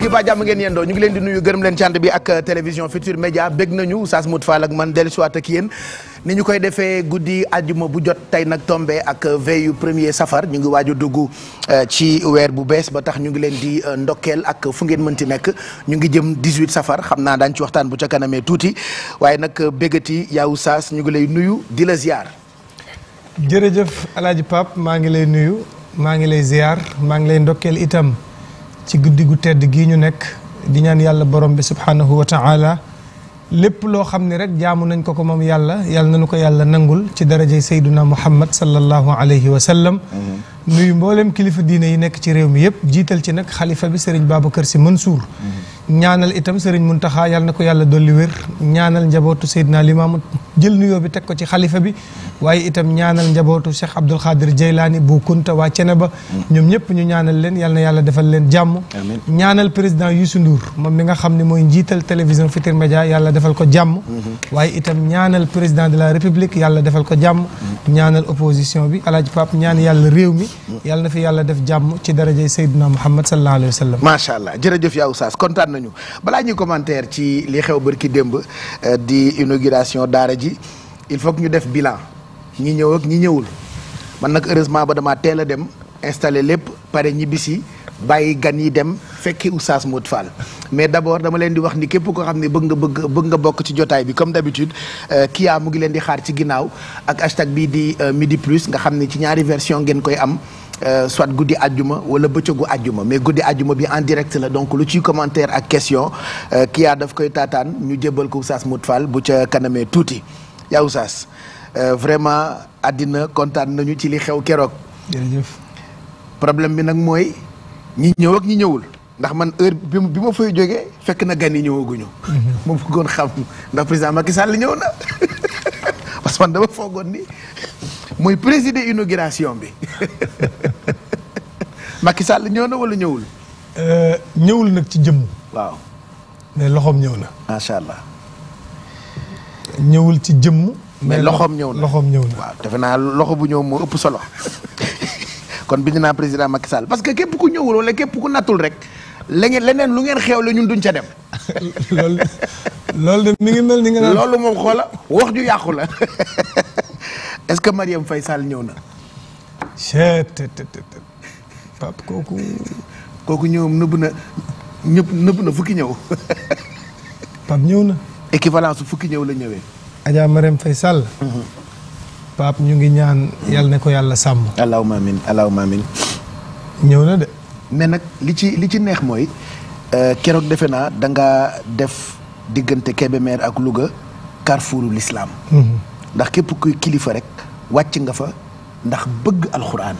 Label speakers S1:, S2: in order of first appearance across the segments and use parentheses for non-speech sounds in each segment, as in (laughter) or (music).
S1: gi ba jàmm ngeen yendoo ñu ngi leen di nuyu gërëm leen cant bi ak euh, télévision Futur Média bég nañu Oustaz Modou Fall ak man dellu siwaat ak yéen ni ñu koy defee guddi ajuma bu jot tey nag tombé ak veille premier safar ñu ngi waaj a dugg euh, ci weer bu bees ba tax ñu ngi leen di euh, ndokkeel ak fu ngeen mënti nekk ñu ngi jëm 18 safar xam naa daañ ci waxtaan bu ca kanamee tuuti waaye nag bégati yaa saas ñu ngi lay nuyu di la ziar jërëjëf Alaaji Pape maa ngi lay nuyu maa ngi lay ziar maa ngi lay ndokkeel itam ci guddi gu tedd gii ñu nekk di ñaan yàlla borom bi subhanahu wa ta'ala lépp loo xam ne rek jaamu nañ ko ko moom yàlla yàlla nañu ko yàlla nangul ci darajay sayduna muhammad sallallahu alayhi wa sallam mm-hmm. nuyu mboolem kilifa diina yi nekk ci réew mi yëpp jiital ci nag xalifa bi sëriñ Babacar Sy Mansour mm-hmm. ñaanal itam sëriñ Muntaxa yàlla na ko yàlla dolli wér ñaanal njabootu Seydina Limaamu jël nuyoo bi teg ko ci xalifa bi waaye itam ñaanal njabootu Cheikh Abdul Xaadir Jeylaani bu Kunta waa Ceneba ñoom ñëpp ñu ñaanal leen yàlla yàlla defal leen jàmm ñaanal président Youssou Ndour moom mi nga xam ne mooy njiital télévision Futurs Médias yàlla defal ko jàmm mm-hmm. waaye itam ñaanal président de la République yàlla defal ko jàmm mm-hmm. ñaanal opposition bi Alaaji Pape ñaan yàlla réew mi mm-hmm. yàlla na fi yàlla def jàmm ci darajay Seydina Muhammad sallallahu alayhi wa sallam macha allah jërëjëf yaa Oustaz nañu balaa ñuy commentaire ci li xew bërki démb euh, di inauguration daara ji il faut ñu def bilan ñi ñëw ak ñi ñëwul man nag heureusement ba dama teel a dem installé lépp pare ñibbisi bàyyi gan yi dem fekki Oustaz Modou Fall mais d'abord dama leen di wax ni képp koo xam ne bëgg nga bëgg bëgg nga bokk ci jotaay bi comme d'habitude euh, Kia mu ngi leen di xaar ci ginnaaw ak hashtag bii di euh, midi plus nga xam ne ci ñaari version ngeen koy am euh, soit guddi àjjuma wala bëccëgu àjjuma mais guddi àjjuma bi en direct la donc lu ciy commentaire ak question Kia daf koy taataan ñu jébbal ko Oustaz Modou Fall bu ca kanamee tuuti yaa Oustaz vraiment àddina kontaan nañu ci li xew keroog. bi nag mooy. ñi ñëw ak ñi ñëwul ndax man heure bi bi ma fay jógee fekk na gan yi ñëwaguñu. ma mhm. bëggoon xam ndax président Macky Sall ñëw na (laughs) parce que dama foogoon ni mooy présider inauguration bi (laughs) Macky Sall ñëw na wala ñëwul. Euh, ñëwul nag ci jëmm. waaw mais loxoom ñëw na. macha allah. ñëwul ci jëmm. mais loxoom ñëw na loxoom ñëw na. defe naa loxo bu ñëw moo ëpp solo. (laughs) kon bind naa président Macky Sall parce que képp ku ñëwul wala képp ku nattul rek leneen leneen lu ngeen xewle ñun duñ ca dem. (laughs) loolu loolu de mi ngi mel ni nga. loolu moom xoola wax ju yàqu la (laughs) est-ce que Mariam fay saal ñëw na. chère te te te Pape kooku. kooku ñëwam nëbb na ñëpp nëbb na fukki ñëw. Pape ñëw na. équivalence fukki ñëw la ñëwee. Adja Mariam Faye Sall. Mhm. Pape ñu ngi ñaan yàlla ne ko yàlla sàmm. allahumma amiin allahumma amiin. ñëw na de. mais nag li ci li ci neex mooy euh, keroog defe naa da def diggante Kébémer ak Louga carrefouru lislaam mhm. ndax képp kuy kilifa rek wàcc nga fa ndax bëgg alxuraan.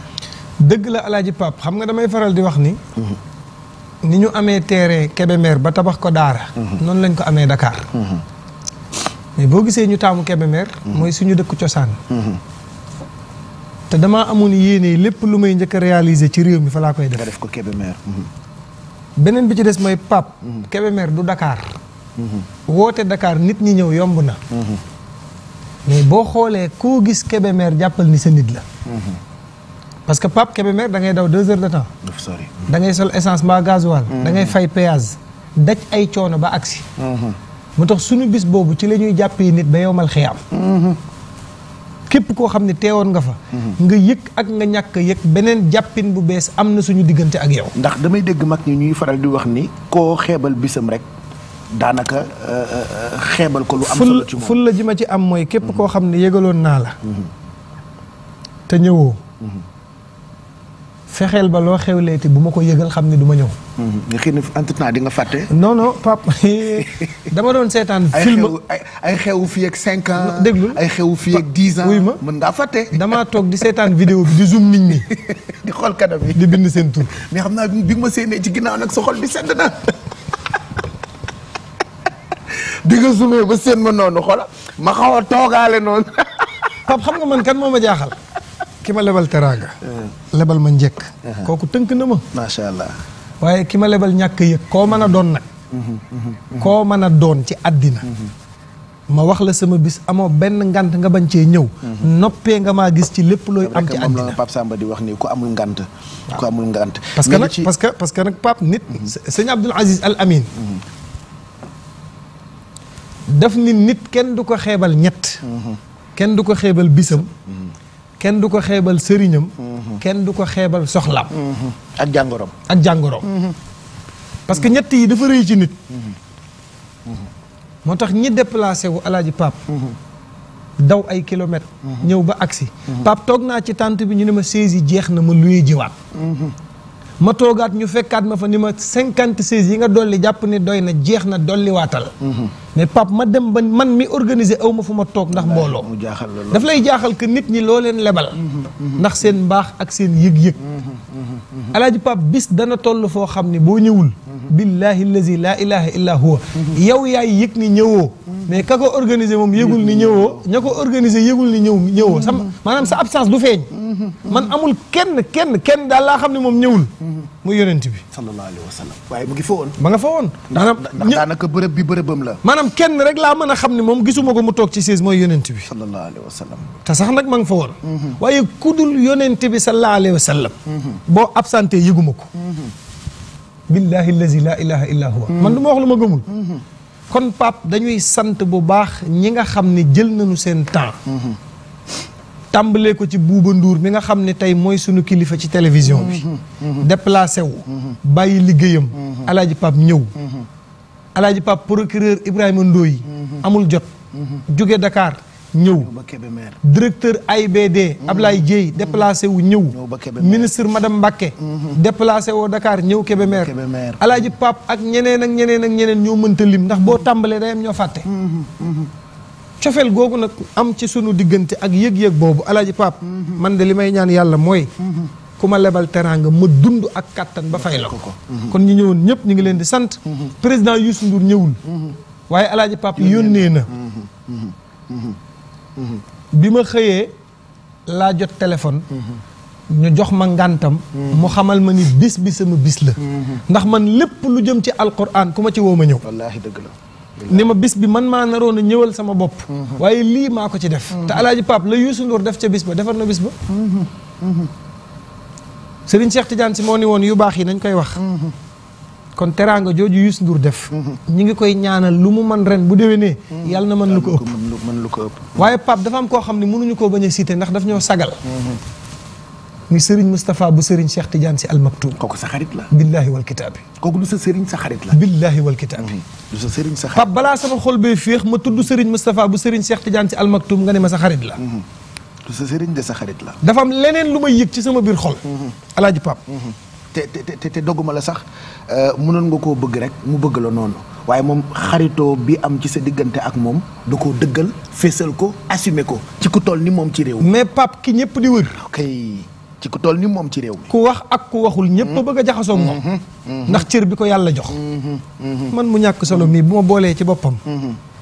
S1: dëgg la alaaji Pape xam nga damay faral di wax ni. Mhm. ni ñu amee terrain Kébémer ba tabax ko daara. Mhm. noonu lañ ko amee Dakar. mais boo gisee ñu taamu Kébémer mhm. mooy suñu dëkk cosaan mhm. te damaa amoon yéene lépp lu may njëkk a ci réew mi fa laa koy def. ko Kébémer mhm. beneen bi ci des mooy Pape Kébémer du Dakar woote dakaar nit ñi ñëw yomb na mais boo xoolee koo gis Kébémer jàppal ni sa nit la parce que Pape Kébémer da ngay daw deux heures de temps da ngay sol essence mbaa gasoil da ngay fay péage daj ay coono ba agsi moo tax sunu bis boobu ci la ñuy jàppee nit ba yowmal xiyaam mm-hmm. képp koo xam ne teewoon nga fa mm-hmm. nga yëg ak nga ñàkk yëg beneen jàppin bu bees am na suñu diggante ak yow ndax damay dégg mag ñi ñuy faral di wax ni koo xeebal bisam rek daanaka euh, euh, euh, xeebal ko lu am solo ci ji ma ci am mooy képp koo mm-hmm. xam ne yëgaloon naa la te ñëwoo fexeel ba loo xewleeti bu ma ko yëgal xam ne du ma ñëw. Mhm. nga xëy na entre-temps di nga fàtte. non non pap (laughs) dama doon seetaan. film ay xewu fii ak cinq ans. déglu ay xew fii ak dix ans. wuy ma mën ngaa fàtte. damaa toog di seetaan vidéo bi di zoom nit ñi. (laughs) xool kanam di bind seen tur. mais xam naa bi ma seenee ci ginnaaw nag sa xol bi sedd na. (laughs) di nga zoomee ba seen ma noonu xoola ma xaw toogaale noonu. pap xam nga man kan moo ma jaaxal. ki ma lebal teraanga. lebal ma njëkk. kooku tënk na ma. macha waaye ki ma lebal ñàkk yëg koo mën a doon nag. koo mën a doon ci àddina. ma wax la sama bis amoo benn ngant nga bañ cee ñëw. noppee nga maa gis ci lépp looy am. ci àddina rek di wax nii ku amul ngant. ku ngant. parce que nag parce que parce que nag Pape nit. sëñ Abdoul Aziz Al Amin. daf nit kenn du ko xeebal ñett. kenn du ko xeebal bisam. kenn du ko xeebal sëriñam. Mhm. kenn du ko xeebal soxlaam. Mhm. ak jàngoroom. ak mhm. parce que ñett yi dafa rëy ci nit. moo tax ñi déplacé wu alaaji Pape. daw ay kilomètres. ñëw ba agsi Pape toog naa ci tànt bi ñu ne ma saisi jeex na ma luyee jiwaat. ma toogaat ñu fekkaat ma fa ni ma cinquante seize yi nga dolli jàpp ne doy na jeex na dolliwaatal. mais Pape ma dem ba man mi organiser aw ma fu ma toog ndax mbooloo dafa lay jaaxal que nit ñi loo leen lebal mm-hmm, mm-hmm. ndax seen mbaax ak seen yëg-yëg mm-hmm, alaaji Pape bis dana toll foo xam ne boo ñëwul billahi allazi laa ilaha illa huwa yow yaay yëg ni ñëwoo mais ka ko organiser moom yëgul ni ñëwoo ña ko organiser yëgul ni ñëw ñëwoo sama maanaam sa absence du feeñ man amul kenn kenn kenn daal laa xam ne moom ñëwul muy yonent bi sallallahu alayhi wa sallam waaye mu ngi fa woon ba nga fa woon daanaka bërëb bi bërëbam maanaam rek laa mën a xam ne moom gisuma ko mu toog ci siis mooy yonent bi sallallahu alayhi wa sallam te sax nag ma nga fa woon mhm. waaye kudul yonent bi sallallahu alayhi wa sallam mhm. boo absenté yëguma ko
S2: mhm.
S1: illa huwa man du ma wax lu ma gëmul kon Pape dañuy sant bu baax ñi nga xam ni jël nañu seen temps tàmbalee ko ci buuba nduur mi nga xam ne tey mooy sunu kilifa ci télévision bi déplacé wu bàyyi liggéeyam alaaji Pape ñëw alaaji Pape procureur Ibrahima Ndoye mhm. amul jot mhm. jóge dakaar ñëw directeur AIBD mhm. Ablaye Dieye déplacé wu ñëw ministre madame Mbacke déplacé woo Dakar ñëw Kébémer alaaji Pape ak ñeneen ak ñeneen ak ñeneen ñoo mënta lim ndax boo tàmbalee day am ñoo fàtte cofeel googu nag am ci sunu diggante ak yëg-yëg boobu alaaji Pape man de li may ñaan yàlla mooy ku ma lebal teraanga ma dund ak kàttan ba fay la ko kon ñu ñëwoon ñëpp ñu ngi leen di sant président Youssou Ndour ñëwul waaye alaaji pap yónnee na bi ma xëyee laa jot téléphone ñu jox ma ngàntam mu xamal ma ni bis bi sama bis la ndax man lépp lu jëm ci alquran ku ma ci woo ma ñëw wallaahi dëgg la ni ma bis bi man maa naroon a ñëwal sama bopp mhm. waaye lii maa ko ci def te alaaji pap la Youssou Ndour def ca bis ba defar na bis ba Serigne Cheikh Tidiane si moo ni woon yu baax yi nañ koy wax. kon teraanga jooju Youssou Ndour def. ñu ngi koy ñaanal lu mu man ren bu dewee déwénee. yàlla na mën lu ko ëpp waaye Pape dafa am koo xam ne mënuñu koo bañ a cité ndax daf ñoo sagal. muy Serigne Moustapha bu Serigne Cheikh Tidiane si almaktoum. kooku sa xarit la. billaahi wal kitaabi. kooku du sa Serigne sa xarit la. billaahi wal kitaabi. Mm-hmm. du sa Serigne sa xarit Pape balaa sama xol bee féex ma tudd Serigne Moustapha bu Serigne Cheikh Tidiane nga ne ma sa xarit la. Mm-hmm. sa sëriñ de sa xarit la. dafa am leneen lu may yëg ci sama biir xol. Mhm. alaaji Pape. Mhm. te te te dogguma la sax euh, mënoon nga koo bëgg rek mu bëgg la noonu waaye moom xaritoo bi am ci sa diggante ak moom da koo dëggal fésal ko assumer ko ci ku toll ni moom ci réew mais Pape ki ñëpp di wër. ok ci ku toll ni moom ci réew mi. ku wax ak ku waxul ñëpp a mhm. bëgg a jaxasoo moom. ndax cër bi ko yàlla jox. man mu ñàkk solo mii bu ma boolee ci boppam.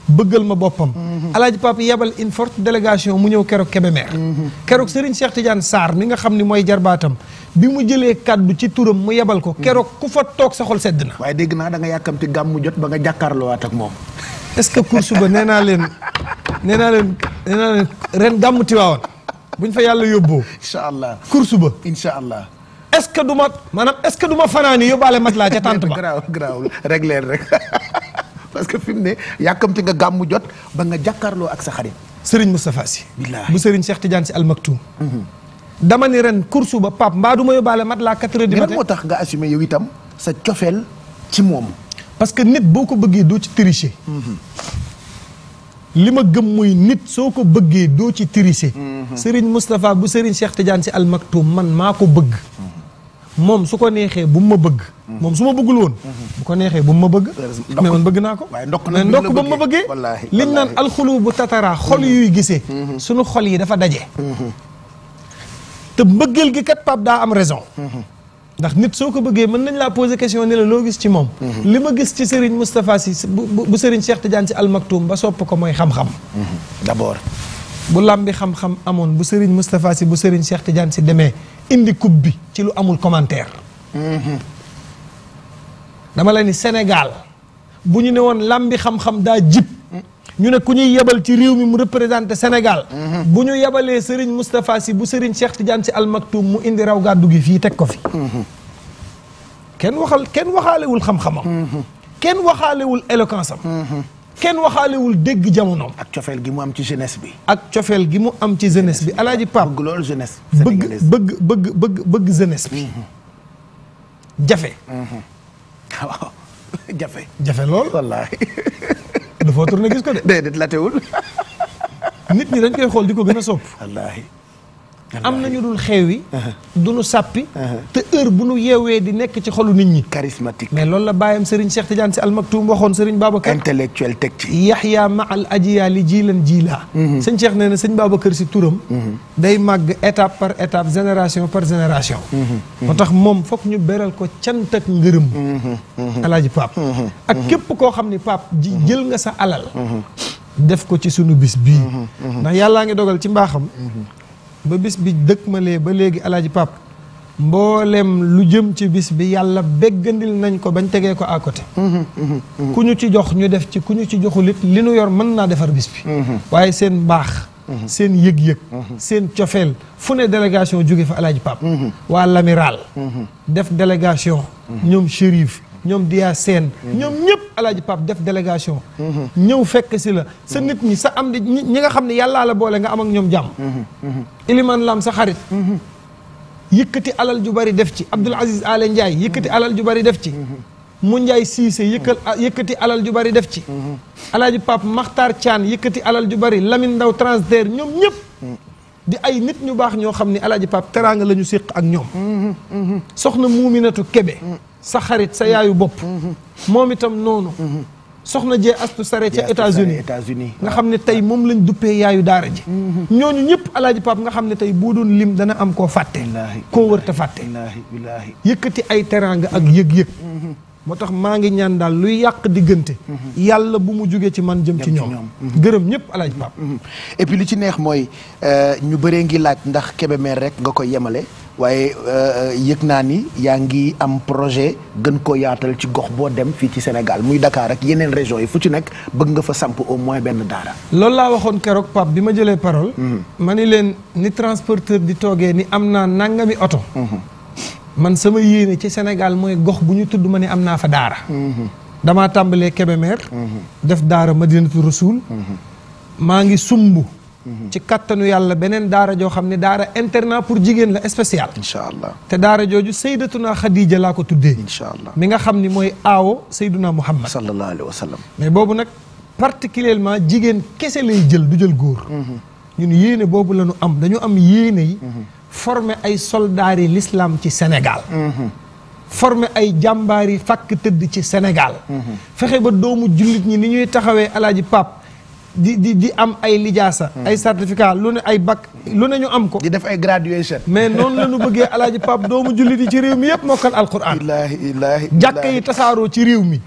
S1: bëggal ma boppam alaaji papa yebal une forte délégation mu ñëw keroog Kébémer keroog Serigne Cheikh Tidiane saar mi nga xam ni mooy jarbaatam bi mu jëlee kàddu ci turam mu yebal ko keroog ku fa toog sa sedd na waaye dégg naa da nga yàkkamti gàmmu jot ba nga jàkkaarloowaat ak moom est-ce que course ba nee naa leen nee naa leen nee naa leen ren gàmmu Tiwaawan fa yàlla yóbboo incha allah course ba incha allah est-ce que du ma maanaam est-ce que du ma fanaani yóbbaale mat laa ca tànt ba garaaw (laughs) rek leen (laughs) rek parce que fi mu ne yàkkamti nga gàmmu jot ba nga jàkkaarloo ak sa xarit. Serigne Moustapha Sy. billaahi bu Serigne Cheikh Tidiane Sy Al mhm. ren kursu ba Pape mbaa du ma yóbbaale mat laa quatre heures du matin. tax nga assumé yow itam sa cofeel ci moom. parce que nit boo ko bëggee doo ci tricher. Mhm. li ma gëm mooy nit soo ko bëggee doo ci tricher. Mhm. Serigne Moustapha bu Serigne Cheikh Tidiane Sy Al man maa ko bëgg. moom su ko neexee bu ma bëgg. moom su ma bëggul woon bu ko neexee bu ma bëgg mais man bëgg naa ko mais ndokk ba ma bëggee liñ naan alxulu bu tatara xol yuy gisee mm-hmm. mm-hmm. suñu xol yi dafa daje mm-hmm. te mbëggeel gi kat pap daa am raison ndax nit soo ko bëggee mën nañ laa poser question ni la loo gis ci moom li ma gis ci Serigne Moustapha Sy bu Serigne Cheikh Tidiane Sy Al ba sopp ko mooy xam-xam d'abord bu làmbi xam-xam amoon bu Serigne Moustapha Sy bu Serigne Cheikh Tidiane si demee indi coupe bi ci lu amul commentaire dama la ni Sénégal bu ñu ne woon làmbi bi xam-xam daa jib ñu ne ku ñuy yebal ci réew mi mu représenté Sénégal bu ñu yebalee Serigne Moustapha Sy bu Serigne Cheikh Tidiane si Al mu indi raw gàddu gi fii teg ko fi kenn waxal kenn waxaalewul xam-xamam kenn waxaalewul éloquence am kenn waxaalewul dégg jamonoom ak cofeel gi mu am ci jeunesse bi ak cofeel gi mu am ci jeunesse bi alaaji Pape bëgg loolu jeunesse bëgg bëgg bëgg bëgg bëgg jeunesse bi mhm. jafe mhm. waaw (laughs) jafe. jafe lool wallaahi. dafa tourné gis ko de. déedéet latewul. nit ñi dañ koy xool di ko gën a sopp. wallaahi. am na nañu dul xewi. du nu sàppi. te heure bu nu yeewee di nekk ci xolu nit ñi. charismatique mais loolu la bàyyam Serigne Cheikh Tidiane si almaktum waxoon Serigne Babacar. intellectuel teg ci. Yaxya Maal leen jiilan jiilaa. Mhm. sëñ Cheikh nee na sëñ Babacar si turam. Mhm. day màgg étape par étape génération par génération. Mhm. moo tax moom foog ñu beral ko cant ak ngërëm. alaaji Pape. ak képp koo xam ni Pape ji jël nga sa alal. def ko ci sunu bis bii. ndax yàllaa ngi dogal ci mbaaxam. ba bis bi dëkk ma dëkkmalee ba léegi alaaji pap mboolem lu jëm ci bis bi yàlla béggandil nañ ko bañ tegee ko à côté mhm, mhm, mhm. ku ñu ci jox ñu def ci ku ñu ci joxul it li nu yor mën naa defar bis bi waaye seen mbaax seen yëg-yëg seen cofeel fu ne délégation jóge fa alaaji pap waa l'amiral def délégation ñoom shérif ñoom Dia seen ñoom ñëpp alaaji Pape def délégation ñëw fekk si la sa nit ñi sa am di ñi nga xam ne yàllaa la boole nga am ak ñoom jàmm Iliman Lam sa xarit yëkkati alal ju bari def ci Abdoul Aziz Ale Ndiaye yëkkati alal ju bari def ci mu Ndiaye Cissé yëkkal yëkkati alal ju bari def ci alaaji Pape Makhtar Thian yëkkati alal ju bari Lamine Ndaw transfert ñoom ñëpp di ay nit ñu baax ñoo xam ni alaaji Pape teraanga la ñu séq ak ñoom soxna muuminatu kebe sa xarit sa yaayu bopp moom itam noonu soxna jee astu sare ca états nga xam ne tey moom lañ duppee yaayu daara ji mm-hmm. ñooñu ñëpp alaaji Pape nga xam ne tey boo doon lim dana am koo fàtte koo wërta fàtte yëkkati ay teraanga ak yëg-yëg mm-hmm. moo tax maa ngi ñaan daal luy yàq diggante. Mhm. yàlla bu mu jugee ci man jëm ci ñoom. Mhm. gërëm ñëpp alaaj Pape. Mhm. et li ci neex mooy euh, ñu bëree ngi laaj ndax Kébémer rek nga ko yemale waaye euh, yëg naa ni yaa ngi am projet gën koo yaatal ci gox boo dem fii ci Sénégal muy dakaar rek yeneen région yi fu ci nekk bëgg nga fa samp au moins benn daara. loolu laa waxoon keroog Pape bi ma jëlee parole. ma ni leen ni transporteur di toogee ni am naa nangami oto. man sama yéene ci Sénégal mooy gox bu ñu tudd ma ne am naa fa daara. Mhm. damaa tàmbalee Kébémer. Mhm. def daara Madinatu Rasul. Mhm. maa ngi sumb. ci kattanu yàlla beneen daara joo xam ne daara internat pour jigéen la spécial. incha te daara jooju Sayyidatuna Khadija laa ko tuddee. incha mi nga xam ni mooy aawo Sayyiduna Muhammad. sallallahu alayhi wa sallam. mais boobu nag particulièrement jigéen kese lay jël du jël góor. ñun yéene boobu lanu am dañu am yéene yi. former ay soldaari l'islam ci Sénégal former ay jàmbaari fàkk tëdd ci Sénégal fexe ba doomu jullit ñi ni ñuy taxawee alaaji pap di di di am ay lijaasa ay certificat lu ne ay bac lu ne ñu am ko di def ay graduation mais noonu la ñu bëggee alaaji pap doomu jullit yi ci réew mi yëpp mokkal alquran jàkk yi tasaaroo ci réew mi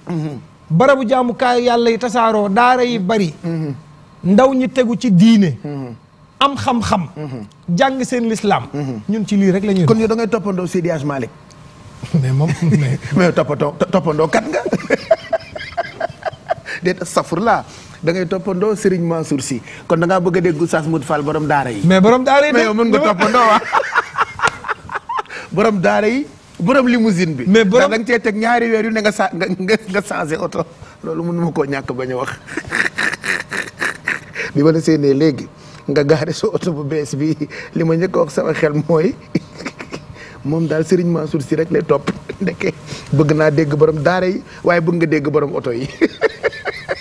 S1: barabu jaamukaay yàlla yi tasaaroo daara yi bari mm-hmm. ndaw ñi tegu ci diine mm-hmm. am xam-xam. jàng seen lislaam ñun ci lii rek la ñuy kon yow da ngay toppandoo Seydi Hadj Malick. (laughs) mais moom mais. (laughs) mais toppatoo toppandoo kat nga. (laughs) déet safurlaa da ngay toppandoo Serigne Mansour si kon da ngaa bëgg a dégg Oustaz Modou Fall borom daara yi. mais borom daara yi de mais yow mën nga toppandoo wa ah. borom daara yi borom limousine bi. mais borom da nga cee teg ñaari weer yu ne nga sa nga nga changé oto loolu mënuma koo ñàkk bañ a wax. bi ma la séenee léegi. nga gaare sa oto bu bees bi li ma njëkk wax sama xel mooy (laughs) moom daal Serigne Mansour si rek lay topp (laughs) ndeke bëgg naa dégg borom daara yi waaye bëgg nga dégg borom oto yi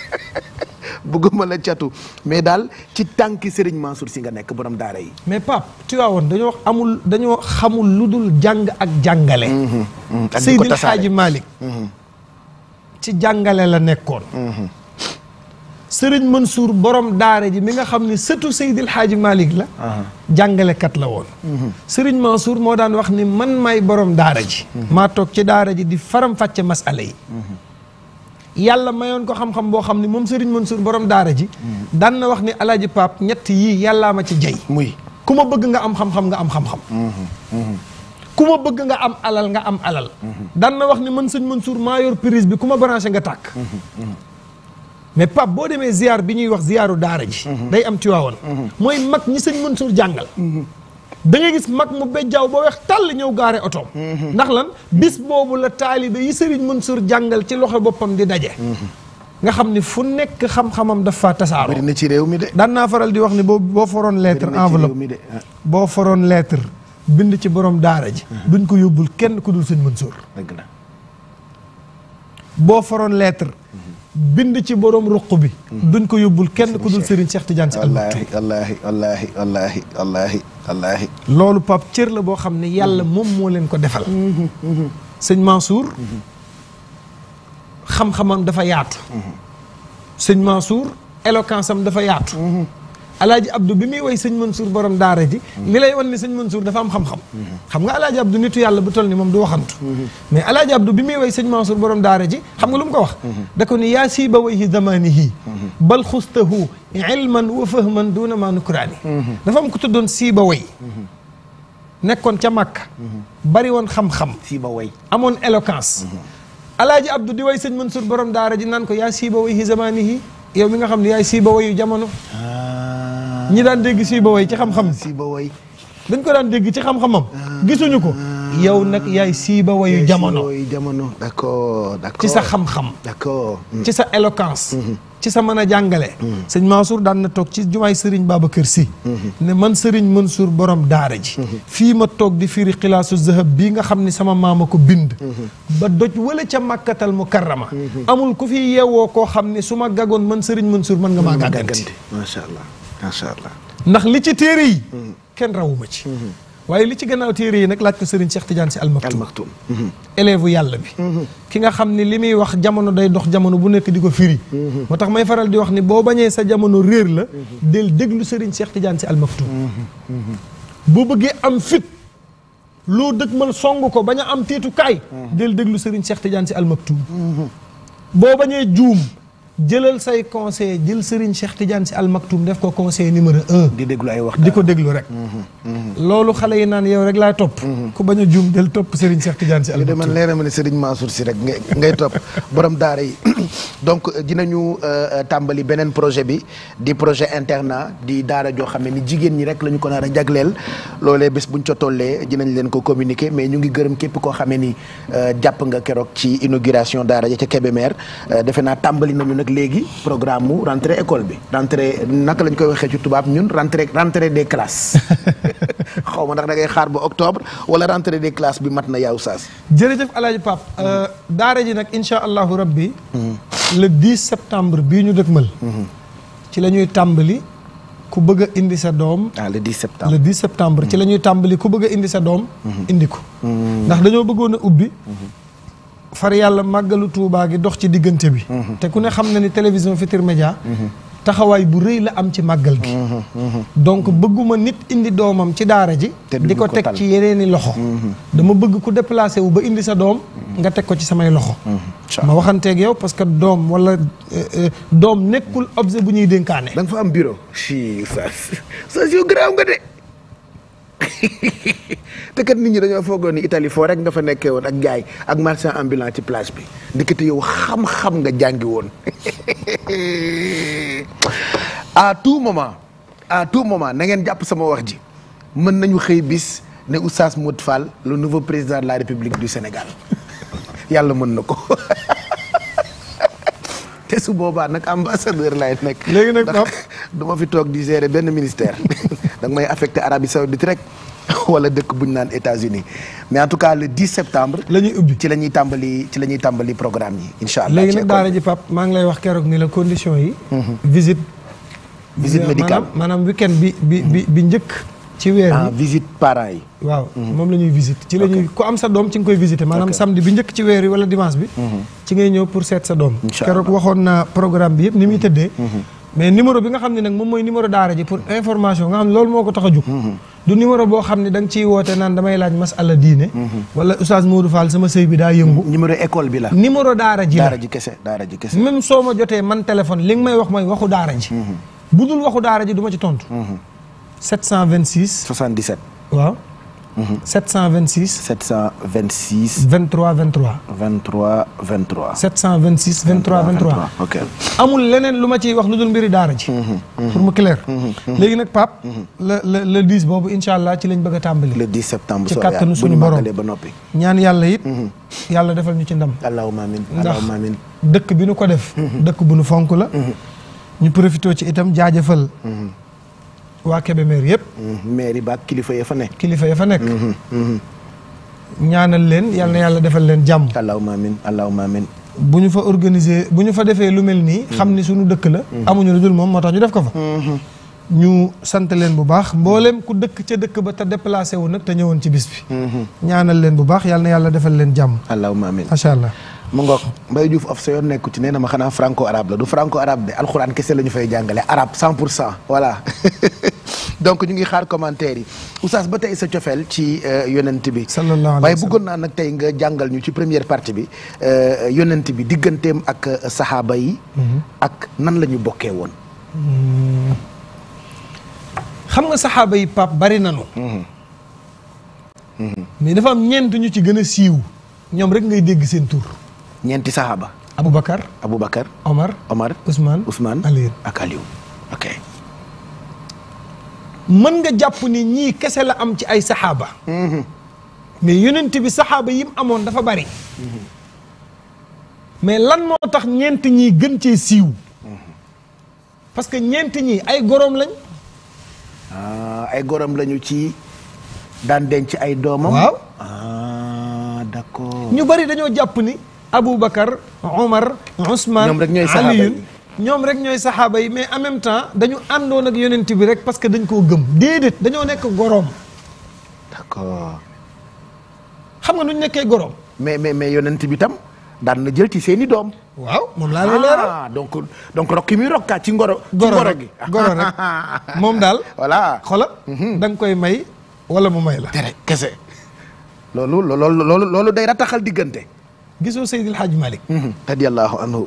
S1: (laughs) bëgguma la catu mais daal ci tànki Serigne Mansour si nga nekk borom daara yi. mais Pape Tiwaawoon dañoo amul dañoo xamul lu dul jàng ak jàngale. Mm-hmm. Mm-hmm. ak Xaaji Malick mm-hmm. ci jàngale la nekkoon. sëriñ Mansour borom daara ji mi nga xam ne sëtu Seydil Hadji Malick la jàngalekat la woon mhm. sëriñ suur moo daan wax ni man may borom daara ji mhm. maa toog ci daara ji di faram fàcce masala yi
S2: mhm.
S1: mayoon ko xam boo xam ne moom sëriñ Mansour borom daara ji daan na wax ni alaaji Paap ñett yii yàllaa ma ci jey muy ku ma bëgg nga am xam-xam nga am xam ku ma bëgg nga am alal nga am alal daan na wax ni man sëñ suur maa yor prise bi ku ma branché nga tàkk mais Pape boo demee ziar bi ñuy wax ziaru daara ji. Mhm. day am Tiwaawan. Mhm. mooy mag ñi sëñ Mansour jàngal. Mhm. da ngay gis mag mu bejjaaw ba weex tàll ñëw gaare otoom. ndax lan bis boobu la taalibe yi sëriñ Mansour jàngal ci loxo boppam di daje. nga xam ni fu nekk xam-xamam dafa faa ci réew mi daan naa faral di wax ni boo boo foroon lettre enveloppe ah. boo foroon lettre bind ci boroom daara ji. duñ ko yóbbul kenn ku dul sëñ Mansour. dëgg la boo foroon lettre. bind ci borom ruq bi. Mm-hmm. duñ ko yóbbul kenn ku dul Serigne Cheikh Tidiane si almaktum. wallaahi wallaahi wallaahi wallaahi wallaahi. loolu Pape cër la boo xam ne yàlla mm-hmm. moom moo leen ko defal. Mm-hmm. sëñ Mansour. xam-xamam dafa yaatu. sëñ Mansour éloquence am dafa yaatu. alaaji abdou bi muy woy sëñ Mansour borom daara ji li lay wan ni sëñ Mansour dafa am xam-xam xam nga alaaji abdou nitu yàlla bu toll ni moom du waxantu mais alaaji abdou bi muy woy sëñ Mansour borom daara ji xam nga lu mu ko wax da ko ni yaa siiba wayhi zamanihi bal xustahu ilman wa fahman duna ma dafa am ku tuddoon siiba way nekkoon ca Makka bari woon xam-xam siiba way amoon éloquence alaaji abdou di way sëñ Mansour borom daara ji naan ko yaa siiba wayhi zamanihi yow mi nga xam ne yaay siiba wayu jamono. Ah. ñi daan dégg siiba way ci xam-xam. siiba way dañ ko daan dégg ci xam-xamam. Ah. gisuñu ko. Ah. yow nag yaay siiba wayu jamono. d'accord d'accord ci sa xam-xam. ci sa éloquence. Mm-hmm. ci sa mën a jàngale mm. sëñ Mansour daan na toog ci jumaay sëriñ kër si ne man sëriñ Mansour borom daara ji mm-hmm. fii ma toog di firi xilaasu zahab bii nga xam ni sama maam maama ko bind mm-hmm. ba doj wala ca màkkatal mu karrama mm-hmm. amul ku fi yeewoo koo xam ne su ma gagoon man sëriñ Mansour mën nga maa gàgganti macha allah macha allah ndax li ci téere yi kenn rawuma ci waaye li ci gannaaw téere yi nag laaj ko Serigne Cheikh Tidiane si almaktum mhm. élève yàlla bi mhm. ki nga xam ni li muy wax jamono day dox jamono bu nekk di ko firi mhm. moo tax may faral di wax ni boo bañee sa jamono réer la del déglu Serigne Cheikh Tidiane si almaktum boo bëggee am fit loo dëgmal song ko bañ a am tiitukaay del déglu Serigne Cheikh Tidiane si almaktum boo bañee juum jëlal say conseil jël Serigne Cheikh Tidiane si almaktum def ko conseil numéro un. di déglu ay waxtaan di ko déglu rek. Mm-hmm. Mm-hmm. loolu xale yi naan yow rek laay topp. Mm-hmm. ku bañ a juum del topp Serigne Cheikh Tidiane si almaktum. man leer ma ne Serigne Mansour si rek ngay ngay topp (laughs) borom daara yi (coughs) donc euh, dinañu euh, euh, tàmbali beneen projet bi di projet internat di daara joo xam ne ni jigéen ñi rek la ko nar a jagleel loolee bés buñ ca tollee dinañ leen ko communiquer mais ñu ngi gërëm képp koo xam ne ni jàpp nga keroog ci inauguration daara ja nag léegi programme mu rentrée école bi rentrée naka lañ koy waxee ci tubaab ñun rentrée rentrée des classes (laughs) xaw ma ndax da ngay xaar ba octobre wala rentrée de classes bi mat na yaaw saas jërëjëf alaaji Pape euh, mm-hmm. daare ji nag insha allahu rabbi mm-hmm. le 10 septembre bii ñu dëkkmal mm-hmm. ci la ñuy tàmbali ku bëgg indi sa doom ah le 10 septembre le ci la ñuy tàmbali ku bëgg indi sa doom indi ko ndax dañoo bëggoon ubbi far yàlla màggalu Touba gi dox ci diggante bi. Mm-hmm. te ku ne xam na ni télévision Futurs Médias. Mm-hmm. taxawaay bu rëy la am ci màggal gi. Mm-hmm. donc bëgguma nit indi doomam ci daara ji. di ko teg ci yeneeni loxo. dama bëgg ku déplacé wu ba indi sa doom. nga teg ko ci samay loxo. ma waxanteeg yow parce que doom wala euh, euh, doom nekkul objet bu ñuy dénkaane. da nga fa am bureau. si sa si garaaw nga de. (laughs) te kat nit ñi dañoo foogoon ni Italie foo rek nga nekkee woon ak jaay ak marchand ambulant ci place bi ndekete yow xam-xam nga jàngi woon (laughs) tout moment à tout moment na ngeen jàpp sama wax ji mën nañu xëy bis ne Oustaz Modou Fall le nouveau président de la République du Sénégal (laughs) yàlla mën na ko te su boobaa nag ambassadeur laay nekk. léegi nag du ma fi toog di gérer benn ministère. da nga may affecté Arabie Saoudite rek (laughs) wala dëkk bu ñu naan États-Unis mais en tout cas le 10 septembre. la ñuy ubbi ci la ñuy tàmbali ci la ñuy tàmbali programme yi. incha allah léegi maa ngi lay wax keroog ni la condition yi. Mhm. visite. visite maanaam weekend bi bi bi bi njëkk. ci weer ah, bi visite parents yi. waaw mhm. moom la ñuy ci la ñuy ku am sa doom ci nga koy visiter maanaam samedi bi njëkk ci weer yi wala dimanche bi. Mhm. ci ngay ñëw pour seet sa doom. keroog waxoon naa programme bi yëpp ni muy tëddee. mais numéro bi nga xam ne nag moom mooy numéro daara ji pour information nga xam ne loolu moo ko tax a jug mhm. du numéro boo xam ne da nga ciy woote naan damay laaj masala diine mhm. wala oustaz Modou Fall sama sëy bi daa yëngu numéro école bi la la daara ji kese daara ji kese même soo ma jotee man téléphone li nga may wax mooy waxu daara ji mhm. bu dul waxu daara ji du ma ci tontu 726 77 waaw vingt 726. 726. 23 23. 23 23. vingt 23 23. ok amul leneen lu ma ciy wax lu dul mbiri daara ji. Mm-hmm, mm-hmm. pour mu clair. Mm-hmm, léegi nag Pape. la la le 10 boobu incha allah ci lañ bëgg a tàmbali. le 10 septembre ci kattanu suñu borom ba noppi. ñaan yàlla it. yàlla defal ñu ci ndam. allahumma amiin allahumma amiin ndax dëkk bi nu ko def. dëkk bu nu fonk la. ñu profité ci itam jaajëfal. waa Kébémer yëpp. Mm-hmm. maire yi ba kilifa ya fa nekk. kilifa ya fa nekk. Mm-hmm. Mm-hmm. ñaanal leen yal yàlla defal leen jàmm. allahumma amin allahumma amin. bu ñu fa organiser bu ñu fa defee lu mel nii. xam ni sunu dëkk la. amuñu lu dul moom moo tax ñu def ko fa. ñu sant leen bu baax mboolem ku dëkk ca dëkk ba te déplacé wu nag te ñëwoon ci bis bi. ñaanal leen bu baax yàlla yàlla defal leen jàmm. allahumma amin macha allah. mu ngoog Mbaye Diouf of sa yoon nekku ci nee ma xanaa franco arabe la du franco arabe de alxuraan kese la ñu fay jàngale arabe 100 pour cent voilà (laughs) donc ñu ngi xaar commentaire yi oustaz ba tey sa cofeel ci euh, yonent bi waaye bëggoon naa nag tey nga jàngal ñu ci première partie bi euh, yonent bi digganteem ak euh, saxaaba yi mhm. ak nan lañu ñu bokkee woon hmm. xam nga saxaaba yi pap bari nanu mhm. mhm. mais dafa am ñeent ñu ci gën a siiw ñoom rek ngay dégg seen tur ñeenti saxaaba. abu bakar Omar Omar. Ousmane Ousmane. Aliou ak Aliou mën nga jàpp ni ñii kese la am ci ay saxaaba. Mhm. mais yonent bi saxaaba yi mu amoon dafa bari. Mhm. mais lan moo tax ñeent ñii gën ci siiw. Mhm. parce que ñeent ñii ay gorom lañ. Ah, ay gorom lañu ci daan denc ay doomam. waaw
S2: ah d'accord. ñu bari
S1: dañoo jàpp ni. Aboubacar Omar Ousmane Aliyun ñoom rek ñooy saxaaba yi mais en même temps dañu àndoon ak yonent bi rek parce que dañ koo gëm déedéet dañoo nekk goroom nga nu ñu nekkee mais mais mais yonent bi tam daan na jël ci seeni doom waaw moom laa lay ah, leeral donc donc rok ki muy rokkaa ci ngoro ci ngoro goro rek (laughs) moom daal voilà xola mhm. koy may wala mu may la tere kese loolu loolu loolu loolu day rataxal diggante gisoo Seydil Hadj Malick. Mhm. radiyallahu anhu.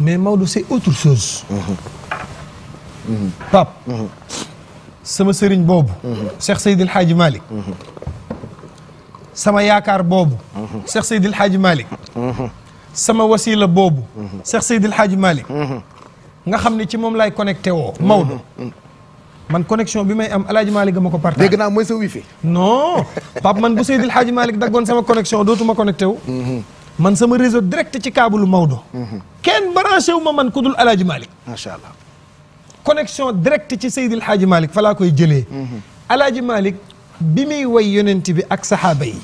S1: mais Maodo c'est autre chose. Mhm. Mhm. Pape. sama sëriñ boobu. Cheikh Seydil Hadj Malick. sama yaakaar boobu. Cheikh Seydil Hadj Malick. sama wasila boobu. Cheikh Seydil Hadj Malick. nga xam ne ci moom laay connecté woo Maodo. man connexion bi may am El Hadj Malick ma ko partagé. dégg naa mooy sa wifi. non Pape man bu Seydil Hadj malik daggoon sama connexion dootuma connecté mhm. man sama réseau direct ci câble Maodo. Mhm. kenn branché wu ma man ku dul El Hadj Malick. macha allah. connexion direct ci Seydil Hadj Malick falaa koy jëlee. El mhm. Hadj bi muy way yonent bi ak saxaaba yi.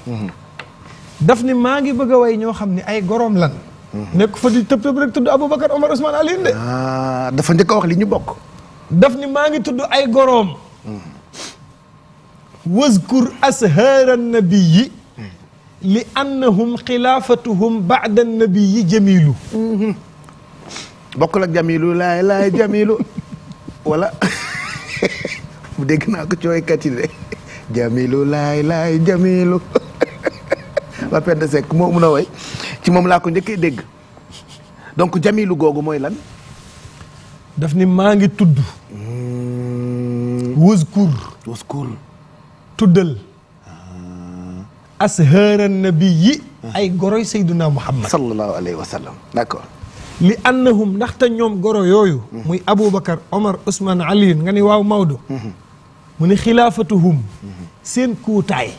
S1: daf ni maa ngi bëgg a way ñoo xam ni ay gorom lan. nekk fa di tëb tëb rek tudd Aboubacar Omar Ousmane Alioune de. Ah, dafa njëkk a wax li ñu bokk. daf ni maa ngi tudd ay goroom waskur ashaara nabiyi li annahum xilaafatuhum baada nabiyi jamilu bokk la jamilu laay laay jamilu wala bu (laughs) dégg naa ko cooykat yi de jamilu laay laay jamilu (laughs) ba pend sekk moo mun a way ci moom laa ko njëkkee dégg donc jamilu googu mooy lan daf ni maa ngi tudd. Hmm. wëzkur. wëzkur. tuddal. ashaaran nabi yi. ay goroy sayduna muhammad. sallallahu alayhi wa sallam d'accord. li annahum ndaxte ñoom goro yooyu. muy Aboubacar Omar Ousmane Alioune nga ni waaw Maodo. Hmm. mu ni xilaafatuhum hmm. seen kuutaay.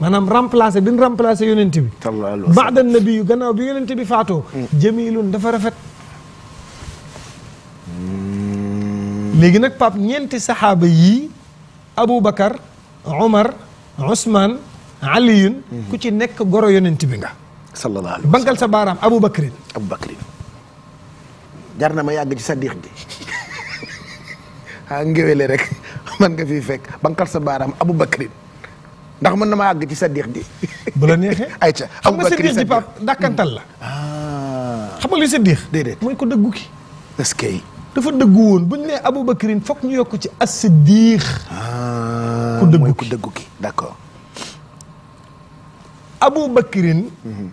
S1: maanaam remplacé bi ñu remplacé yonent bi. baada nabi yu gannaaw bi yonent bi faatoo. jamilun dafa rafet. Hmm. léegi nag pap ñeenti saxaaba yii Aboubacar Omar Ousmane Aliyun hmm. ku ci nekk goro yonent bi nga. sallallahu alayhi wa sallam bangal sa baaraam Aboubacarin. Aboubacarin jar na ma yàgg ci sa diix gi ah (laughs) ngéwéle rek (laughs) man nga fi fekk bangal sa baaraam Aboubacarin ndax mën na ma yàgg ci sa diix di. bu la neexee (laughs) ayca Aboubacarin sa diix xam nga sa diix di pap dàkkantal la. Hmm. Ah. xam nga li sa diix. déedéet mooy ko dëggu ki. est-ce que. dafa dëggu woon bu ñu nee Aboubacrine foog ñu yokk ci as-siddiq. Ah, ku dëggu ki mooy ku dëggu ki d'accord. Aboubacrine. Mhm.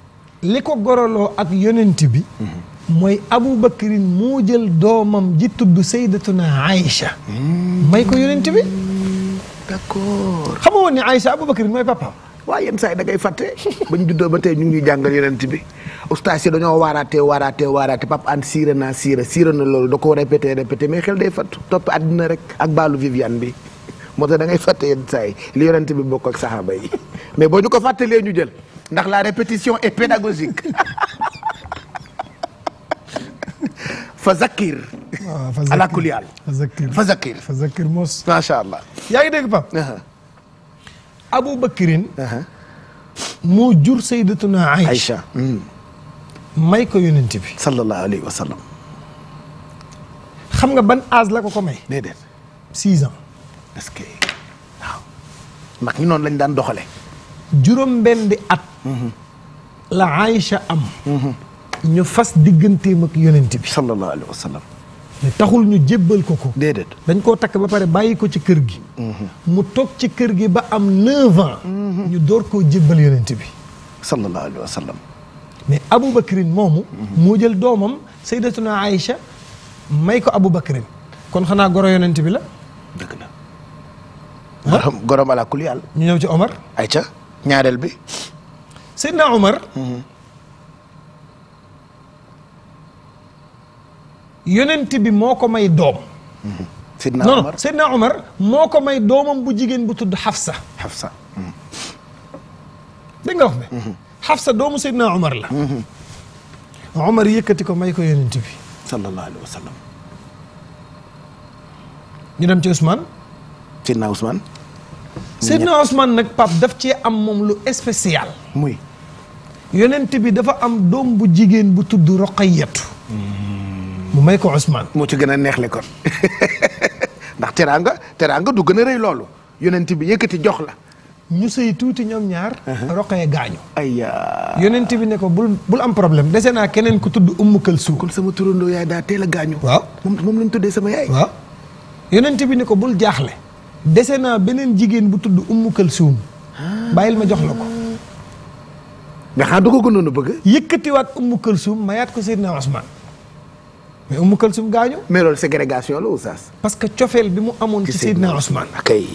S1: li ko goroloo ak yonent bi. Mhm. mooy Aboubacrine mu jël doomam ji tudd Sayyidatuna Aïcha. Hmm. may ko yonent bi. d'accord xam nga woon ne Aïcha Aboubacrine mooy papaam. waaw yenn saa yi da ngay fàtte. (laughs) ba ñu ba tey ñu ngi jàngal yonent bi. ustaas yi dañoo waaraatee waaraatee waaraatee Pape An siire naa siire na loolu doo koo répété répété mais xel day fàttu topp àddina rek ak baalu Viviane bi moo tax da ngay fàtte yenn li yonent bi bokk ak saxaaba yi mais boo ñu ko fàttalee ñu jël ndax la répétition est pédagogique (laughs) fa zakir ah, ala kulli haal fa zakir fa zakir mos macha allah yaa ngi Bakrin moo jur sayyidatuna Aïcha hmm. may ko yonent bi. sallallahu xam nga ban âge la ko ko may. déedéet six ce que waaw. ñi noonu lañ daan doxale juróom benn di at. Mhm. la Aïcha am. Mhm. ñu fas digganteem ak yonent bi. sallallahu alayhi wa taxul ñu jébbal ko ko. déedéet dañ koo takk ba pare bàyyi ko ci kër gi. Mhm. mu toog ci kër gi ba am neuf ans. ñu door koo jébbal yonent bi. sallallahu mais Aboubacrin moomu. moo jël doomam Sayyidatuna Aïcha may ko Aboubacrin kon xanaa goro yonent bi la. dëgg la. gorom gorom yàlla. ñu ñëw ci ay Aïcha ñaareel bi. Seydina Omar. Mhm. yonent bi moo ko may doom. Mhm. Seydina Omar non moo ko may doomam bu jigéen bu tudd Hafsa. Hafsa. Mhm. dégg nga wax ne. Xafsa doomu Seydina Omar la. Omar yëkkati ko may ko yonent bi. sallallahu alayhi wa sallam. ci Ousmane. Seydina Ousmane. Seydina nag Pape daf cee am moom lu spécial. muy. yonent bi dafa am doom bu jigéen bu tudd Roqayatu. mu may ko Ousmane. moo ci gën a neexle kon (laughs) ndax teraanga teraanga du gën a rëy loolu yonent bi yëkkati jox la. ñu sëy tuuti ñoom ñaar. Uh-huh. roqee gaañu. aywa yonent bi ne ko bul bul am problème dese naa keneen ku tudd ummu kalsuum. kon sama turandoo yaay daa teel a gaañu. waaw moom lañu tuddee sama yaay. waaw yonent bi ne ko bul jaaxle. dese naa beneen jigéen bu tudd ummu kalsuum. Ah. bàyyil ma jox la ko. nga xam du ko gënoon a bëgg. yëkkatiwaat ummu kalsuum mayaat ko Seydina Ousmane. mais ummu kalsuum gaañu. mais loolu ségrégation la oustaz. parce que cofeel bi mu amoon. ci Seydina Ousmane. kay.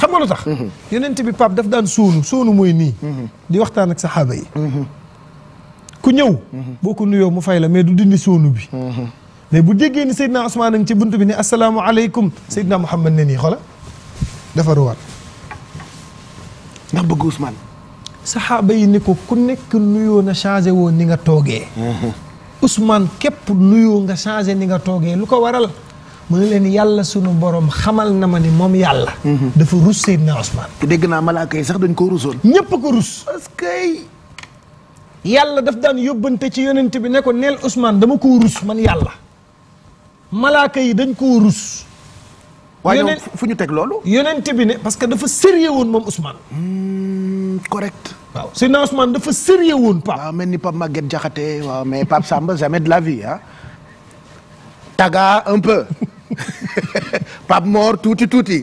S1: xam nga lu tax. Mhm. yeneen bi Pape daf daan sóonu soonu mooy nii. Mhm. di waxtaan ak saxaaba yi. Mhm. ku ñëw. boo ko nuyoo mu fay la mais du dindi sóonu bi. mais bu déggee ni Seydina Ousmane a ngi ci buntu bi ne asalaamualeykum Seydina Mouhamed ne nii xola dafa ruwaat. ndax bëgg Ousmane. saxaaba yi ni ko ku nekk nuyoo na changé woon ni nga toogee. Ousmane képp nuyoo nga changé ni nga toogee lu ko waral. mu ne leen yàlla sunu borom xamal na ma ni moom yàlla. Mhm. dafa rus Seydina Ousmane. dégg naa malaaka yi sax dañ ko rusoon. ñëpp ko rus. yàlla daf daan yóbbante ci yonent bi ne ko neel Ousmane dama koo rus man yàlla. malaaka yi dañ koo rus. waaye fu ñu teg loolu. yonent bi ne parce que dafa sérieux woon moom Ousmane. Hmm, correct. waaw Seydina Ousmane dafa sérieux woon Pape. mel ni Pape Maguette Diakhaté waaw mais Pape Samba jamais de la vie ah. taga un peu. (laughs) (laughs) pab Mor tuuti tuuti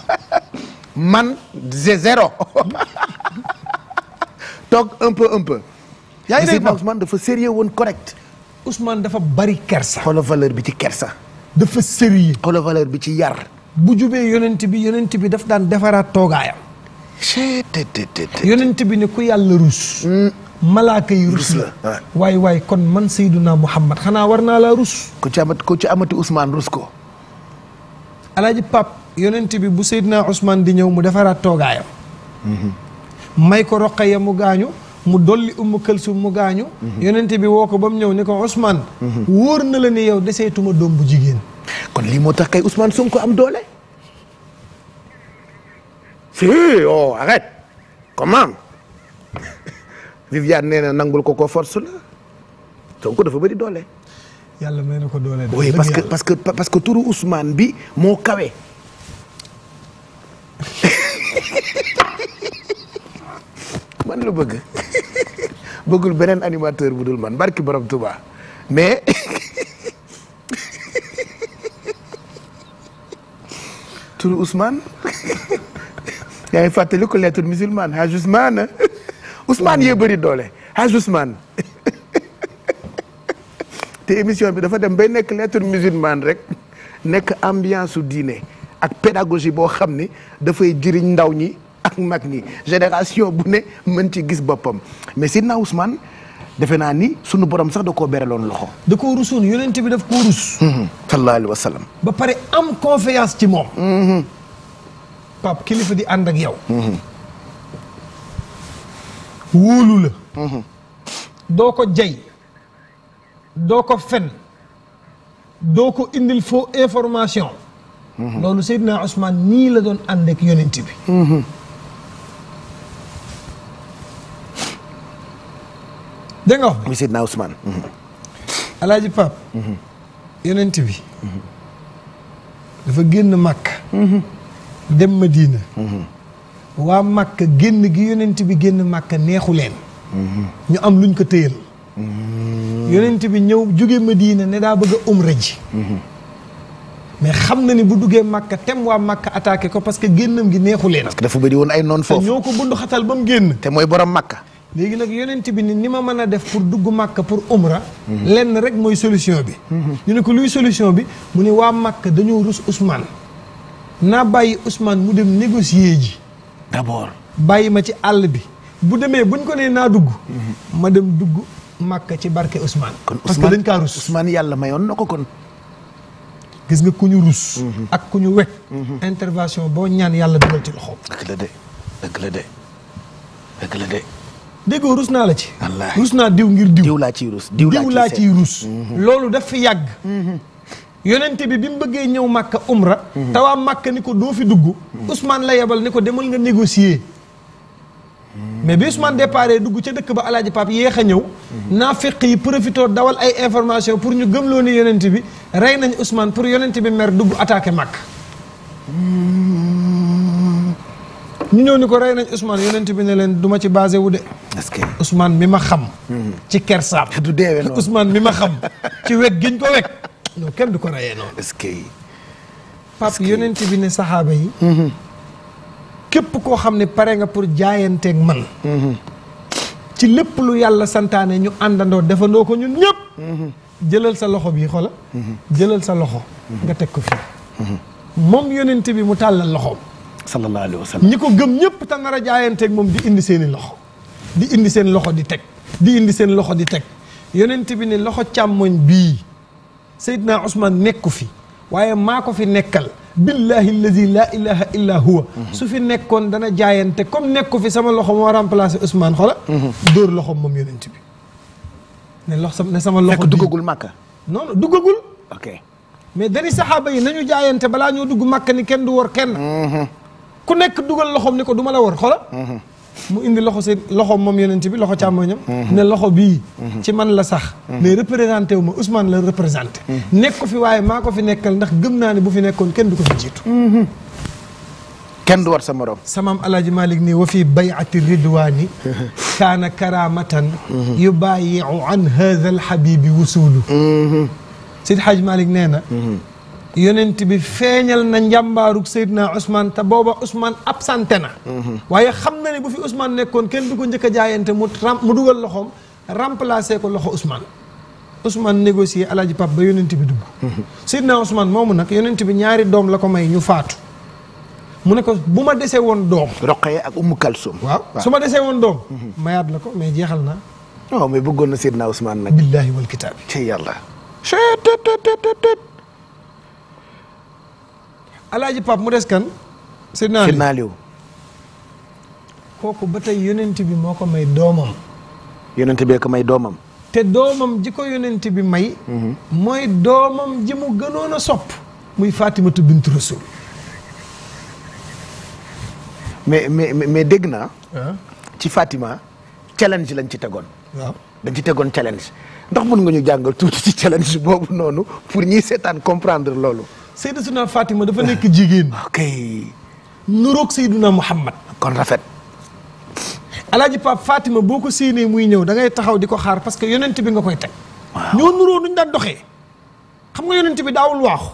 S1: (laughs) man zéro (laughs) toog un peu un peu. yaa ngi dégg dafa série woon correct. Ousmane dafa bari kersa. xoolal valeur bi ci kersa. dafa sérieux. xoolal valeur bi ci yar. bu jubee yonent bi yonent bi daf daan defaraat toogaayam. yonent bi ne ku yàlla rus. Hmm. malaaka yi rus la waaye waaye kon man Seyduna Muhammad xanaa war naa laa rus ku ci amati ku ci amati Ousmane rus ko alaaji pap yonent bi bu Seydina Ousmane di ñëw mu defaraat toogaayam mhm. may ko Roqaya mu gaañu mu dolli Umm Kalsum mu gaañu mhm. yonent bi woo ko ba mu ñëw ni ko Ousmane mhm. wóor na la ni yow deseetuma doom bu jigéen kon lii moo tax kay usmaan Ousmane ko am doole si oh arrête Viviane nee na nangul ko ko force la Sonko dafa bëri doole. yàlla may na ko doole. parce que parce que parce que turu Ousmane bi moo kawe. (laughs) man la bëgg bëggul beneen animateur bu dul man barki borom Touba mais (laughs) turu usmaan (laughs) yaa ngi fàttali ko lettre musulmane haj Ousmane yee bari doole Hadj Ousmane (laughs) te émission bi dafa dem bay nekk lettre musulmane rek nekk ambiance su diine ak pédagogie boo xam ni dafay jëriñ ndaw ñi ak mag ñi génération bu ne mën ci gis boppam mais si na Ousmane defe naa ni sunu borom sax da koo bereloon loxo. da ko koo rusoon yonent bi daf koo rus. Mhm. sallallahu alayhi wa sallam. ba pare am confiance ci moom. Mhm. Pape kilifa di ànd ak yow. Mhm. wóolu mhm. doo ko jay doo ko fen doo ko indil faux information. Mhm. loolu Seydina Ousmane nii la doon ànd ak yonent bi. Mhm. dégg nga wax. muy bi. dafa génn màkk. dem Madina. waa màkk génn gi yonent bi génn màkk neexu leen mm-hmm. ñu am lu luñ ko téyal mm-hmm. yonent bi ñëw ma Madina ne daa bëgg a umra ji mm-hmm. mais xam na ni bu duggee màkk tem waa màkk attaqué ko parce que génnam gi neexu leen parce que dafa bëri woon ay noon foofu ñoo ko bundu xatal ba mu génn te mooy borom màkk léegi nag yonent bi ni ni ma mën a def pour dugg màkk pour umra lenn rek mooy solution bi ñu ne ko luy solution bi mu ne waa màkk dañoo rus Ousmane naa bàyyi Ousmane mu dem négocier ji d'abord bàyyi ma ci àll bi bu demee buñ ko nee naa dugg mhm. ma dem dugg màkk ci barke Ousmane kon parce que dañ kaa rus Ousmane yàlla mayoon na ko kon gis nga ku ñu rus mhm. ak ku ñu wekk mhm. intervention boo ñaan yàlla dugal ci loxoom dëgg la de déggoo rus naa la ci rus naa diw ngir diw laa ciy rus diw laa ciy rus loolu daf fi yàgg yonente bi bi mu bëggee ñëw màkka umra mhm. te waa màkka ni ko doo fi dugg mhm. Ousmane la yebal ni ko demal nga négocier mhm. mais bi Ousmane déparé dugg ca dëkk ba alaaji Pape yéex a ñëw naafiq yi profité dawal ay information pour ñu loo ni yonente bi rey nañ Ousmane pour yonente bi mer dugg attaqué màkka ñu ñëw ni ko rey nañ Ousmane yonent bi ne leen duma ci basé wu de. est-ce que Ousmane mi ma xam. ci kersaam. (laughs) du deewee noonu Ousmane mi ma xam (laughs) ci wet giñ ko wek non kenn du ko rayee noonu. est-ce que. Pape yonent bi ne saxaaba yi. Mm-hmm. képp koo xam ne pare nga pour jaayanteeg man. Mm-hmm. ci lépp lu yàlla santaane ñu àndandoo defandoo ko ñun ñëpp. Mm-hmm. jëlal sa loxo bii xola jëlal sa loxo. nga teg ko fii. moom yonent bi mu tàllal loxoom. sallallahu alayhi wa sallam ñi ko gëm ñëpp te nar a jaayanteeg moom di indi seeni loxo. di indi seen loxo di teg. di indi seen loxo di teg. yonent bi ne loxo càmmoñ bii. Seydina Ousmane nekku fi waaye maa ko fi nekkal billahi allazi la ilaha illa huwa su fi nekkoon dana jaayante comme nekku fi sama loxo moo remplacé Ousmane xola dóor loxom moom yonent bi ne loxo ne sama loxo fekk duggagul màkka non duggagul ok mais dañu saxaaba yi nañu jaayante balaa ñoo dugg màkka ni kenn du war kenn mhm. ku nekk dugal loxom ni ko duma ma la wor xola mhm. mu indi loxo si loxo moom ci bi loxo càmmoñam mhm. ne loxo bi mhm. ci man la sax mhm. mais représenté wu ma Ousmane la représenté nekk ko fi waaye maa ko fi nekkal ndax gëm naa ne bu fi nekkoon kenn du ko fi jiitu kenn du war sa morom samaam alaaji Malik nii wa fi bayati ridwani (laughs) kaana karamatan yubayiu an hadha alhabibi wusulu Sidi Hadj Malik nee na yonent bi feeñal na njàmbaaru njàmbaarug Seydina Ousmane te booba Ousmane absenté na. waaye xam na ne bu fi Ousmane nekkoon kenn du ko njëkk a jaayante mu ram mu dugal loxoom remplacé ko loxo Ousmane. Ousmane négocié Alaaji Pap ba yonent bi dugg. Seydina Ousmane moomu nag yonent bi ñaari doom la ko may ñu faatu. mu ne ko bu ma desee woon doom. Roqaya ak Umu Kalsum. waaw su ma desee woon doom. mayaat la ko mais jeexal naa. waaw oh, mais bëggoon na Seydina Ousmane nag. billaahi wal kitaabi. ci yàlla. alaaji Pape mu des kan. Seydina Aliou kooku ba tey yonent bi moo ko may doomam. yonent bee ko may doomam. te doomam ji ko yonent bi may. Mhm. mooy doomam ji mu gënoon a sopp. muy Fatimatu bintu Rasul. mais mais mais dégg naa. Ah. ci Fatima challenge lañ ci tegoon. waaw dañ ci tegoon challenge. ndax mën nga ñu jàngal tuuti ci challenge boobu noonu pour ñiy seetaan comprendre loolu. Seydatuna Fatima dafa nekk jigéen. (laughs) ok nuroog Seyduna Muhammad kon rafet. Alaaji Pape Fatima boo ko séenee muy ñëw da ngay taxaw di ko xaar parce que yonent bi nga koy teg. ñoo nuroo nuñ daan doxee. xam nga yonent bi daawul waaxu.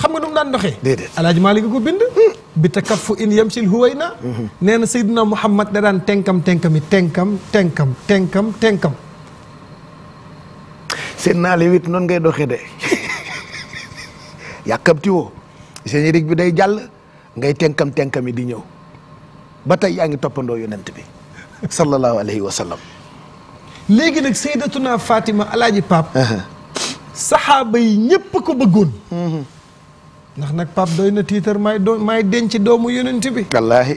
S1: xam nga nu mu daan doxee. déedéet Alaaji Maalik ko bind. Hmm. bi takaffu in yamsil huwayna. Hmm. nee na Seyduna Muhammad da daan tenkam tenkami tenkam tenkam tenkam tenkam. seen naale wit noonu ngay doxee de. (laughs) yàkkamtiwoo woo générique bi day jàll ngay tenkam tenkami di ñëw ba tey yaa ngi toppandoo yonent bi sallallahu alayhi wa sallam léegi nag sayyidatuna Fatima alaaji Pape saxaaba yi ñépp ko bëggoon mhm. ndax nag Pape doy na tiitar maay doo maay denc doomu yonent bi wallaahi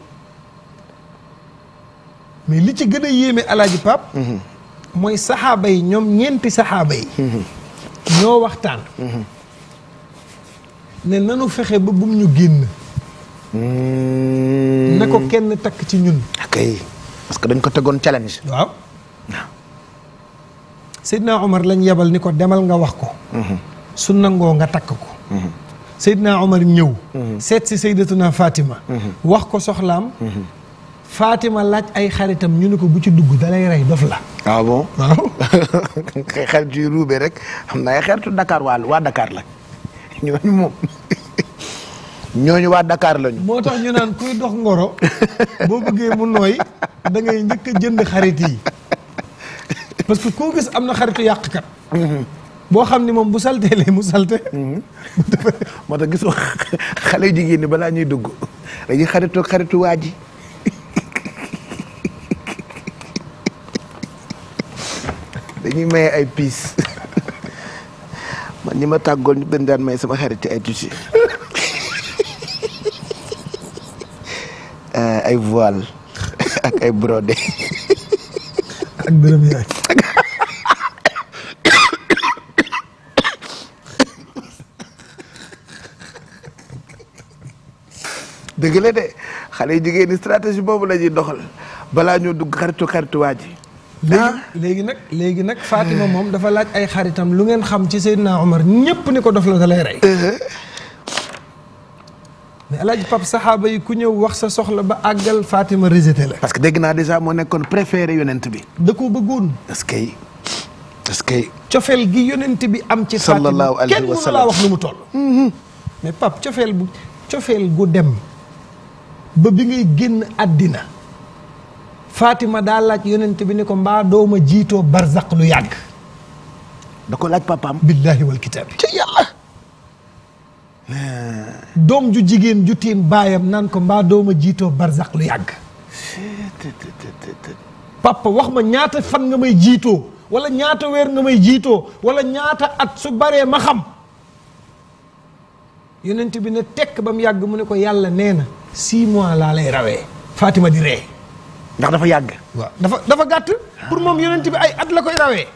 S1: mais li ci gën a yéeme alaaji Pape mhm. mooy saxaaba yi ñoom ñeenti saxaaba yi mhm. ñoo waxtaan ne nanu fexe ba bum ñu génn. Hmm. na ko kenn takk ci ñun. ok parce que dañ ko tegoon challenge. waaw. waaw. Seydina Omar lañ yebal ni ko demal nga wax ko. Hmm. su nangoo nga takk ko. Hmm. Seydina Omar ñëw. seet si naa Fatima. wax ko soxlaam. Fatima laaj ay xaritam ñu ne ko bu ci dugg dalay rey dof la. Ah waaw. (laughs) xel ci ruube rek xam na ay xaritu ndakaar waa waa Dakar la. ñooñu moom ñooñu waa Dakar lañu. moo tax ñu naan kuy dox ngoro boo bëggee mu nooy dangay njëkk jënd xarit yi parce que koo gis am na xaritu yàqkat. boo xam ni moom bu salteelee mu salte. moo tax gisoo xale jigéen ñi balaa ñuy dugg dañuy xaritoog xaritu waa ji. dañuy maye ay piis man ñi ma tàggool ñu benn daan may sama xarit ay tusi (laughs) euh, ay voile (laughs) ak ay brodé ak la de xale yu jigéen ñi boobu la doxal balaa ñoo dugg xaritu xaritu waa ji léegi ah. léegi nag léegi nag Fatima moom dafa laaj ay xaritam lu ngeen xam ci Seydina Omar ñëpp ni ko dof la da lay rey. Uh-huh. mais El Hadj saxaaba yi ku ñëw wax sa soxla ba àggal Fatima rejeté la. parce que dégg naa dèjà moo nekkoon préféré yonent bi. da koo bëggoon. est-ce que est-ce que. cofeel gi yonent bi am ci. sallallahu alayhi wa sallam Fatima kenn mënu laa wax nu mu toll. Mm-hmm. mais Pape cofeel bu cofeel gu dem ba bi ngay génn àddina. Fatima daa laaj yonent bi ni ko mbaa dooma jiitoo barzaq yàgg da ko laaj papaam billaahi wal kitaab yàlla doom ju jigéen ju tiim baayam naan ko mbaa dooma jiitoo barzaq lu yàgg papa wax ma ñaata fan nga may jiitoo wala ñaata weer nga may jiitoo wala ñaata at su baree ma xam yonent bi ne tekk ba mu yàgg mu ne ko yàlla nee na six mois laa lay rawee Fatima di ree ndax dafa yàgg. waaw dafa dafa gàtt. pour moom yonent bi ay at la koy rawee.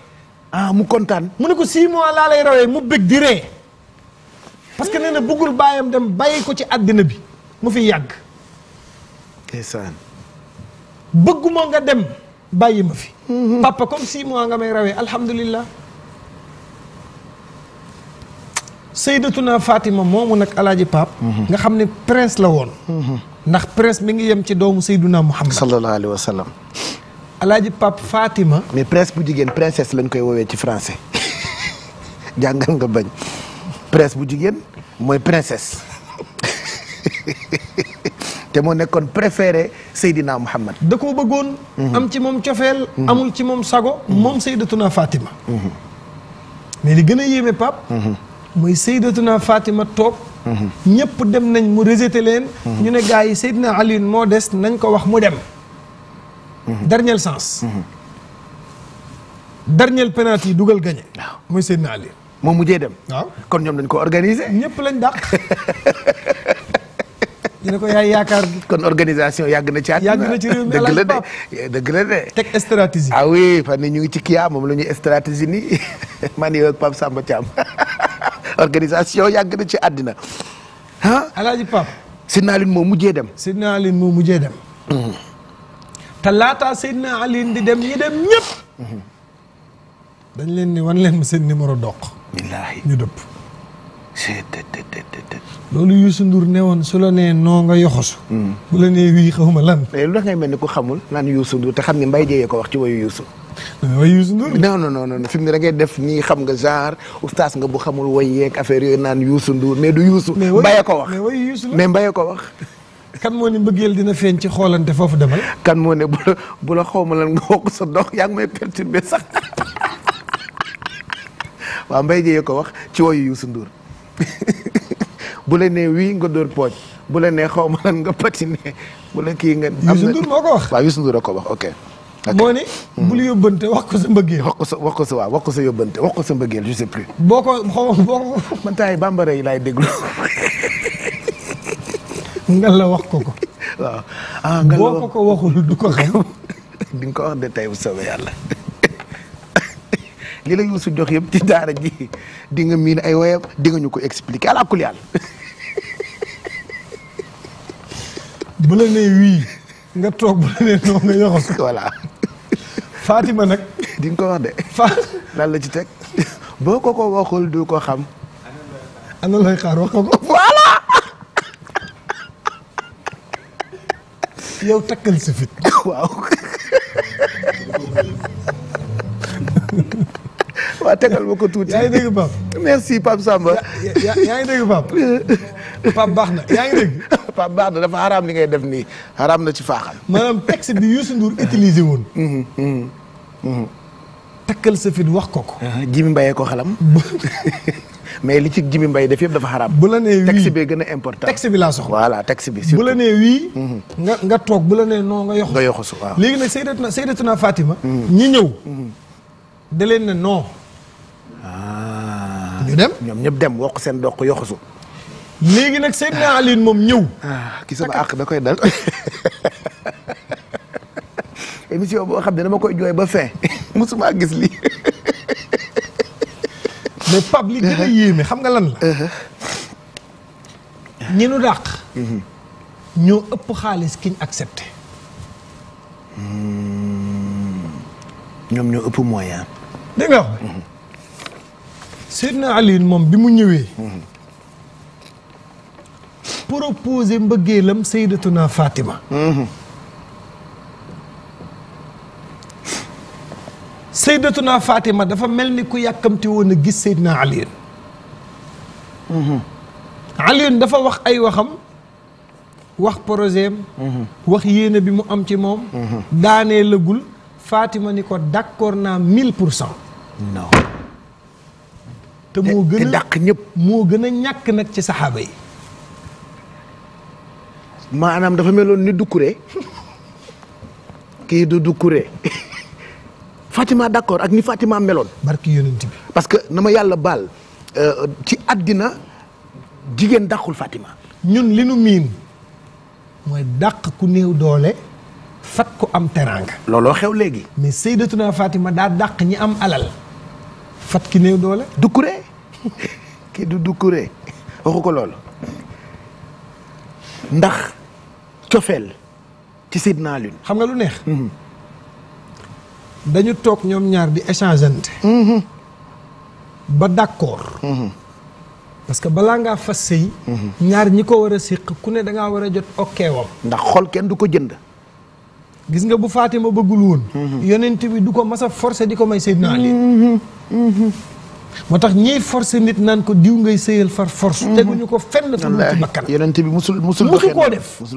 S1: ah mu kontaan. mu ne ko six mois laa lay rawee mu bëgg di ree parce que nee na bëggul baayam dem bàyyi ko ci àddina bi mu fi yàgg. bëgguma nga dem bàyyi ma fi. papa comme six mois nga may rawee alhamdulilah. Sayyidatuna Fatima moomu nag Alaaji Paap. Mhm. nga xam ne prince la woon. Mhm. ndax presse mi ngi yem ci doomu Seyduna Muhammad sallallahu alayhi wa sallam. alaaji Pape Fatima. mais presse bu jigéen princesse lañ koy woowee ci français (laughs) jàngal nga bañ presse bu jigéen mooy princesse (laughs) te moo nekkoon préféré Seydina Muhammad da koo bëggoon. Mhm. am ci moom cofeel mhm. amul ci moom sago. moom mhm. Seydatuna Fatima. mais li gën a yéeme Pape. muy mooy saydatuna Fatima toog ñëpp dem nañ mu rejeté leen ñu ne gars yi Seydina Alioune moo des nañ ko wax mu dem dernier sens dernier penalty yi dugal gagné waaw mooy Seydina Alioune moom mujjee dem waaw kon ñoom dañ ko organisé ñëpp lañ dàq (laughs) ñu ne ko kon organisation yàgg na ci at. yàgg na ci réew mi dëgg la de eh, dëgg la de. teg stratégie. Ah ñu ngi ci Kia moom la ñuy stratégie nii (laughs) man yow ak Pape Samba Thiam (laughs) organisation yàgg ci àddina ah. alaaji Pape. Seydina Alioune moo mujjee dem. Seydina Alioune moo mujjee dem. Hmm. te laataa Seydina Alioune di dem ñi dem ñëpp. Hmm. dañ leen ni wan leen ma seen numéro doq. wallaahi ñu dëpp. loolu Youssou Ndour ne woon su la nee noo nga yoxosu hmm. bu la nee wii xaw ma lan. mais lu tax mel ni ku xamul naan Youssou Ndour te xam ni Mbaye ko wax ci wayu Youssou. waaye Youssou Ndour. non non def nii xam nga genre oustaz nga bu xamul way yeeg affaire yooyu naan Youssou Ndour mais du Youssou. Mbaye ko wax mais wayu Youssou mais ko wax. kan moo ne mbëggeel dina feeñ ci xoolante foofu demal. kan moo ne bu la xaw ma lan nga sa dox yaa ngi may perturbé (laughs) ko wax ci wayu Youssou Ndour (laughs) bu la nee wii nga door pooj bu la nee xaw ma lan nga patine bu la kii nga. am na moo ko wax. waaw Youssou Ndour a ko wax ok. moo ne. bul yóbbante wax ko sa mbëggeel. wax ko sa wax ko ko sa yóbbante sa mbëggeel je plus. boo ko xaw boo ko. man taay bambara yi laay déglu. nga la wax ko ko. Ah, nga la wax boo ko ko waxul du ko xam. (laughs) di nga wax de tey bu soobee yàlla. li la Youssou jox yëpp ci daara ji di nga miin ay woyam di ñu ko expliquer ala kulli àll. nee wii nga toog bu la noonu nga yoxos voilà. Fatima nag. dinga ko wax de. Fa lan la ci teg boo ko ko waxul du ko xam. ana lay xaar wax ko ko. voilà. yow takkal sa fit. waaw. waaw tegal ma ko tuuti. yaa ngi dégg Pape. merci Pape Samba. yaa yaa ngi dégg Pape. baax na yaa ngi baax na dafa xaraam li ngay def nii xaraam na ci faaxal. maanaam texte bi woon. Mhm, mhm, mhm. takkal sa fit wax ko ko. Ah, Jimi mbayee ko xalam. (laughs) mais li ci Jimi mbay def yëpp dafa xaraam. bu la nee wii texte a important. texte bi laa soxla voilà texte nga nga toog bu la nee non nga yoxu. nga yoxu waaw léegi nag Seydatuna Seydatuna faatima ñi ñëw. da ne non. Ah. ñu dem ñoom ñëpp dem wokk seen doq yoxusu léegi nag Seydina Alioune moom ñëw. Ah, ki sama àq da koy dal (laughs) émission boo xam ne dama koy jooy ba fin (laughs) musuma gis lii. (laughs) mais Pape li gën a yéeme xam nga lan la. Uh-huh. ñi nu dàq. Uh-huh. ñoo ëpp xaalis ki ñu accepté. Hmm. ñoom ñoo ëpp moyen. dégg nga wax. Uh-huh. na Alioune moom bi mu ñëwee. proposé mbëggeelam Seydatuna Fatima. Seydatuna Fatima dafa mel ni ku yàkkamti woon a gis Seydina Alioune. Alioune dafa wax ay waxam. wax projet am. wax yéene bi mu am ci moom. daanee lëgul Fatima ni ko d'accord naa mille pour cent. te moo gën a dàq ñëpp moo gën a ñàkk nag ci saxaaba yi maanaam dafa meloon ni dukkure kii du dukkure Fatima d'accord ak ni Fatima meloon barki yonent bi parce que na ma yàlla baal euh, ci àddina jigéen dàqul Fatima ñun li nu miin mooy dàq ku néew doole fat ku am teraanga looloo xew léegi mais Seydatuna Fatima daa dàq ñi am alal fat ki néew doole (laughs) kii du Doucouré waxu ko loolu ndax cofeel ci Seydina xam nga lu neex. Mhm. dañu toog ñoom ñaar di échangeante. Mhm. ba d'accord. Mhm. parce balaa ngaa fas sëy ñaar ñi ko war a séq ku ne da war a jot okkeewam ndax xol kenn du ko jënd. gis nga bu Fatima bëggul woon. yonent bi du ko mas a di ko may Seydina moo tax ñiy forcer nit naan ko diw ngay sëyal far force. Mhm. ñu ko fenn fu lu ci bakkan. yonent bi musul musul doxee koo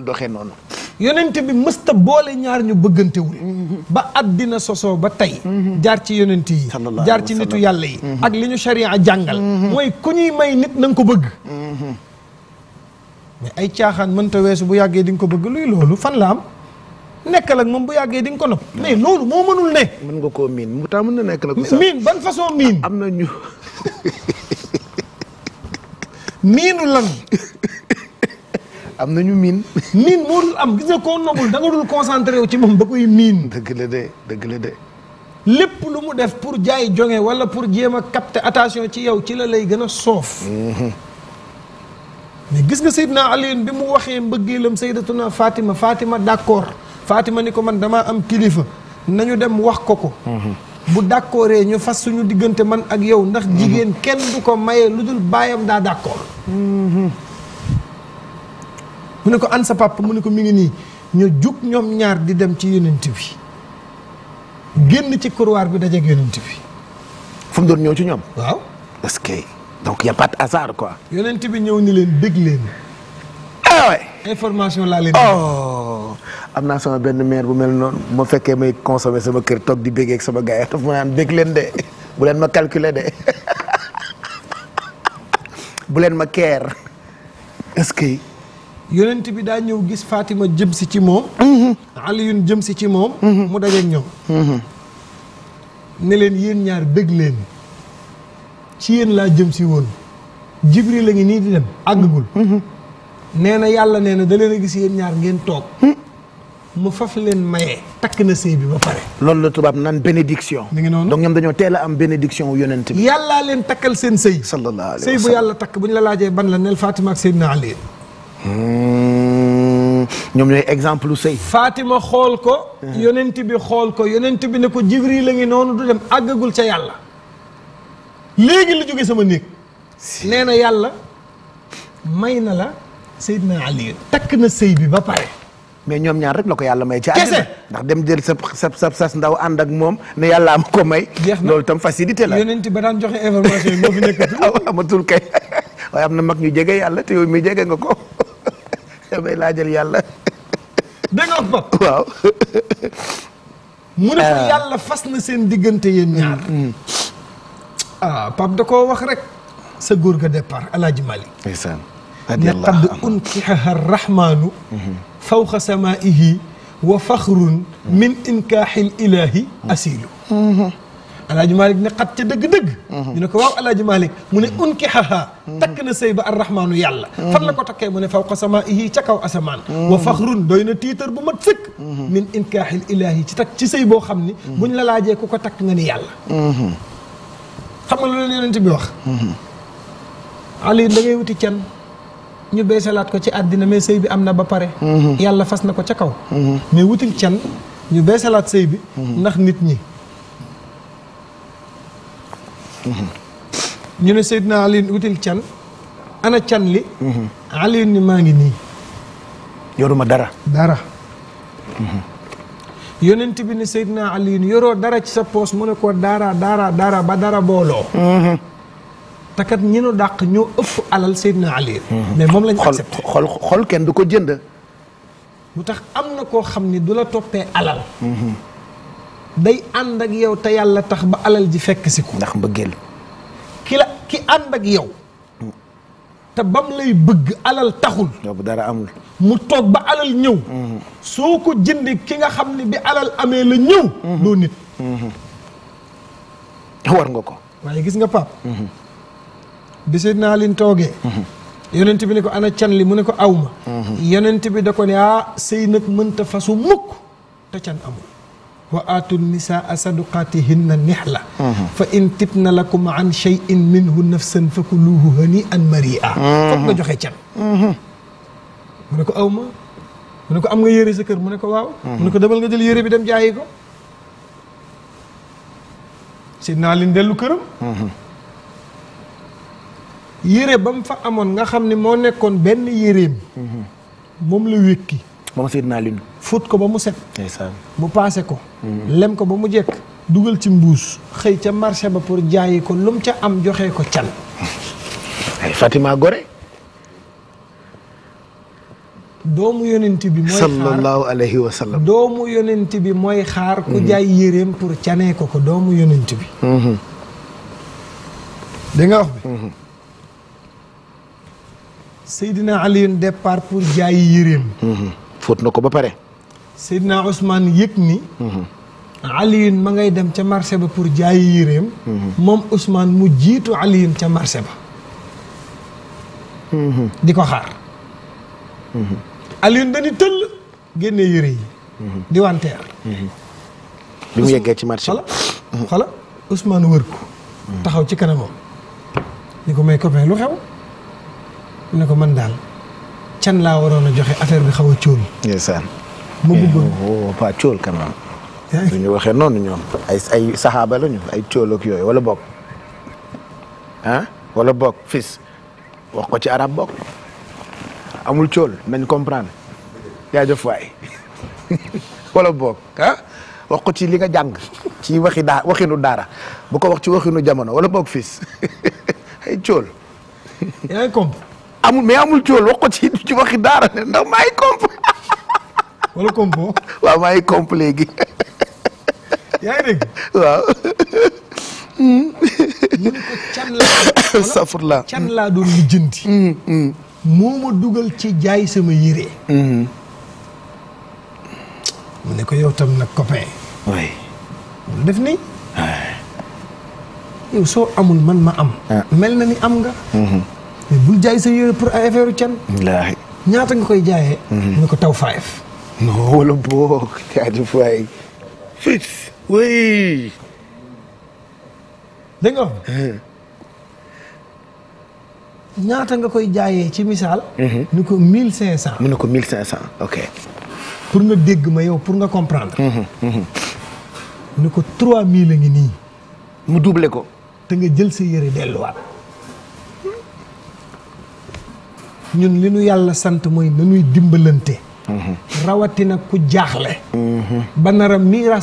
S1: doxee noonu. yonent bi mësta boole ñaar ñu bëggantewul mhm. ba àddina sosoo ba tey. Mhm. jaar ci yonent yi. jaar ci nitu yàlla yi. ak li ñu sharia jàngal. mooy ku ñuy may nit na nga ko bëgg. mais ay caaxaan mënta weesu bu yàggee di ko bëgg luy loolu fan la am. nekk ak moom bu yàggee di nga ko nopp mais loolu moo mënul ne. mën nga koo miin mu taa mën na nekk nag. miin ban façon miin. am na ñu. (laughs) miinu lan. am na ñu miin. miin moo dul am gis nga koo nobul da nga dul concentré wu ci moom ba koy miin. dëgg la de lépp lu mu def pour jaay jonge wala pour jéem a capter attention ci yow ci la lay gën a soof. Mhm. mais gis nga Seydina Alioune bi mu waxee mbëggeelam Seydatuna Fatima Fatima d'accord. Fatima ni ko man damaa am kilifa nañu dem wax ko ko. Mhm. bu d'accordee ñu fas suñu diggante man ak yow ndax mhm. jigéen kenn du ko maye lu dul baayam daa d'accord. Mhm. mu ne ko an sa papa mu ne ko mi ngi nii ñu jug ñoom ñaar di dem ci yonent bi génn ci couloir bi dajeeg yonent bi. fu doon ñëw ci ñoom. waaw parce que donc y a pas yonent bi ñëw ni leen dégg leen. ah ouais. information laa leen. Oh. am naa sama benn maire bu mel noonu ma fekkee may consommer sama kër toog di bégeeg sama gars yi daf ma naan leen de bu leen ma calculer de (laughs) bu leen ma keer est-ce que. yonent bi daa ñëw gis Fatima jëm si ci moom. Mhm. jëm si ci moom. Mhm. mu dajeeg ñoom. Mhm. ne leen yéen ñaar bég leen ci yéen laa jëm si woon Jibril la nii di dem àggagul. nee na yàlla nee na da a gis yéen ñaar ngeen toog. mu faf leen maye takk na sëy bi ba pare. loolu la tubaab naan bénédiction. mi ngi noonu donc ñoom dañoo teel a am bénédiction yonent bi. yàllaa leen takkal seen sëy. sallallahu alayhi wa sallam bu yàlla takk bu ñu la laajee ban la neel Fatima ak Seydina Ali. Hmm. ñoom ñooy exemple lu sëy. Fatima xool ko. yonent bi xool ko yonent bi ne ko Jibril la ngi noonu du dem àggagul ca yàlla. léegi la jóge sama néeg. nee na yàlla may na la Seydina Ali takk na sëy bi ba pare. mais ñoom ñaar rek la ko yàlla may. ci ndax dem jël sa sa sa ndaw ànd ak moom ne yàlla am ko may. loolu tam facilité la yonent ba daan joxe information yi moo fi nekk (laughs) amatul kay (laughs) am na mag ñu jege yàlla te yow mi jege nga ko (laughs) damay yàlla. dégg nga ne ko ah. fas na seen diggante yéen ñaar. Mm, mm. ah da koo wax rek. sa góor ga départ El Hadj Malick. ndeysaan. radiyallahu anhu ne qad unkiha fawqa samaihi wa faxrun min inkaaxil ilaahi asiilu alaaji malik ne xat ca dëgg-dëgg dina mhm. ko waaw alaaji malik mu ne unki xaxaa mhm. takk na sëy ba arrahmaanu yàlla mhm. fan la ko takkee mu ne fawqa samaihi ca kaw asamaan wa faxrun doy na tiitar bu mat sëkk min inkaaxil ilaahi ci takk ci sëy boo xam ni buñ la laajee ku ko takk nga ni yàlla xam nga loolu yonent bi wax ali da wuti can ñu beesalaat ko ci àddina mais sëy bi am na ba pare mhm. yàlla fas na ko ca kaw mhm. mais wutil can ñu beesalaat sëy bi mhm. ndax nit ñi ñu ne Seydina Ali wutil can ana can li Ali ni maa ngi nii yoruma dara dara yonent bi ne Seydina Ali yoroo dara ci sa poos mu ne ko dara dara dara ba dara booloo te kat ñi dàq ñoo ëpp alal Seydina Ali mhm. mais moom lañ accepté xol xol kenn du ko jënd tax am na koo xam ni du la toppee alal mhm. day ànd ak yow te yàlla tax ba alal ji fekk si ndax mbëggeel ki ki ànd yow te bam lay bëgg alal taxul bu dara amul mu toog ba alal ñëw mhm. soo ko jëndee ki nga xam ne bi alal amee la ñëw doo nit waaye gis nga pap bi Seydina Alin toogee yonent bi ne ko ana can li mu ne ko aw ma yonent bi da ko ne ah sëy nag mënta fasu mukk te can amul wa aatu nisaa saduqaatihinna nihla fa in tibna lakum an shay'in minhu nafsan fakuluuhu hani an maria foog nga joxe can mu ne ko aw mu ne ko am nga yére sa kër mu ne ko waaw mu ne ko demal nga jël yére bi dem jaayi ko Seydina Alin dellu këram yére ba mu fa amoon nga xam ne moo nekkoon benn yéreem. moom la wékki. moom Seydina Alioune. fóot ko ba mu set. ndeysaan mu paase ko. Mm-hmm. lem ko ba mu jekk. dugal ci mbuus. xëy ca marché ba pour jaayi ko lum ca am joxe ko can. (laughs) ay Gore. doomu yonent bi mooy xaar sallallahu alayhi wa bi mooy xaar. ku mm-hmm. jaay yéreem pour canee ko ko doomu yonent bi. Mm-hmm. di wax bi. Seydina Alioune départ pour jaayi yéreem. Mhm. fóot na ko ba pare. Seydina Ousmane yëg ni. Mhm. Alioune ma ngay dem ca marché ba pour jaayi yéreem. Mhm. moom Ousmane mu jiitu Alioune ca marché ba. di ko xaar. Alioune dañuy tëll génne yére yi. di wanteer. bi mu yeggee ci marché bi xala Ousmane wër ko. taxaw ci kanamam. ni ko may copain lu xew. ne ko man daal can laa waroon a joxe affaire bi xaw a cóol. ndeysaan. ma eh, bëggoon waaw oh, oh, pas cóol quand même. ñu waxee noonu ñoom. ay ay saxaaba lañu ay cóol yooyu wala bokk ah wala wax ko ci arab bokk amul cóol nañ comprendre jaajëf waay (laughs) wala bokk ko ci li nga jàng ci waxi daa waxinu daara bu ko wax ci waxinu jamono wala boog fis (laughs) ay cóol amul mais amul cool wax ko ci (laughs) ci waxi daara ne ndax maa comp. (laughs) wala compo. waaw maa comp léegi. (laughs) yaa ngi waaw. can laa. (coughs) safur laa can mm, mm. moo ma dugal ci jaay sama yére. Mm-hmm. mu ne ko yow tam nag copain. waay. mu def nii. yow soo amul man ma am. Ah. mel na ni am nga. Mm-hmm. mais bul jaay sa yére pour ay affaire can. wallaahi ñaata nga koy jaayee. ñu mhm. ko taw five. non wala boog taatu faay. fit wey. dégg nga. Mhm. ñaata nga koy jaayee ci misaal. ñu ko mille cinq cent. mu ne ko mille cinq cent ok. pour nga dégg ma yow pour nga comprendre. ñu mhm, ko trois mille a ngi nii. mu doublé ko. te nga jël sa yére delluwaat. ñun li nu yàlla sant mooy nañuy dimbalante mhm. rawatina ku jaaxle mhm. ba nara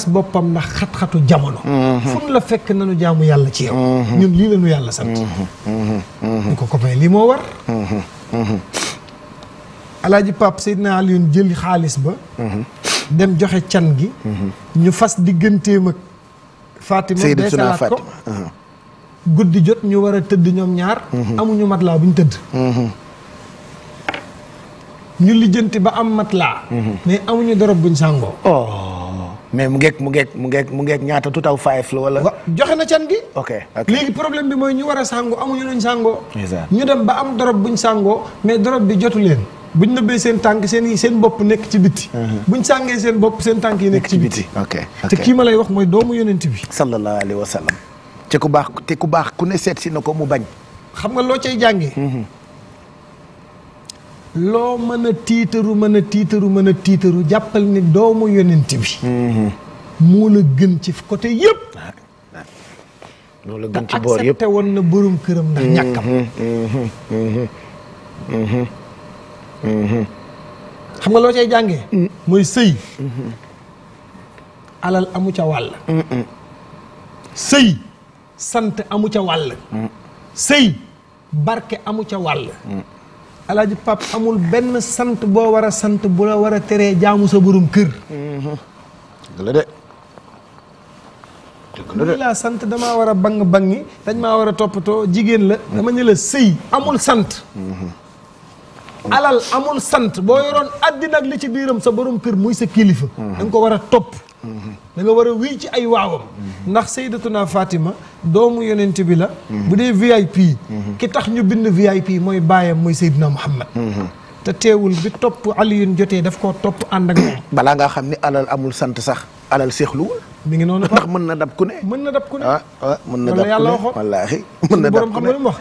S1: boppam ndax xat-xatu jamono
S2: mhm. fun
S1: la fekk na nanu jaamu yàlla ci yow ñun lii la nu yàlla sant ñu ko copain lii moo war alaaji naa Seydina Alioune jëli xaalis ba dem joxe can gi ñu fas digganteem ak Fatima deesalaat ko guddi jot ñu war a tëdd ñoom ñaar amuñu matelas bu ñu tëdd ñu lijjanti ba am mat matelas. Mhm. mais amuñu dorob buñ sàngoo. oh mais mu ngeeg mu ngekk mu ngeeg mu ngeeg ñaata tout à fait la wala. joxe na can gi. ok léegi problème bi mooy ñu war a sàngoo amuñu luñ sàngoo. ñu dem ba am dorob buñ sàngoo mais dorob bi jotu leen. buñ nëbbee seen tànk seen i seen bopp nekk ci biti. Mhm. buñ sàngee seen bopp seen tànk yi nekk ci biti. ok te kii ma lay wax mooy doomu yonent bi. sallallahu alayhi wa sallam. te ku baax te ku baax ku ne seet si na ko mu bañ. xam nga loo cay jàngee. Mhm. loo mën a tiitaru mën a tiitaru mën a tiitaru jàppal ni doomu yonent bi mhm. moo la gën ci côté yëpp moo la gën ci boor yëpp te accepté na borom këram ndax mhm, ñàkkam mhm, xam nga loo cay jàngee mm. mooy sëy alal amu ca wàll mm, mm. sëy sant amu ca wàll sëy barke amu ca wàll alaaji pap amul benn sant boo war a sant bu la war a teree jaamu sa borom kër dëgg la de li laa sant damaa war a bang bangi dañ maa war a toppatoo jigéen la dama ñu la sëy amul sant alal amul sant boo yoroon àddina ak li ci biiram sa borom kër muy sa kilifa da nga ko war a topp da nga war a wéy ci ay waawam ndax sayyidatuna Fatima doomu yonent bi la bu dee VIP ki tax ñu bind VIP mooy baayam mooy sayyidina Muhammad te teewul bi topp Aliyun jotee daf koo topp ànd ak moom xam ne alal amul sant sax alal seexluwul mu ngi noonu ndax mën na dab ku ne mën na dab ku ne ah ah mën na dab ku ne mën na dab ku ne borom xam nga lu mu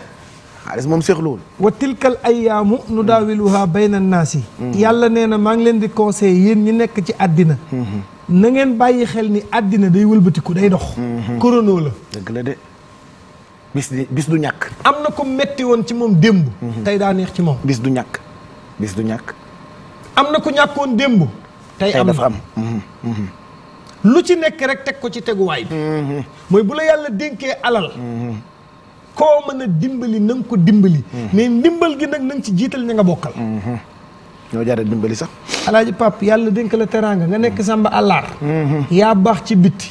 S1: xaalis moom seexluwul wa tilkal ayaamu nu daawiluha bayna naasi yàlla nee na maa ngi leen di conseil yéen ñi nekk ci àddina na ngeen bàyyi xel ni àddina day wëlbatiku day dox korono la dëgg la de bis bis du ñàkk am na ko metti woon ci moom démb mhm. tey daa neex ci moom bis du ñàkk bis du ñàkk am na ko ñàkkoon démb tey dafa am mhm. Mhm. lu ci nekk rek teg ko ci teguwaay bi mooy bu la yàlla dénkee alal koo mën a dimbali na ko dimbali. Mm-hmm. mais ndimbal gi nag na ci jiital ña nga bokkal. Mm-hmm. ñoo jaare dimbali sax. alaaji pap yàlla dénk la teraanga nga nekk samba àllaar. Mm-hmm. yaa baax ci bitti.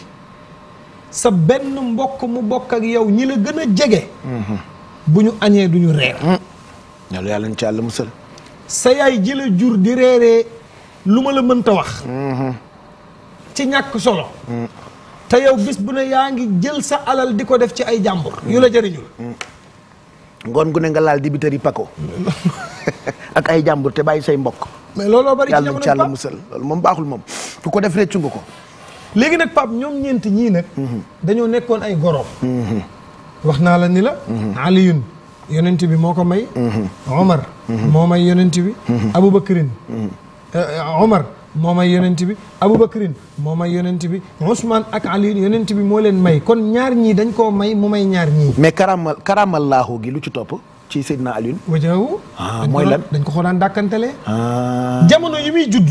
S1: sa benn mbokk mu bokk ak yow ñi la gën a jege. bu ñu añee du ñu reer. yàlla yàlla ñu ci àll musal. sa yaay ji la jur di reeree lu ma la mënta wax. ci ñàkk solo. te yow bis bu ne yaa ngi jël sa alal di ko def ci ay jàmbur. yu la jëriñul. ngoon gu ne nga laal dibitër yi pako (laughs) ak ay jàmbur te bàyyi say mbokk. mais looloo bari ci jamono Pape yàlla musal loolu moom baaxul moom ku ko def réccu nga ko. léegi nag Pape ñoom ñeenti ñii nag. Mhm. dañoo nekkoon ay goroom. Mhm. wax naa la ni la. Mhm. Aliyun yonent bi moo ko may. Omar. moo may yonent bi. Aboubacrine. Euh, Omar. moo may yonent bi Aboubacrine moo may yonent bi Ousmane ak Ali yonent bi moo leen may kon ñaar ñii dañ koo may mu may ñaar ñii. mais karamal karamallaahu gi lu ci topp ci Seydina Alioune. wajaawu. ah mooy lan dañ ko xoolal dàkkantele. Ah. jamono yi muy judd.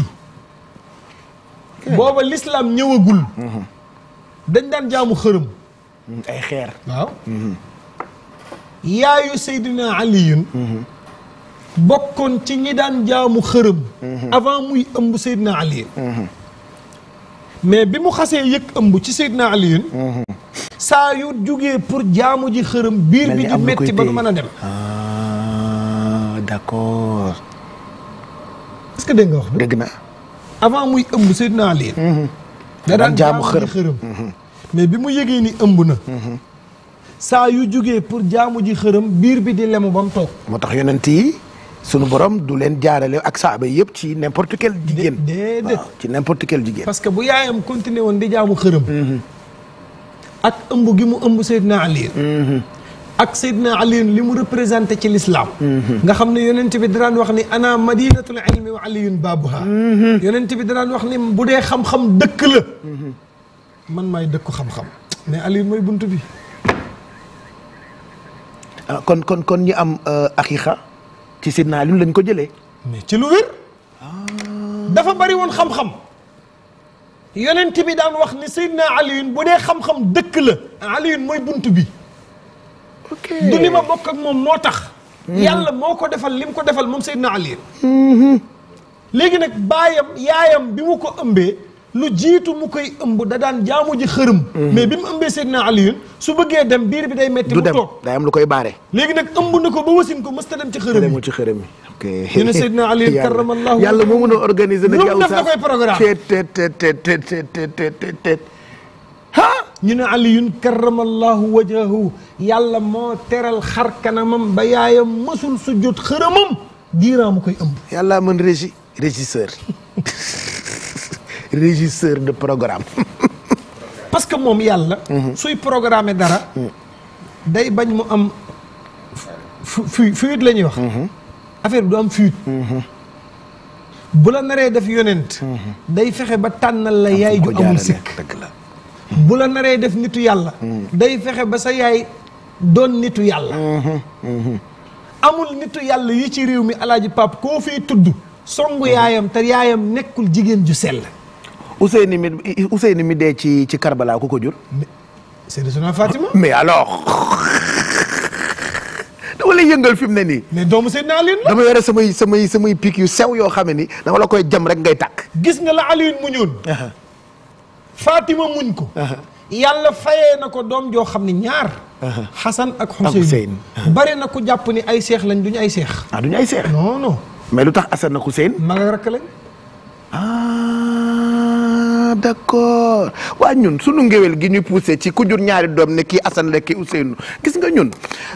S1: booba l'islam ñëwagul. Mhm. dañ daan jaamu xërëm. Mm, xeer. waaw. Mhm. yaayu Seydina Alioune. Mhm. bokkoon ci ñi daan jaamu xërëm mhm. avant muy ëmb Seydina Ali mhm. mais bi mu xasee yëg ëmb ci Seydina Ali mhm. saa yu jugee pour jaamu ji xërëm biir bi di metti ba du mën a dem ah, d'accord est que dégg nga wax bi dégg na avant muy ëmb Seydina Ali da daan jaamu xërëm mais bi mu yëgee ni ëmb na saa yu jugee pour jaamu ji xërëm biir bi di lemu ba mu toog moo tax yonent yi sunu borom du leen jaarale ak saaba yëpp ci n'importe quel jigéen ci n'importe quel parce que bu yaayam continué woon di jaamu xërëm mhm. ak ëmb gi mu ëmb Seydina Ali mhm. ak Seydina Ali li mu représenté ci l'islam mhm. nga xam ne yonent bi danaan wax ni ana madinatul ilmi wa aliyun baabuha yonent bi danaan wax ni bu dee xam-xam dëkk la man maay dëkku xam-xam mais Ali mooy bunt bi ah, kon kon kon am euh, aqiqa ci Sidna Aliou lañ ko jëlee. ci lu wér. dafa bari woon xam-xam. yonent bi daan wax ni Sidna Aliou bu dee xam-xam dëkk la. Aliou mooy bunt bi. ok du li ma bokk ak moom moo tax. Hmm. yàlla moo ko defal lim ko defal moom Sidna Aliou. Hmm. léegi nag baayam yaayam bi mu ko ëmbee. lu jiitu mu koy ëmb da daan jaamu ji xërëm mhm. mais bi mu ëmbee Seydina Aliyun su bëggee dem bi day metti mu toog day am lu koy baare léegi nag ëmb na ko ba wasin ko mësta dem ci xërëm yi ci xërëm yi ok ñu ne Seydina Aliyun karamallahu (laughs) yàlla moo mën a organiser nag yow sax koy programme teet teet teet teet teet teet ñu ne aliyun karamallahu wajahu yàlla moo teral xar kanamam ba yaayam masul sujjóot xërëmam diiraa mu koy ëmb yàlla mën régi régisseur (laughs) régisseur de programme. (laughs) parce que moom yàlla. Mhm. suy programmer dara. Mhm. day bañ mu am fu fuite la ñuy wax. Mhm. affaire bi du am fuite. bu la naree def yonent day fexe ba tànnal la yaay ju amul sikk bu la naree def nitu yàlla day fexe ba sa yaay doon nitu yàlla amul nitu yàlla yi ci réew mi alaaji pap koo fiy tudd songu yaayam te yaayam nekkul jigéen ju sell Ousseyni mi mi dee ci ci Karbala ku ko jur. Seydatuna Fatima. mais alors. dama lay yëngal fi mu ne nii. mais doomu Seydina Alioune la. dama yore samay samay samay pic yu sew yoo xam ne ni dama la koy jam rek ngay takk. gis nga la Alioune muñoon. Uh-huh. Fatima muñ ko. Uh-huh. yàlla fayee na ko doom joo xam ne ñaar. Uh-huh. Xasan ak Xuseyn bari na ku jàpp ni ay seex lañ duñu ay seex. ah duñu ay seex. non non. lu tax Xasan ak Xuseyn. mag ak rakk lañ. Ah. ah d'accord waa ñun sunu ngéwél gi ñu poussé ci ku jur ñaari doom ne kii Assane la kii Ousseynou gis nga ñun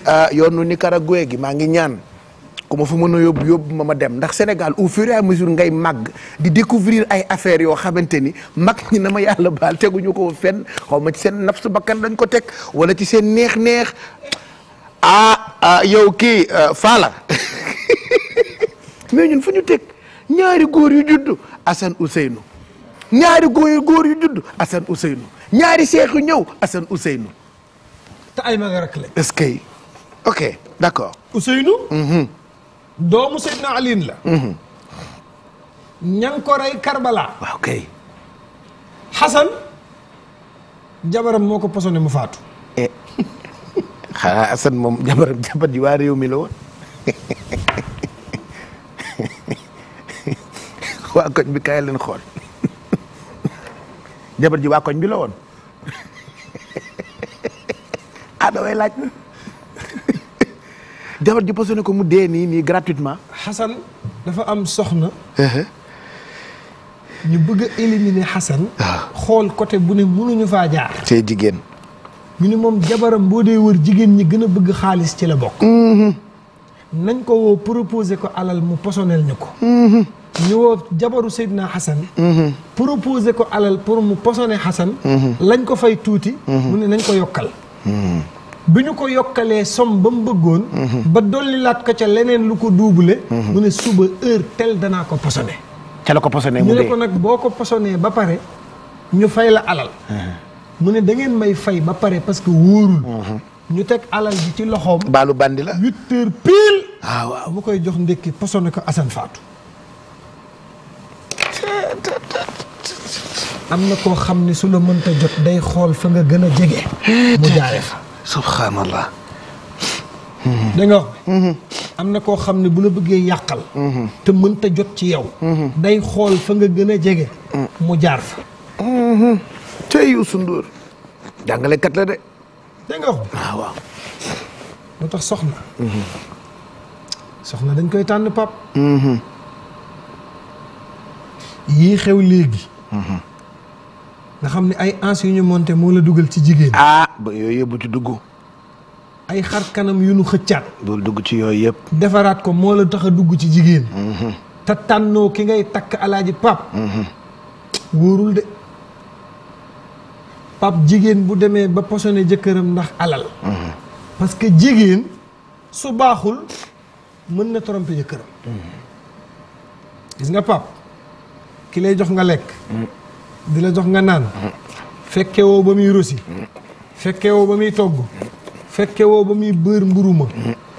S1: ah, yoonu Nicaragua gi maa ngi ñaan ku ma fa mën a yóbbu yóbbu ma ma dem ndax Sénégal au fur et à mesure ngay màgg di découvrir ay affaire yoo xamante ni mag ñi na ma yàlla baal teguñu ko fenn xaw ma ci seen naf bakkan lañ ko teg wala ci seen neex-neex ah, ah yow kii ah, Fala (laughs) mais ñun fu ñu teg ñaari góor yu juddu Assane Ousseynou. ñaari góor yu góor yu judd Assane Ousseynou ñaari seex yu ñëw Assane Ousseynou. te ay ma nga rek la. est-ce ok d'accord. Ousseynou. Mm-hmm. doomu Seydina Alioune la. Mm-hmm. ña ngi ko rey jabaram moo ko posone mu faatu. Eh. (laughs) xanaa Assane moom jabaram jabar ji waa réew mi (laughs) waa koñ bi kaay leen xool. jabar ji waa koñ bi la woon
S3: aadaway (laughs) ah, laaj na
S1: (laughs) jabar ji posone ko mu dee nii nii gratuitement Xasan dafa am soxna uh-huh. ñu bëgg a Xasan ah. xool côté bu ne mënuñu faa jaar tey jigéen ñu ne moom jabaram boo dee wër jigéen ñi gën a bëgg xaalis ci la bokk mm-hmm. nañ ko woo proposer ko alal mu posonel ñu ko mm-hmm. ñëwoo jabaru Seydina Hassan. Mhm. proposé ko alal pour mu posone Hassan. Mhm. lañ ko fay tuuti. Mhm. mu ne nañ ko yokkal. bi ñu ko yokkalee som ba mu bëggoon. ba dollilaat ko ca leneen lu ko doublé. mu ne suba heure tel danaa ko posone ca la ko posone mu ñu ne ko nag boo ko posonee ba pare ñu fay la alal. mu ne da ngeen may fay ba pare parce que wóorul. ñu teg alal bi ci loxoom. baalu bandi la huit heures pile. waaw ah, waaw mu koy jox ndékki posone ko Assane Fatou. am na koo xam ne su la mënta jot day xool fa nga gën a jege. mu jaare fa. subhanallah. da nga mm-hmm. am na koo xam ne bu la bëggee yàqal. Mm-hmm. te mënta jot ci yow. Mm-hmm. day xool fa nga gën a jege. Mm. mu jaar fa. tey Youssou Ndour. jàngalekat la de. da nga moo ah, tax soxna. soxna dañ koy tànn pap yii xew léegi. Mhm. nga xam ne ay ans yu ñu monté moo la dugal ci jigéen. ah ba yooyu yëpp bu ci dugg. ay xar kanam yu nu xëccaat. bul dugg ci yooyu yëpp. defaraat ko moo la tax a dugg ci jigéen. Mhm. te tànnoo ki ngay takk alaaji pap mhm. wóorul de pap jigéen bu demee ba posone jëkkëram ndax alal. parce que jigéen su baaxul mën na tromper jëkkëram. gis nga pap ki lay jox nga lekk mm. di la jox nga naan mm. fekke woo ba muy rosi mm. fekke woo ba muy togg fekke woo ba muy bër mburu ma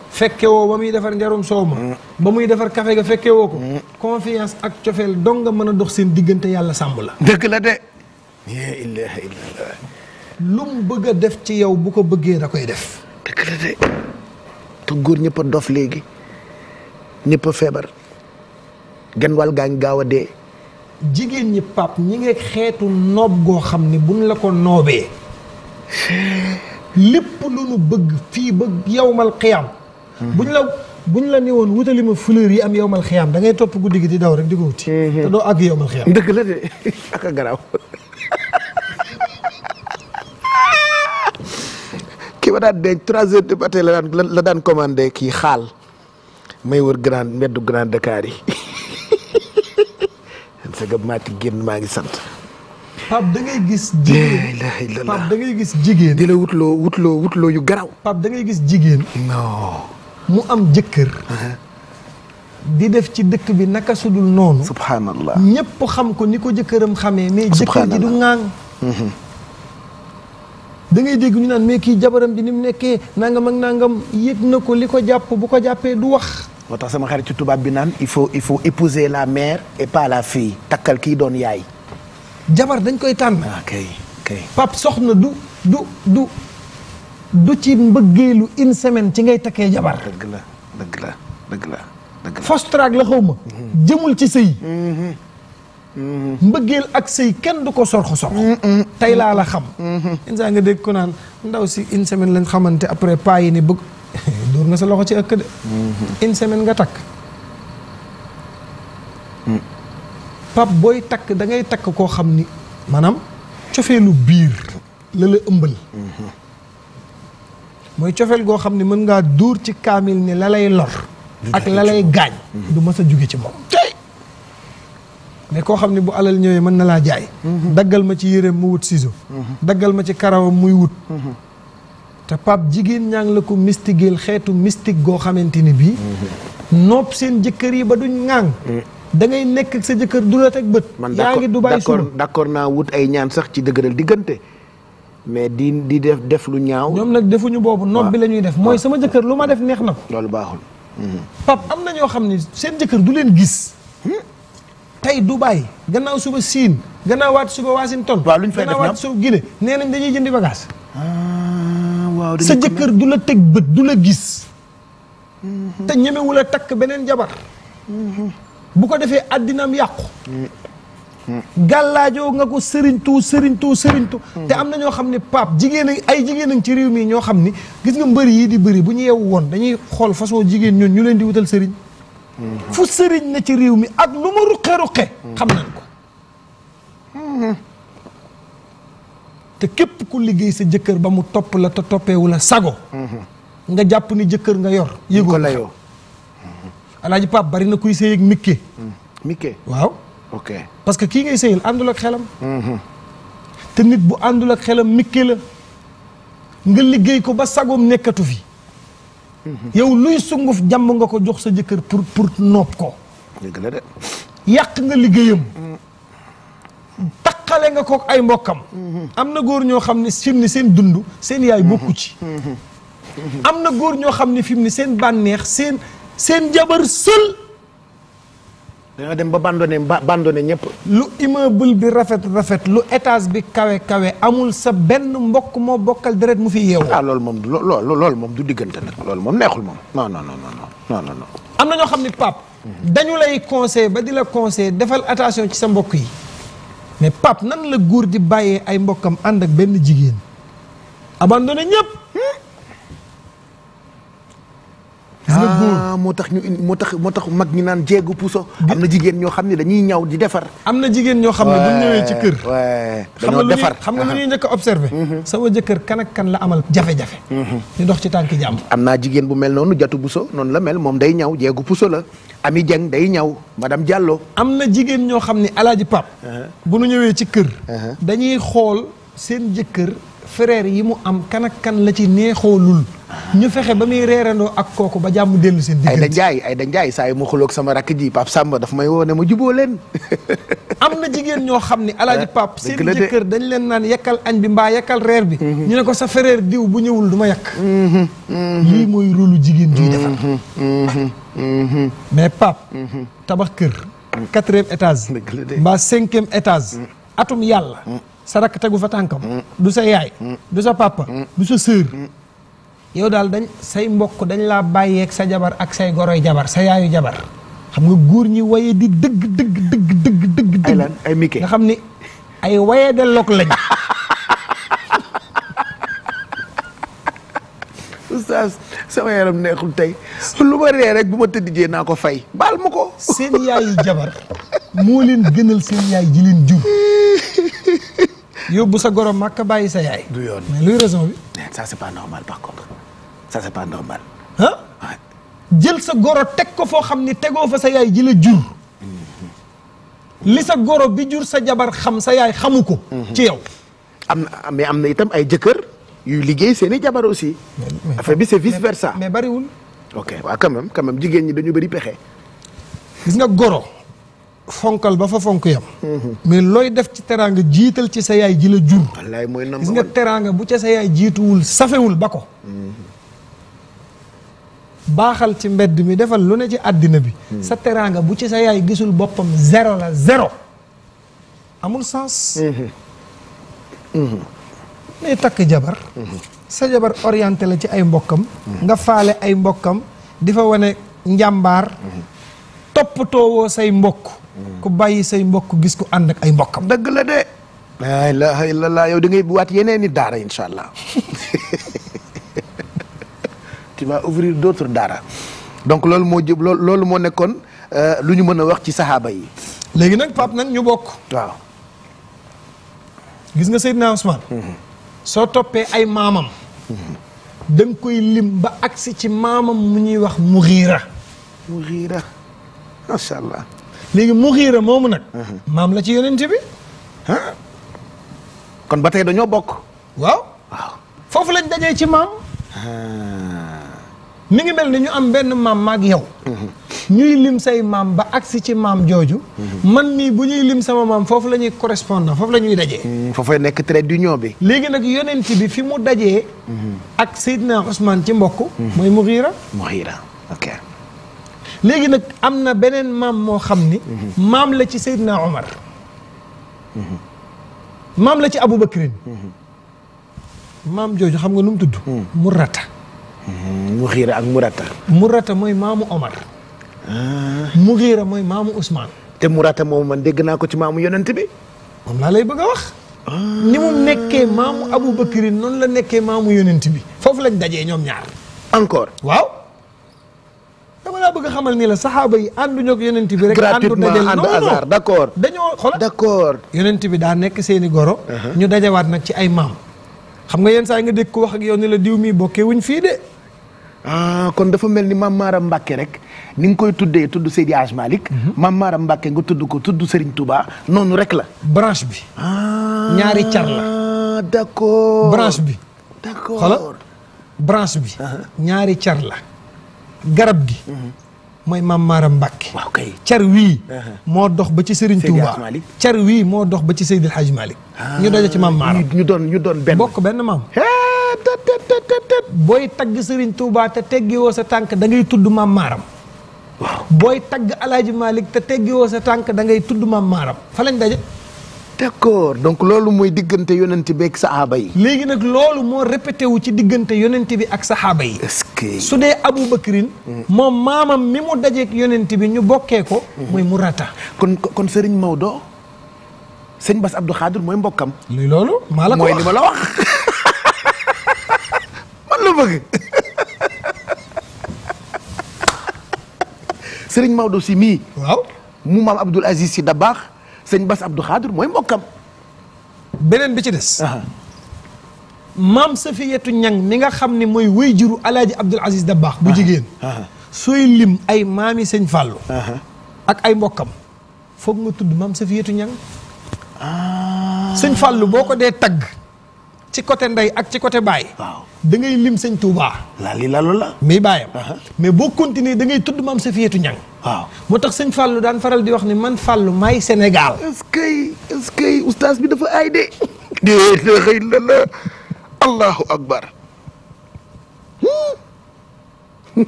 S1: fekke woo ba muy defar njarum soow ma ba muy defar kafe ga fekke woo ko confiance ak cofeel dong nga mën a dox seen diggante yàlla sàmbu la dëgg la de lu mu bëgg def ci yow bu ko bëggee da koy def dëgg la de te góor ñëpp a léegi ñëpp feebar genn wàll gaa ngi gaaw a dee jigéen ñi pap ñi ngi xeetu noob goo xam ne buñ la ko noobee lépp lu nu bëgg fii ba yowmal xiyaam mhm. buñ la buñ la ne woon wutali ma fleur yi am yowmal xiyaam da ngay topp guddi gi di daw rek di ko wuti mhm. te doo àgg yowmal xiyaam dëgg la de (laughs) ak a (laughs) la daan la daan commandé kii xaal may wër grand mbeddu Grand Dakar yi (laughs) sega maati génn maa ngi sant. Pape da gis. jigéen Pape da ngay gis jigéen. di la wutloo wutloo wutloo yu garaw. Pape da ngay gis jigéen. mu am jëkkër. Uh-huh. di def ci dëkk bi naka sudul noonu. subhanallah ñëpp xam ko ni ko jëkkëram xamee. mais jëkkër ji du ŋaang. Uh-huh. dangay dégg ñu naan mais kii jabaram ji ni mu nekkee nangam ak nangam yëg na ko li ko jàpp bu ko jàppee du wax. moo tax sama xarit ci tubaab bi naan il faut il faut épouser la mère et pas la fille takkal kii doon yaay. jabar dañ koy tànn. Ah, ok ok pap soxna du du du du ci mbëggeelu une semaine ci ngay takkee jabar. dëgg la dëgg dëgg la dëgg la. la xaw ma. Mm-hmm. jëmul ci sëy. Mm-hmm. Mm-hmm. mbëggeel ak sëy kenn du ko sorxo sorxo tey laa la xam. insa nga dégg ko naan ndaw si une semaine lañ xamante après pas yi ne (laughs) dóor nga sa loxo ci ëkk de. Mm-hmm. une semaine nga takk. Mm. pap booy takk da ngay takk koo xam ni maanaam cofeelu biir la la ëmbal. Mm-hmm. mooy cofeel goo xam ne mën ngaa duur ci kaamil ni lalay lay lor. ak la lay gaañ. Mm-hmm. du mës a jóge ci moom. mais koo xam ne bu alal ñëwee mën na laa jaay. daggal ma ci yéreem mu wut ciseau. daggal ma ci karawam muy wut. te pap jigéen ñaa ngi la ko mystigeel xeetu mystique goo xamante ni bii. nopp seen jëkkër yi ba duñ ŋaang. da ngay nekk sa jëkkër du la teg bët. yaa ngi du bàyyi suba man naa wut ay ñaan sax ci dëgëral diggante. mais di di def def lu ñaaw. ñoom nag defuñu boobu nopp bi lañuy def mooy sama jëkkër lu ma def neex na ko. loolu baaxul. Mhm. pap am na ñoo xam ne seen jëkkër du leen gis. Hmm? tey Dubaï gannaaw suba Siin gannaaw waat suba Washington. waaw lu ñu fay def gannaaw waat suba Guinée nee nañ dañuy jëndi bagage. Ah, waaw sa jëkkër du la teg bët du la gis. Mm-hmm. te ñemewu la takk beneen jabar. Mm-hmm. bu ko defee àddinam yàqu. Mm-hmm. gàllaajoo nga ko sëriñtu sëriñtu sëriñtu te am na ñoo xam ne paap jigéen ay jigéen añ ci réew mi ñoo xam ni gis nga mbëri yi di bëri bu ñu yeewu woon dañuy xool façon jigéen ñoon ñu leen di wutal sëriñ fu sëriñ na ci réew mi ak lu mu ruqe ruqe xam nañ ko te képp ku liggéey sa jëkkër ba mu topp la te toppeewu sago nga jàpp ni jëkkër nga yor yëgoo la yoo mm-hmm. alaaji Pape bari na kuy sëy ak mikke mm-hmm. mikke waaw ok parce que kii ngay sëyal àndul ak xelam mm-hmm. te nit bu àndul ak xelam mikke la nga liggéey ko ba sagoom nekkatu fi yow luy sunguf jàmm nga ko jox sa jëkkër pour pour nopp ko yàq nga liggéeyam mm. xale nga kook ay mbokkam am na góor ñoo xam ne fi mu seen dund seen yaay bokku ci am na góor ñoo xam ne fi mu ne seen bànneex seen seen jabar sël dañoo dem ba bandone bandone ñëpp lu immeuble bi rafet rafet lu étage bi kawe kawe amul sa benn mbokk moo bokkal deret mu fi yeew ah loolu moom loolu moom du diggante nag loolu moom neexul moom non am na ñoo xam ne pap dañu lay conseil ba di la conseil defal attention ci sa mbokk yi mais Pape nan la góor di bàyyee ay mbokkam ànd ak benn jigéen abandonné ñëpp. gis ah, moo tax ñu moo tax moo tax mag ñi naan jéegu puso. am na jigéen ñoo xam ne dañuy ñaw di defar. am na jigéen ñoo xam ne bu ñëwee ci kër. xam nga lu ñuy njëkk a observé. Mm-hmm. sama jëkkër kan kan la amal jafe-jafe. ñu mm-hmm. dox ci tànk jàmm. am naa jigéen bu mel noonu jatu puso noonu la mel moom day ñaw jéegu puso la. Ami Dieng day ñaw madame Diallo. am na jigéen ñoo xam ne alaaji pap uh-huh. bu nu ñëwee ci kër. Uh-huh. dañuy xool seen jëkkër. frère yi mu am kan kan la ci neexoolul ñu fexe ba muy reerandoo ak kooku ba jàmm dellu seen diggante. ay da njaay ay da njaay saa yi mu xuloog sama rakk ji Pape Samba daf may woo ma juboo leen. (laughs) am na jigéen ñoo xam ne alaaji eh, Pape seen jëkkër dañ leen naan yekkal añ bi mbaa yekkal reer bi. Mhm. ñu ko sa frère diw bu ñëwul du ma yekk. Mhm. Mhm. lii mooy rôle jigéen juy defar. mais Pape. tabax kër. quatrième étage. mbaa cinquième étage. atum yàlla. sa rakk tegu fa tànkam du sa yaay du sa papa du sa sœur yow daal dañ say mbokk dañ laa bàyyeek sa jabar ak say goroy jabar sa jabar xam nga góor ñi waye di ay mike nga xam ni ay waye de lok lañ (laughs) oustaz tey lu ma rek bu ma tëdd naa ko fay baal ko seen yaayu jabar moo leen gënal seen yaay ji leen jur (laughs) yóbbu sa goro màkk bàyyi sa yaay. du yoon mais luy raison bi. ça c'est sa goro teg ko foo xam ni tegoo fa sa yaay ji la jur. Mm-hmm. li sa goro bi jur sa jabar xam sa yaay xamu ko. Mm-hmm. ci yow. am na mais am na itam ay jëkkër yuy liggéey seeni i jabar aussi. bi c'est vice versa. mais bariwul. ok waaw quand même jigéen ñi dañu bari pexe. gis nga goro. fonkal ba fa fonk yam mais looy def ci teraanga jiital ci sa yaay ji la jur wallaay nga teraanga bu ca sa yaay jiituwul safewul ba ko baaxal ci mbedd mi defal lu ne ci àddina bi sa teraanga bu ci sa yaay gisul boppam zéro la zéro amul sens mais takk jabar sa jabar orienté la ci ay mbokkam nga faale ay mbokkam di fa wane njàmbaar toppatoowoo say mbokk ku bàyyi say mbokk gis ko ànd ak ay mbokkam. dëgg la de. la ilaha illallah yow da waat yeneen i daara incha allah (laughs) tu vas ouvrir d'autres daara. donc loolu moo jëm loolu moo nekkoon euh, lu ñu mën a wax ci saxaaba yi. léegi nag Pape nag ñu bokk. waaw. gis nga Seydina Ousmane. Mhm. soo toppee ay maamam. Mhm. da koy lim ba agsi ci maamam mu ñuy wax mu Mughira. Mughira macha allah. léegi muxiira moomu nag. maam la ci yonent bi. kon ba tey dañoo bokk. waaw. foofu lañ dajee ci maam. Ah. mi ngi mel ni ñu am benn maam maag yow. ñuy lim say maam ba agsi ci maam jooju. man nii bu ñuy lim sama maam foofu la ñuy correspondant foofu la ñuy dajee. Mmh, foofay nekk trait ñëw bi. léegi nag yonent bi fi mu dajee. Mmh. ak Seydina Ousmane ci mbokk. Mmh. mooy Muxiira. Muxiira léegi nag am na beneen maam moo xam ni mhm. maam la ci Seydina Omar mhm. maam la ci Aboubacrine mhm. maam jooju xam nga nu mu tudd Murata Muxiira ak Murata Murata mooy maamu Omar ah. Muxiira mooy maamu Ousmane te Murata moom man dégg naa ko ci maamu yonent bi moom laa lay bëgg a wax ah. ni mu nekkee maamu Aboubacrine noonu la nekkee maamu yonent bi foofu lañ dajee ñoom ñaar encore waaw dama laa bëgg xamal ni la saxaaba yi ñoo ak yonent bi rek àndu dajal non non d'accord dañoo xoolal d'accord yonent bi daa nekk seeni goro uh-huh. ñu dajawaat nag ci ay maam xam nga yenn saa nga dégg ko ak yow ni la diw mii bokkee wuñ fii de ah, kon dafa mel ni Maam Maaram Mbàkke rek ni nga koy tuddee tudd Seydi Hadj Malick uh-huh. Maam nga tudd ko tudd Serigne Touba noonu rek la branche bi ah, ñaari car la bi d'accord branche bi uh-huh. ñaari car la garab gi. mooy maam Maaram Mbàkke. cer kay wii. Uh-huh. moo dox ba ci Serigne Touba car wii moo dox ba ci Seydil Hadj Malick. Ah. ñu doon ci maam Maaram ñu doon ñu doon benn. bokk benn maam. booy tagg Serigne tuubaa te teggiwoo sa tànk da tudd maam Maaram. booy tagg El Hadj Malick te teggiwoo sa tànk da ngay tudd maam Maaram fa daje. d'accord donc loolu mooy diggante yonent bi ak saxaaba yi. léegi nag loolu moo répété wu ci diggante yonent bi ak saxaaba yi. su dee Abu Bakrin moom maamam mi mu dajeeg yonent bi ñu bokkee ko. mooy Murata. kon kon sëriñ Maodo sëñ Bass Abdou mooy mbokkam. li loolu ma la wax man la bëgg. Serigne si mii. waaw mu maam Abdoul Aziz si Dabaax. sëñ bas Abdou Khadr mooy mbokkam. beneen bi ci des. maam Safiyatu Ñang mi nga xam ni mooy wéy juru alaaji Abdul Aziz Dabaax bu jigéen. sooy lim ay maami sëñ Fàllu ak ay mbokkam foog nga tudd maam Safiyatu Ñang ah. sëñ Fàllu boo ko dee tagg ci côté ndey ak ci côté baay. waaw da ngay lim sëñ Touba. laa lii la loolu la. muy baayam. mais boo continuer da ngay tudd maam Safiyatu Ñang waaw moo tax sëñ Fallou daan faral di wax ni man Fallou may Sénégal. est-ce bi dafa aay de. déedéet la la allahu akbar. Hmm?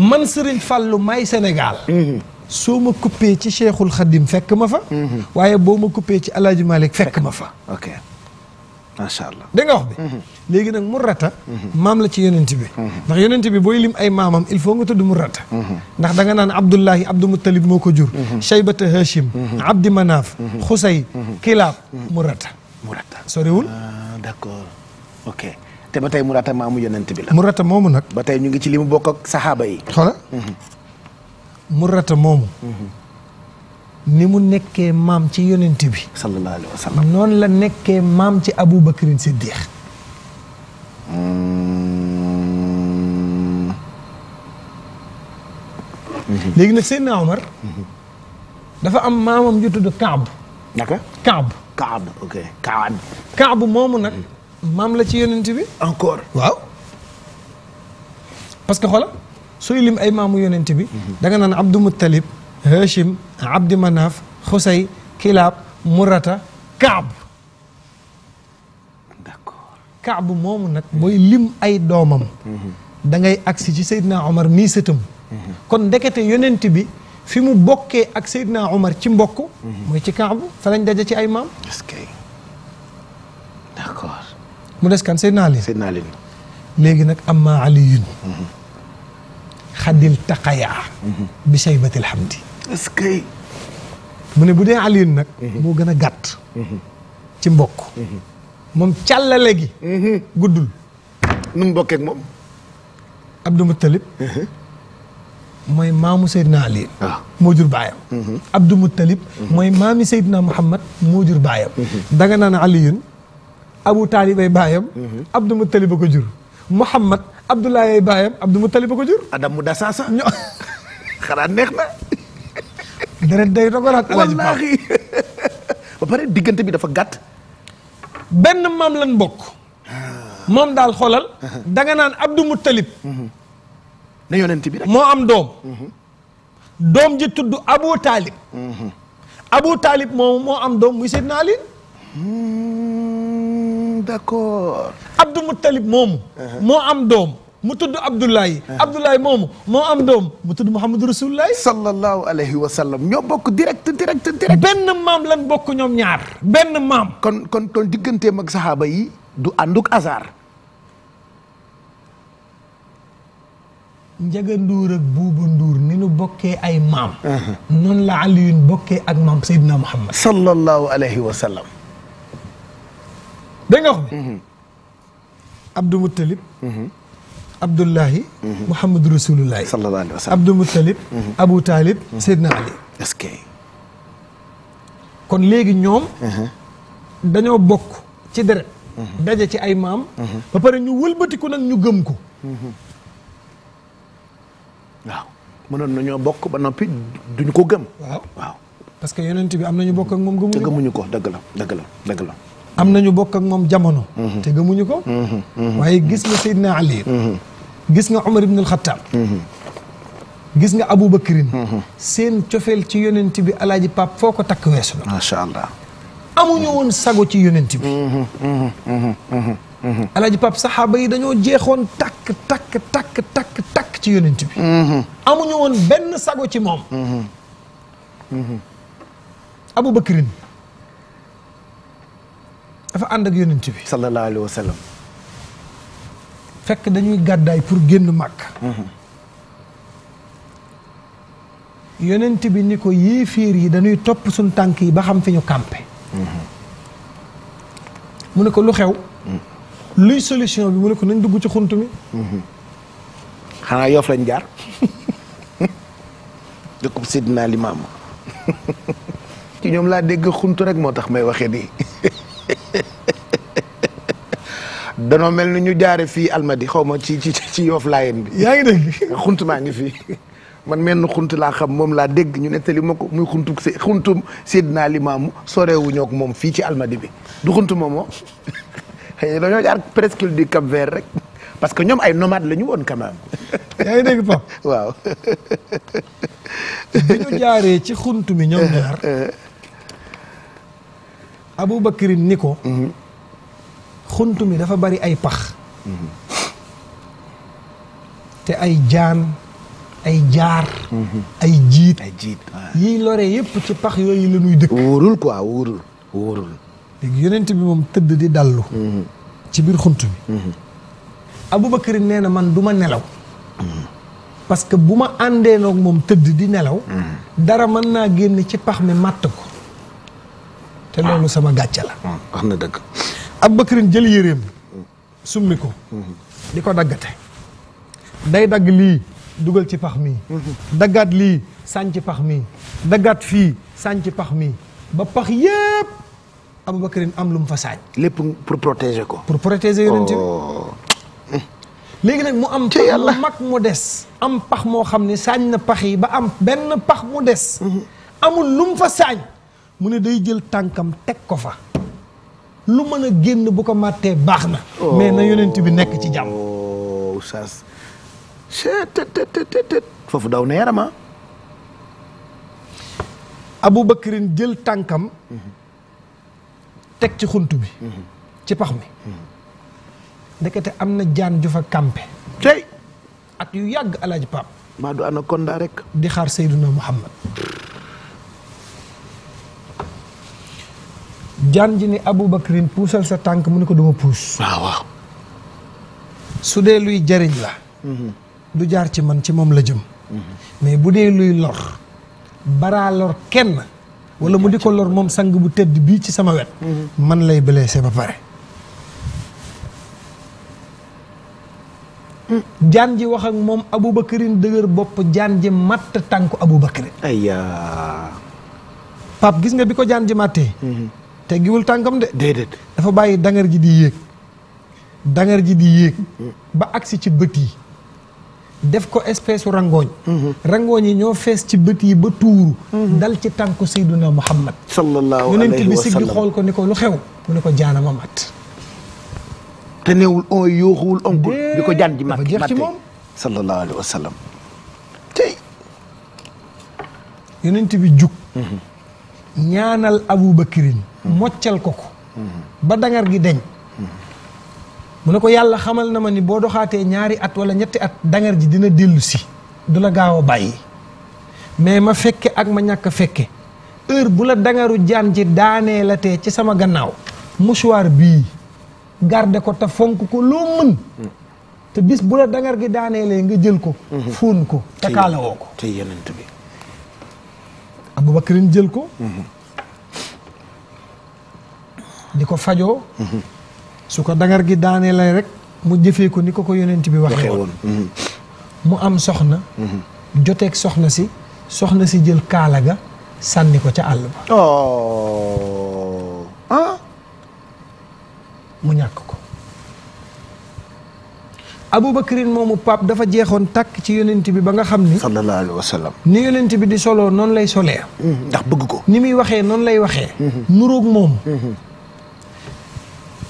S1: (laughs) man Serigne Fallou may Sénégal. Hmm. soo ma coupé ci Cheikhul Khadim fekk ma fa. Hmm. waaye boo ma coupé ci El Hadj fekk ma fa. macha allah dégg nga wax bi mhm. léegi nag murrata mhm. maam la ci yonent bi mhm. ndax yonent bi booy lim ay maamam il faut nga tudd murrata ndax da nga naan abdullahi abdu muttalib moo ko jur shaybata hashim abdi manaaf xusay kilaab murrata murrata soriwul ah, d'accord ok te ba tey murrata maamu yonent bi la murrata moomu nag ba tey ñu ngi ci li mu bokk ak saxaaba yi xoola murrata moomu ni mu nekkee maam ci yonent bi. sallallahu alayhi la nekkee maam ci Abu Bakrin Siddiq. Mm-hmm. léegi nag Seydina Omar. Mm-hmm. dafa am maamam ju tudd Kaab. naka Kaab. Kaab ok Kaab. Kaab moomu nag. Mm-hmm. maam la ci yonent bi. encore waaw. parce que xoola sooy lim ay maamu yonent bi. da nga naan Abdou Muttalib hashim abdi manaaf xusay kilaab murata kaab kaab moomu nag mooy lim ay doomam mhm. da ngay agsi ci Seydina Omar mii sëtam mhm. kon ndekete yonent bi fi mu bokkee ak Seydina Omar ci mbokk mhm. ci kaabu fa lañ daje ci ay maam d'accord mu des kan Seydina Ali Seydina Ali léegi nag amma aliyun xadil taqayaa bi shaybatil hamdi est mu ne bu dee Alioune nag. Mhm. moo gën a gàtt. Mhm. ci mbokk. Mhm. moom càllale gi. guddul. nu mu bokkee moom. Abdou Moutalib. mooy maamu Seydina Ali. waaw ah. moo jur baayam. Abdou Moutalib. mooy maami Seydina Muhammad moo jur baayam. danga naan Aliyun. Abu Taalib ay baayam. Abdou Moutalib a ko jur. Muhammad Abdoulaye ay baayam Abdou Moutalib a ko jur. Adam mu dasaasa. ño (laughs) xanaa neex na. deret day dogalaat wallaahi (laughs) ba pare diggante bi dafa gàtt benn maam lan bokk moom daal xoolal (laughs) danga naan Abdou Muttalib mhm. na yonent bi moo am doom mhm. doom ji tudd Abu Taalib mhm. Abu Taalib moom moo am doom muy Seydina Ali hmm, d'accord Abdou Muttalib moomu uh-huh. moo am doom mu tudd Abdoulaye. Eh. Abdoulaye moomu moo am doom mu tudd Mouhamadou Rasulullahi. sallallahu alayhi wa ñoo bokk direct direct direct. benn maam lan bokk ñoom ñaar. benn maam. kon kon kon digganteem ak saxaaba yi du ànduk hasard. Njaga Nduur ak Buuba Nduur ni nu bokkee ay maam. Uh-huh. noonu la Aliyun bokkee ak maam Seydina Muhammad. sallallahu alayhi wa sallam. dégg nga Abdullahi. Mhm. Muhammadu Rasulullahi. sallallahu alayhi wa sallam Abdul Muttalib. Mhm. Abu Talib. Seydina Ali. est-ce que. kon léegi ñoom. Mhm. dañoo bokk ci deret. daje ci ay maam. ba pare ñu wëlbatiku nag ñu gëm ko. waaw mënoon nañoo bokk ba noppi duñ ko gëm. waaw waaw. parce que yonent bi am nañu bokk ak moom ko te gëmuñu ko dëgg la dëgg la la. am nañu bokk ak jamono. te gëmuñu ko. waaye gis nga Seydina Ali. gis nga Umar ibn al gis nga Abu Bakrin seen cofeel ci yonent bi alaaji Pape foo ko takk weesu na amuñu woon sago ci yonent bi alaaji Pape saxaaba yi dañoo jeexoon takk takk takk takk takk ci yonent bi amuñu woon benn sago ci moom Abu Bakrin dafa ànd ak yonent bi sallallahu alayhi wa fekk dañuy gàddaay pour génn màkk mhm. yonent bi ni ko yéeféer yi dañuy topp suñ tànk yi ba xam fi ñu campé mhm. mu ne ko lu xew mhm. luy solution bi mu ne ko nañ dugg ci xunt mi xanaa yoof lañ jaar (laughs) dëkkub Sidna Limaam (laughs) ci ñoom laa dégg xunt rek moo tax may waxee nii (laughs) danoo mel ni ñu jaare fii almadi xaw ma ci ci ci yoof laayeen bi. yaa ngi dégg xunt maa ngi fii man menn xunt laa xam moom laa dégg ñu nettali ma ko muy xuntu se xuntum Seydina Limaamu soreewuñoo ak moom fii ci almadi bi du xunt moomoo xëy na rek parce que ñoom ay nomades la ñu woon quand même. yaa ngi dégg Pape (laughs) waaw. bi ñu jaaree ci xunt mi ñoom ñaar. (laughs) Eh. Aboubacrine ni ko. Mm-hmm. xunt mi dafa bari ay pax te ay jaan ay jaar ay jiit ay jiit yiy lore yépp ci pax yooyu la ñuy dëkk wóorul quoi wóorul wóorul léegi bi moom tëdd di dallu mhm. ci biir xunt mi mhm. Aboubacar nee na man duma nelaw parce que bu ma àndee noog moom tëdd di nelaw mhm. dara mën naa génn ci pax mi màtt ko te loolu sama gàcce la ah, wax na dëgg Abubakarin jël yéreem summi ko di ko daggate day dagg lii dugal ci pax mi daggaat lii sànci pax mi daggaat fii sànci pax mi ba pax yépp Abubakarin am lu mu fa saañ lépp pour protéger ko pour protéger yonent bi oh. léegi nag mu am pax mu mag mu des am pax moo xam ne saañ na pax yi ba am benn pax mu des mhm. amul lu mu fa saañ mu ne day jël tànkam teg ko fa lu mën a génn bu ko màttee baax na. Oh. mais na yonent bi nekk ci jàmm. oh oustaz. foofu daw na yaram ah. Abu Bakrin jël tànkam. teg ci xunt bi. Mm-hmm. ci pax mi. Mm-hmm. ndekete am na jaan ju fa tey. at yu yàgg alaaji Paap. maa du rek. di xaar Seyduna Muhammad jaan ji ni Aboubacrine puusal sa tànk mu ne ko duma puus su dee luy jariñ la mhm. du jaar ci man ci moom la jëm mais bu dee luy lox baraa lor kenn wala mu di ko lor moom sang bu tëdd bii ci sama wet mhm. man lay se ba pare jaan ji wax ak moom Aboubacrine dëgër bopp jaan ji matt tànku abu ayya Pape gis nga bi ko jaan ji màttee mhm. teggiwul tànkam de. dafa bàyyi dangar ji di yéeg. dangar ji di yéeg. ba agsi ci bët yi. def ko espèce rangooñ. Mm-hmm. rangooñ yi ñoo fees ci bët yi ba tuuru. Mm-hmm. dal ci tànku Seyduna Muhammad. sallallahu alayhi wa sallam yonent bi siggi xew. mu ne ko jaana mat. te newul on yooxuwul onkul. bi ko jaan ji mat jeex ci bi jug. Mm-hmm. ñaanal Abu Bakrin moccal ko ko ba dangar gi deñ mu ne ko yàlla xamal na ma ni boo doxaatee ñaari at wala ñetti at dangar ji dina dellu si du la gaaw a bàyyi mais ma fekke ak ma ñàkk a fekke heure bu la dangaru jaan ji daanee ci sama gannaaw mouchoir bii garde ko te fonk ko loo mën te bis bu la dangar gi daanee lee nga jël ko fóon ko te kaalawoo ko te yenent bi Abubakarin jël ko di ko fajoo su ko dangar gi daanee lay rek mu jëfee ko ni ko ko yonent bi waxee woon mhm. mu am soxna mhm. joteeg soxna si soxna si jël kaala ga sànni ko ca àll ba oh ah. mu ñàkk ko Aboubacrine moomu pap dafa jeexoon tàkk ci yonent bi ba nga xam ni sallallahu alayhi wa sallam ni yonent bi di soloo noonu lay solee mhm. ndax bëgg ko ni muy waxee noonu lay waxee nuróog moom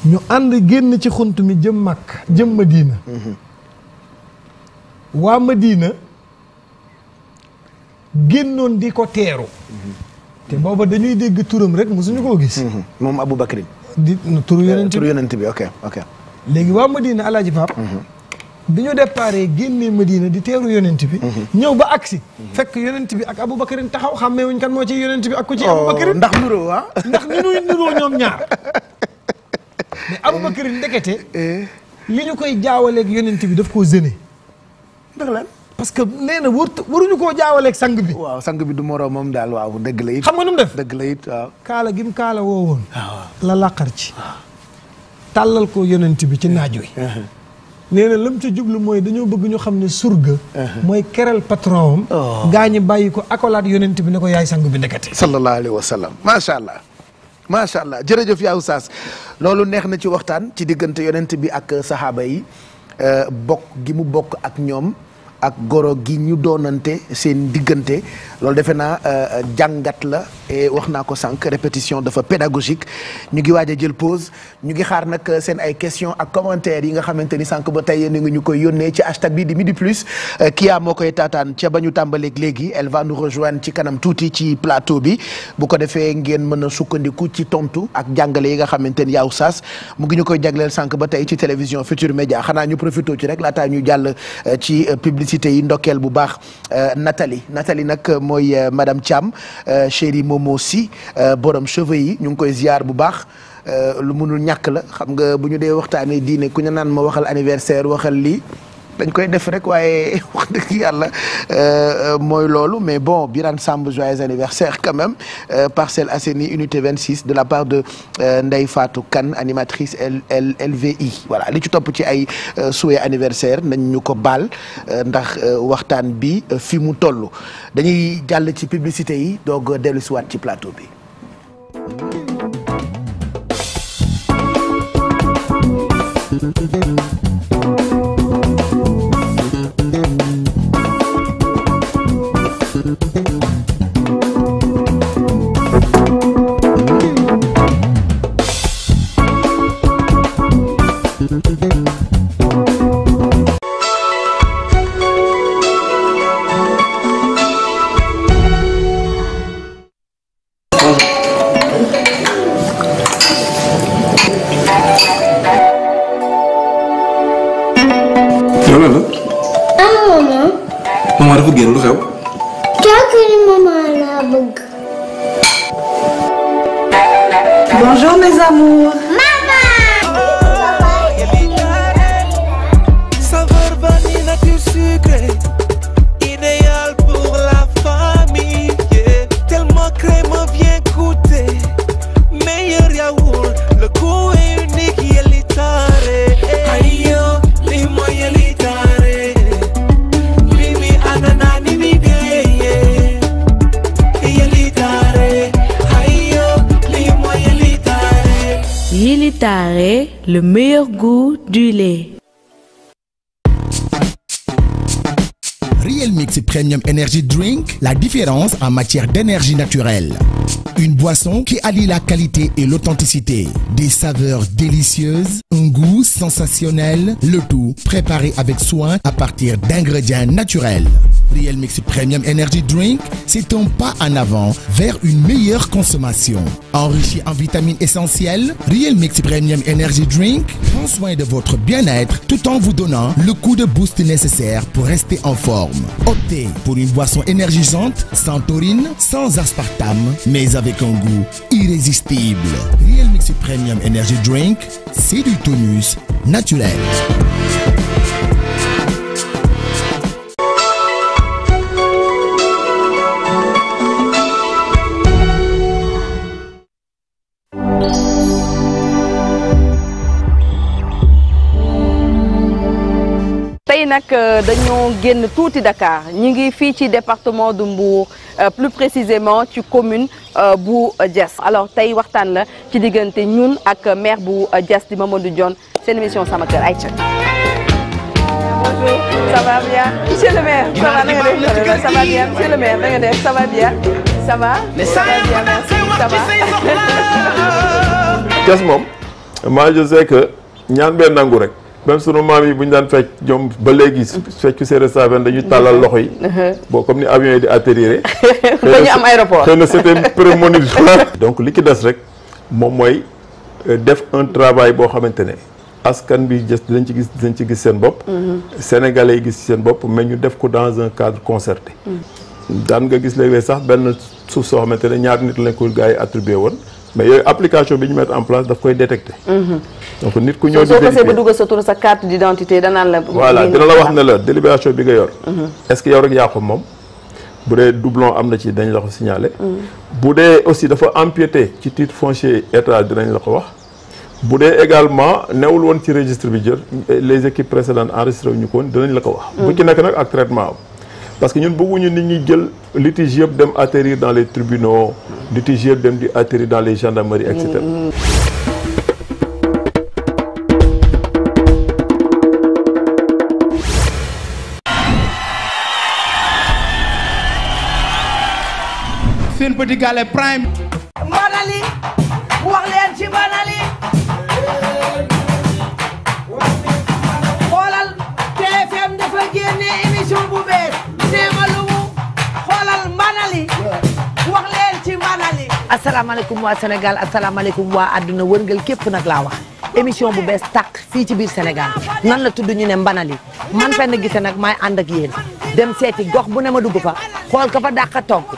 S1: ñu ànd génn ci xunt mi jëm Makka jëm Madina mhm. waa Madina génnoon di ko teeru mhm. te booba dañuy dégg turam rek mu suñu koo gis mhm. moom Abu Bakrin di turu eh, yonent turu yonent bi ok ok léegi waa ma Madina alaaji Paap bi ñu déparé génnee Madina di teeru yonent bi ñëw ba agsi fekk yonent bi ak Abu Bakrin taxaw xàmmeewuñ kan moo ci yonent bi ak ko ci oh, Abu Bakrin ndax nuroo ah. ndax ni nuy nuroo ñoom ñaar (laughs) mais Aboubacar ndekete eh, eh. li ñu koy jaawaleeg yonent bi daf koo zëne ndax lan parce que nee na warut waruñu koo jaawaleek sang bi. waaw sang bi du moroom moom daal waaw dëgg la it. xam nga nu mu def la it kaala gim kaala woo woon. Ah, la laqar ci. tàllal ko yonent bi ci naaj wi. Eh, nee na lam ca jublu mooy dañoo bëgg ñu xam ne surga. mooy keral patron am. Oh. gaa ñi bàyyi ko akolaat yonent bi ne ko yaay sang bi ndekete. sallallahu alayhi wa sallam macha allah. macha allah jërëjëf yaa oustaz loolu neex na ci waxtaan ci diggante yonent bi ak saxaaba yi euh, bokk gi mu bokk ak ñoom ak goro gi ñu doonante seen diggante loolu defe naa euh, jàngat la et wax naa ko sànq répétition dafa pédagogique ñu ngi waaj a jël pose ñu ngi xaar nag euh, seen ay question ak commentaires yi nga xamante ni sànq ba tey yéen ngi ñu koy yónnee ci hashtag bi di midi plus euh, Kia moo koy taataan ca ba ñu tàmbaleeg léegi elle va nous ci kanam tuuti ci plateau bi bu ko defee ngeen mën a sukkandiku ci tontu ak jàngale yi nga xamante ni yaw saas mu ngi ñu koy jagleel sànq ba tey ci télévision Futur Média xanaa ñu profité ci rek laataa ñu jàll ci publicité yi ndokkeel bu baax Nathalie Nathalie nag mooy euh, madame Thiam euh, chéri Momo si euh, borom cheveux yi ñu ngi koy ziar bu baax lu munul ñàkk la xam nga bu ñu dee waxtaanee diine ku ñu naan ma waxal anniversaire waxal lii. dañ koy def rek waaye (laughs) wax dëgg yàlla euh, euh, mooy loolu mais bon Birane Samb joyeux anniversaire quand même euh, Parcelles Assainies unité 26 de la part de Ndeye Fatou Kane animatrice L LVI voilà li ci topp ci ay souhait anniversaire nañ ñu ko baal ndax waxtaan bi fi mu toll dañuy jàll ci publicité yi doog dellu si ci plateau bi. Thank you. Energy Drink, la différence en matière d'énergie naturelle. Une boisson qui allie la qualité et l'authenticité, des saveurs délicieuses, un goût sensationnel, le tout préparé avec soin à partir d'ingrédients naturels. Real Mix Premium Energy Drink, c'est un pas en avant vers une meilleure consommation. Enrichi en vitamines essentielles, Real Mix Premium Energy Drink prend soin de votre bien-être tout en vous donnant le coup de boost nécessaire pour rester en forme. Optez pour une boisson énergisante, sans taurine, sans aspartame, mais avec un goût irrésistible. Real Mix Premium Energy Drink, c'est du tonus naturel.
S4: nag euh, dañoo génn tuuti Dakar ñi ngi fii ci département du Mbour euh, plus précisément ci commune euh, bu Diass alors tey waxtaan la ci diggante ñun ak maire bu Diass di Mamadou Dione seen émission sama kër ay bonjour ça
S5: va je sais que ñaan benn nangu rek même sunu maam yi bu ñu daan fecc ñoom ba léegi feccu séeréer Safen dañuy tàllal loxo yi. Uh-huh. boo comme ni avion yi di atterrir. (laughs) ba ñu am aéroport xëy na c'était prémonitoire. (laughs) donc li ki des rek moom mooy euh, def un travail boo xamante ne askan bi gis dinañ ci gis dinañ ci gis seen bopp. Mm-hmm. sénégalais gis gis seen bopp mais ñu def ko dans un cadre concerté. Mm. daan nga gis léeg sax benn suuf soo xamante ne ñaar nit lañ ko gaa yi woon. mais yooyu application bi ñu mettre en place daf koy détecter. Mhm. donc nit ku ñëw di. soo xasee ba dugg
S3: sa tur sa carte d' identité danaan la. voilà dina la wax
S5: ne la délibération bi nga yor. Mhm. est ce que yow rek yaa ko moom. bu dee doublon am na ci dañ la ko signalé. Mhm. bu dee aussi dafa empiété ci titre foncier état dinañ la ko wax. bu dee également newul woon ci registre bi jël les équipes précédentes enregistré wu ñu ko dinañ la ko wax. bu ci nekk nag ak traitement am. parce que ñun bëgguñu nit ñuy jël litige yëpp dem atterrir dans les tribunaux litige yëpp dem di atterrir dans les gendarmeries
S3: et asalaamaaleykum waa Sénégal asalaamaaleykum waa àdduna wërngal képp nag laa wax émission bu bees tàq fii ci biir Sénégal nan la tudd ñu ne mbanali man fenn gise nag maay ànd ak yéen dem seeti gox bu ne ma dugg fa xool ka fa dàq a togg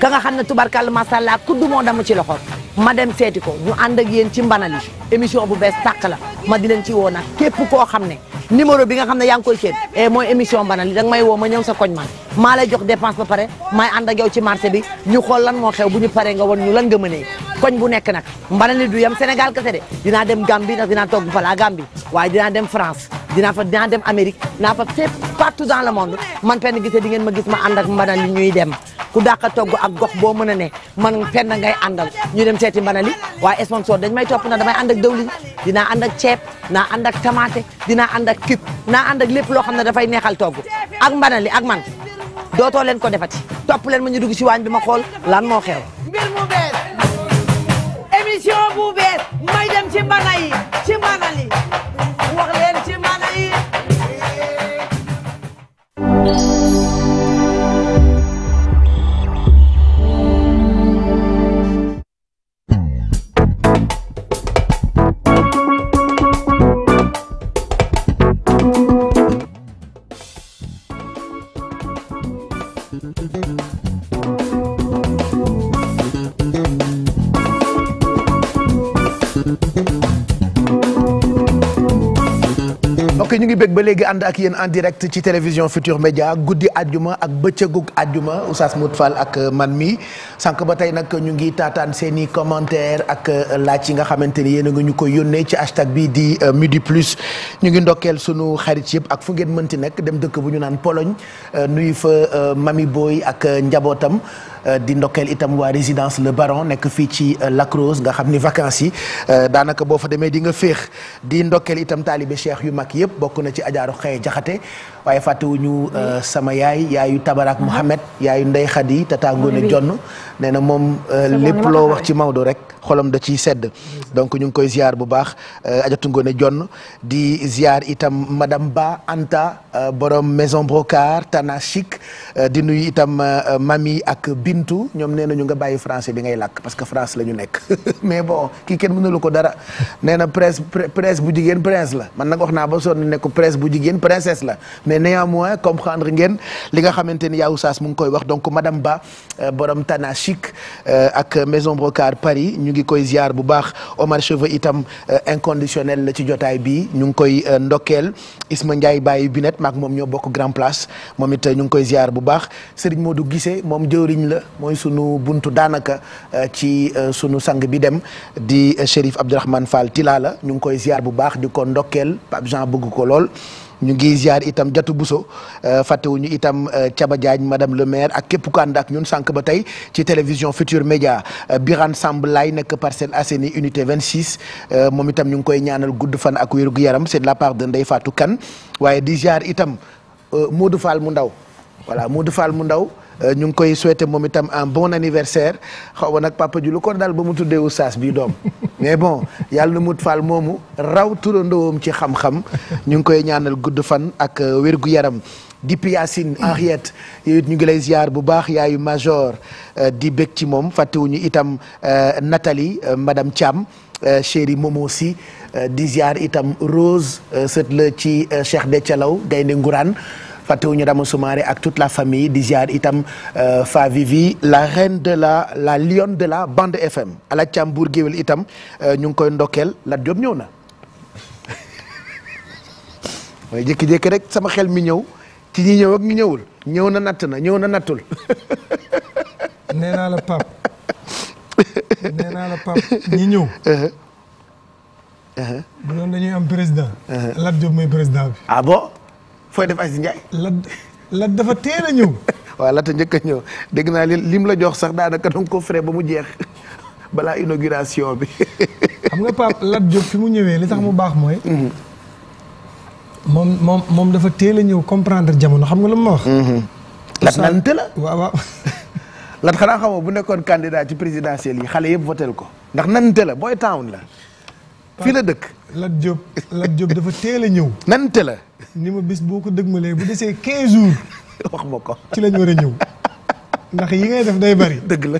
S3: ka nga xam ne tubarkàlla masalla kuddu moo dama ci loxo ma dem seeti ko ñu ànd ak yéen ci mbanali émission bu bees tàq la ma di leen ci woo nag képp koo xam ne numéro bi nga xam ne yaa ngi koy seet e mooy émission mbana li danga may woo ma ñëw sa koñ man maa lay jox dépense ba pare may ànd ak yow ci marché bi ñu xool lan moo xew bu ñu paree nga wan ñu lan nga mënee koñ bu nekk nag mbana li du yem Sénégal kese de dinaa dem Gambie ndax dinaa toog bu fa laa Gambie waaye dinaa dem France dinaa fa dinaa dem Amérique dinaa fa fépp partout dans le monde man Penda Guissé di ngeen ma gis ma ànd ak mbanali ñuy dem ku dàq a togg ak gox boo mën a ne man Penda ngay àndal ñu dem seeti mbanali waa sponsor dañ may topp na damay ànd ak dawlin dinaa ànd ak ceeb naa ànd ak tamaate dinaa ànd ak cube naa ànd ak lépp loo xam ne dafay neexal togg ak mbanali ak man dootoo leen ko defati topp leen ma ñu dugg si waañ bi ma xool lan moo xew émission bu bees thank you
S1: bég ba léegi ànd ak yéen en direct ci télévision Futur Média guddi àjjuma ak bëccëgug àjjuma Oustaz Modou Fall ak man mi sànq ba tey nag ñu ngi taataan seen i commentaire ak euh, laaj yi nga xamante ni yéen a ngi ñu koy yónnee ci hashtag bii di euh, Midi Plus ñu ngi ndokkeel sunu xarit yëpp ak fu ngeen mënti nekk dem dëkk bu ñu naan poloñ euh, nuyu fa Mami booy ak njabootam Euh, di ndokkeel itam waa résidence Le Baron nekk fii ci euh, Lacrose nga xam ni vacances yi euh, daanaka boo fa demee di nga féex di ndokkeel itam taalibe cheikh yu mag yëpp bokk na ci ajaaru xëye jaxate waaye fàttewuñu euh, sama yaay yaayu tabarak mhm. Mouhamed yaayu Ndey Xadi tata Ngoone Jonn nee na moom euh, lépp loo wax ci Maodo rek xolam da ciy sedd donc ñu ngi koy ziar bu baax euh, ajatu Ngoone Jonn di ziar itam madam Ba Anta borom maison Brocard Tana Chic di nuyu itam mami ak Bintu ñoom nee na ñu nga bàyyi français bi ngay làkk parce que France la ñu nekk (laughs) mais bon kii kenn mënalu ko dara nee na presse presse bu jigéen prince la man nag wax naa ba sonn ne ko presse bu jigéen princesse la mais néanmoins comprendre ngeen li nga xamante ni yaa Oustaz mu ngi koy wax donc madame Ba euh, borom Tana Chic euh, ak maison Brocard Paris ñu ngi koy ziar bu baax Omar Cheveux itam euh, inconditionnel la ci jotaay bi ñu ngi koy ndokkeel Isma Ndiaye Baye Binet maak moom ñoo bokk grand place moom it ñu ngi koy ziar bu baax Serigne Modou Guissé moom jëwriñ la mooy sunu buntu daanaka ci sunu sang bi dem di Chérif Abdourahmane Fall Tilala ñu ngi koy ziar bu baax di ko ndokkeel Pape Jean ko lool. ñu ngi ziar itam Jatu Buso euh, fàttewuñu itam Caba euh, Diagne madame le maire ak képp ku ànd ak ñun sànq ba tey ci télévision Futur Média euh, Birane Samb laay nekk Parcelles Assainies unité 26 moom itam ñu ngi koy ñaanal gudd fan ak wér gu yaram c'est la part de Ndeye Fatou kan waaye di ziar itam Modou Fall mu ndaw voilà Modou Fall mu ndaw. Euh, ñu ngi koy souhaiter moom itam un bon anniversaire xaw ma nag papa lu ko daal ba mu tuddee oustaz bii doom (laughs) mais bon yàlla na mut faal moomu raw turandoowam ci xam-xam ñu ngi koy ñaanal gudd fan ak euh, wér yaram Dipi Yacine Henriette yow it ñu ngi lay ziar bu baax yaayu major euh, di bég ci moom fàttewuñu itam Nathalie madame Thiam chéri momo si di ziar itam Rose sët la ci Cheikh Dethialaw gaynde Ngourane fàttewuñu Rama Soumaré ak toute la famille di ziar itam euh, Fa Vivi la reine de la la lionne de la bande FM ala Càmbour itam euh, ñu ngi koy ndokkeel Lat Diop ñëw na. mooy jékki-jékki rek sama xel mi ñëw ci ñi ñëw ak ñu ñëwul ñëw na natt na ñëw na nattul. (laughs) nee naa (laughs) ñi ñëw. Uh-huh. Uh-huh. bu doon am président. Uh-huh. Lat président bi. ah bon. fooy def Aziz Ndiaye. la la dafa teel a ñëw. (laughs) waaw la ta njëkk a ñëw dégg naa li lim la jox sax daanaka da nga ba mu jeex (laughs) balaa inauguration bi. (laughs) xam nga Pape Lat Diop fi mu ñëwee li tax mu baax mooy. Mhm. moom moom dafa teel a ñëw comprendre jamono xam nga lu ma wax. Mhm. lat nante la waaw waaw. lat xanaa xamoo bu nekkoon candidat ci présidentielle yi xale yëpp votel ko ndax nante la booy town la. fii la dëkk. Lat Diop Lat Diop dafa teel a ñëw. nante la. ni ma bis boo ko dëgmalee bu desee 15 jours. (laughs) wax ma ko ci lañ war ñëw. ndax yi ngay def day bari. (laughs) dëgg la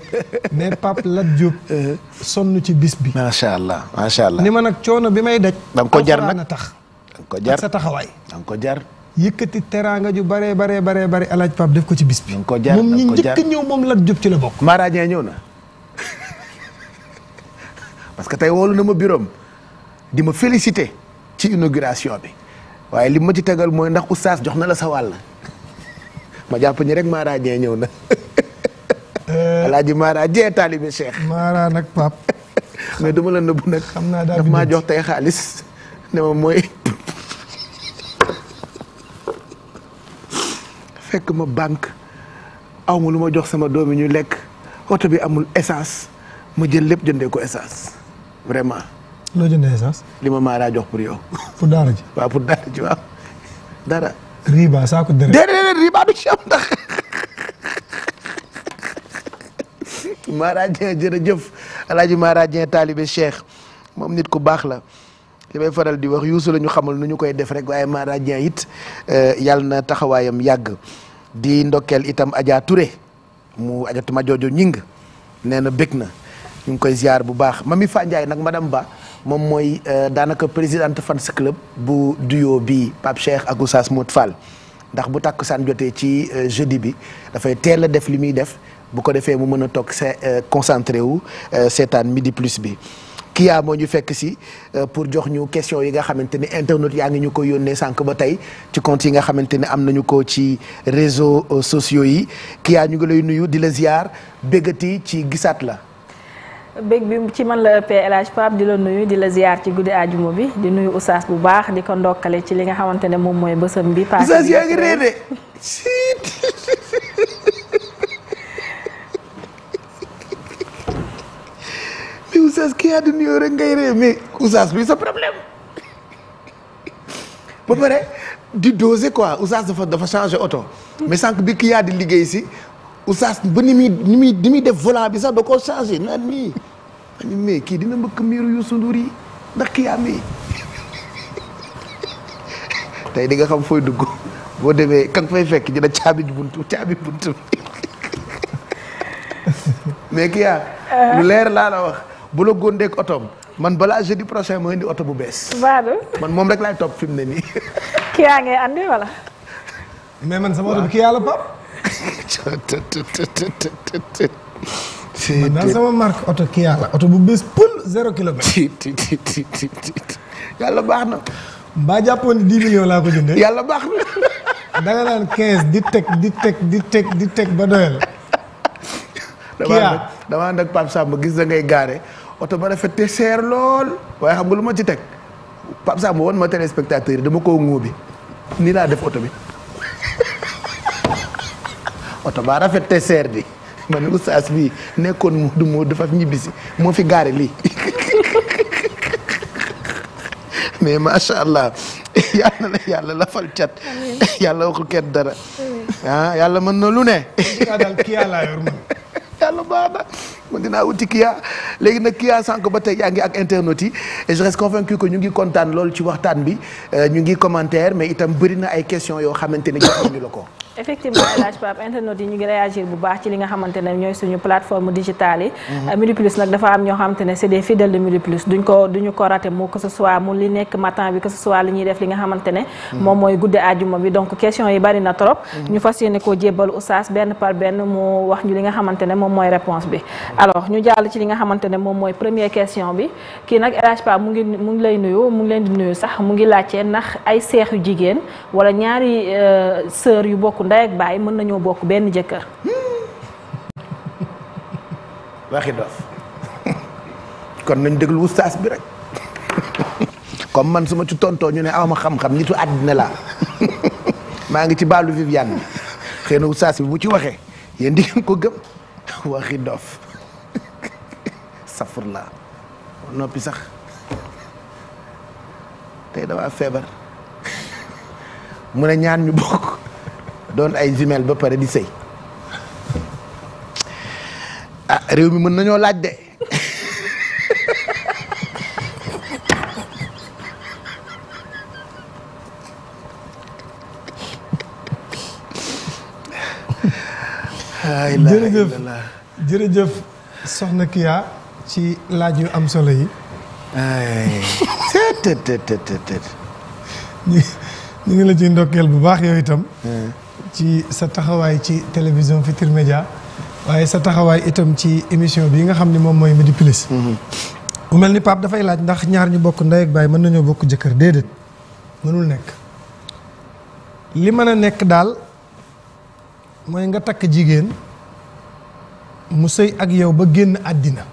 S1: mais Pape Lat Diop. (laughs) Uh-huh. sonn ci bis bi. macha allah macha allah. ni ma nag coono bi may daj. da nga ko jar nag tax. da ko jar sa taxawaay. da nga jar. yëkkati teraanga ju baree baree bare baree alaaj Pape def ko ci bis bi. da nga ko jar moom ñi njëkk ñëw moom Lat Diop ci la bokk. Mara Dieng ñëw na. parce que tey wóolu na ma biroom di ma félicité ci inauguration bi waaye li ma ci tegal mooy ndax oustaz jox na la sa wàll ma jàpp ni rek Mara Dieng ñëw na euh, alaaji Mara Dieng taalibe Cheikh. Mara nag pap (laughs) mais duma la nëbbu nag. xam naa daal daf maa jox tey xaalis ne ma mooy. (laughs) fekk ma banque aw lu ma jox sama doom doomi ñu lekk oto bi amul essence ma jël lépp jëndee ko essence vraiment. loo jëndee essence. ma Mara jox pour yow. pour daara ji waaw pour daara dara. riba saako dërër. riba du ci Cheikh moom nit ku baax la. li may faral di wax yuusu la ñu xamal nu ñu koy def rek waaye Mara Dieng it eh, yàlla na taxawaayam yàgg di ndokkeel itam Adja Touré mu ajatuma joojo ñing nee na bég na ñu ngi koy ziar bu baax Mami Fa njaay nag madame Ba. moom mooy euh, daanaka présidente fans club bu duo bi Pape Cheikh ak Oustaz Modou Fall ndax bu takk tàkkusaan jotee ci euh, jeudi bi dafay teel a def li muy def bu ko defee mu mën a toog se euh, concentré wu seetaan midi plus bi Kia moo ñu fekk si pour jox ñu question yi nga xamante ni internet yaa ngi ñu ko yónnee sànq ba tey ci compte yi nga xamante ni am nañu ko ci réseaux sociaux yi Kia ñu ngi lay nuyu di la ziar béggati ci gisaat la
S4: bëgg bi ci man la ëppee El Hadj Pape di la nuyu di la ziar ci guddi àjjuma bi di nuyu Oustaz bu baax di ko ndokkale ci li nga xamante ne moom mooy bësam bi. paase Oustaz yaa ngi
S2: réeré. (laughs)
S1: mais Oustaz kii yaa di nuyoo rek ngay réer mais Oustaz bi sa problème. ba pare di doser quoi Oustaz dafa dafa changer oto. mais sànq bi kii yaa di liggéey si. oustaz ba ni muy ni muy def volant bi sax da koo changé naan nii mais kii dina mbëkk miiru Youssou Ndour yi ndax kii amee (laughs) tey di nga xam fooy dugg boo demee kan fay fekk dina caabi buntu caabi buntu bi (laughs) mais kii yaa lu leer laa la wax bu la góondeeg otoom man balaa jeudi prochain ma indi oto bu bees. man moom rek laay topp fi mu ne nii.
S4: kii yaa ngay andi wala.
S1: mais man sama oto bi kii yaa la pap (laughs) man daal sama marque oto Kia la oto bu bees pël zéro kilomètre. yàlla baax na. mbaa jàppoon ni 10 millions laa ko jëndee. yàlla baax na. da nga naan 15 di teg di teg di teg di teg ba doyal. Kia damaa ànd ak Pape Samba gis da ngay gaare oto ba rafet te seer lool waaye xam nga lu ma ci teg Pape Samba woon ma téléspectateur yi dama koo ŋóobi nii laa def oto bi. oto ba rafet te seer di ma ne oustaz bi nekkoon Modou Modou faf ñibbisi moo fi gaare lii (laughs) mais macha allah yàlla (laughs) na yàlla lafal cat yàlla waxu kenn dara ah yàlla mën na lu ne. yàlla yor (laughs) (laughs) man dinaa wuti Kia léegi nag Kia sànq ba tey yaa ngi ak internautes yi et je reste convaincu ñu ngi kontaan loolu ci waxtaan bi euh, ñu ngi commentaire mais itam bëri na ay question yoo xamante ni (coughs) la ko.
S4: effectivement El Hadj Pape yi ñu ngi réagir bu baax ci li nga xamante ne ñooy suñu plateforme digitale yi. Mhm. Euh, Midi Plus nag dafa am ñoo xamante ne c'est des fidèles de Midi Plus duñ ko duñu ko raté mu que ce soit mu li nekk matin bi que ce soit li ñuy def li nga xamante ne. Mhm. moom mooy guddi àjjuma bi donc question yi bari na trop. Mhm. ñu fas yéene koo jébbal oustaz benn par benn mu wax ñu li nga xamante ne moom mooy réponse bi alors ñu jàll ci li nga xamante ne moom mooy première question bi kii nag El Hadj Paa mu ngi mu ngi lay nuyu mu ngi leen di nuyu sax mu ngi laajte ndax ay seex yu jigéen wala ñaari euh, sër yu bokk ndey ak baay mën nañoo bokk benn jëkkër. (laughs)
S1: waxi dof (laughs) kon nañ déglu wustaas bi rek (laughs) comme man suma ci tontoo ñu ne awma xam-xam nitu àddina laa maa ngi ci baalu Viviane bi xëy na wustaas bi bu ci waxee yéen di ngeen ko gëm waxi dof astafurlaa noppi sax tey damaa feebar mu ne ñaan ñu bokk doon ay jumelle ba pare di sëy ah réew mi mën nañoo laaj de (laughs) jërëjëf jërëjëf soxna Kiya ci laaj yu am solo yi. (laughs) të ñu ngi la ciy ndokkeel bu baax yow itam. ci sa taxawaay ci télévision Futurs Médias waaye sa taxawaay itam ci émission bi nga xam ni moom mooy Midi Plus. mu mel ni Pape dafay laaj ndax ñaar ñu bokk ndey ak baay mën nañoo bokk jëkkër déedéet mënul nekk. li mën a nekk daal mooy nga takk jigéen mu sëy ak yow ba génn àddina.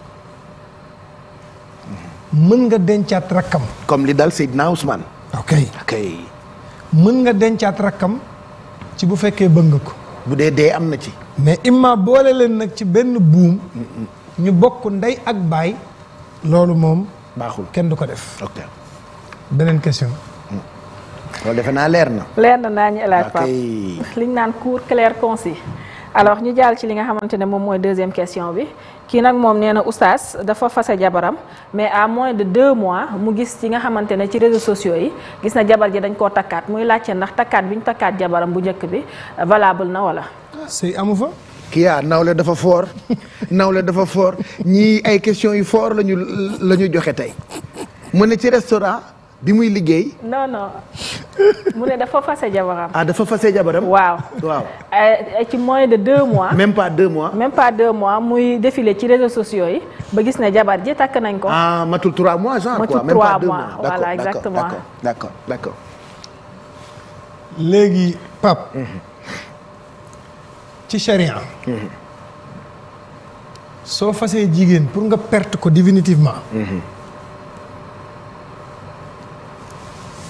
S1: mën nga dencaat rakkam. comme li dal Seydina Ousmane. ok ok. mën nga dencaat rakkam ci bu fekkee bëgg nga ko. bu dee dee am na ci. mais imma boole leen nag ci benn buum. ñu bokk ndey ak baay. loolu moom. baaxul kenn du ko def. ok beneen question. loolu defe naa leer na.
S4: leer na naa ñu El Hadj Pape liñ naan cour clair concis alors ñu jàll ci li nga xamante ne moom mooy deuxième question bi. kii nag moom nee na oustaz dafa fase jabaram mais à moins de deux mois mu gis ci nga xamante ne ci réseaux sociaux yi gis na jabar ji dañ koo takkaat muy laajte ndax takkaat bi ñu takkaat jabaram bu njëkk bi valable na wala.
S1: Ah, sëy amu fa. kiyaa nawle dafa foor (laughs) nawle dafa fort ñii ay question yu fort lañu la ñu joxe tey mu ne ci restaurant. bi muy liggéey.
S4: non non mu ne dafa fase jabaram.
S1: Ah, dafa fase jabaram. waaw waaw.
S4: Eh, ci moins de deux mois. même
S1: pas deux mois. même
S4: pas deux mois muy défilé ci réseaux sociaux yi ba gis ne jabar ji takk nañ ko. ah
S1: matul trois mois genre quoi même pas deux mois voilà exactement d' accord d' accord léegi Pape. Mhm. ci charia. Mhm. soo fasee jigéen pour nga perte ko définitivement. Mhm.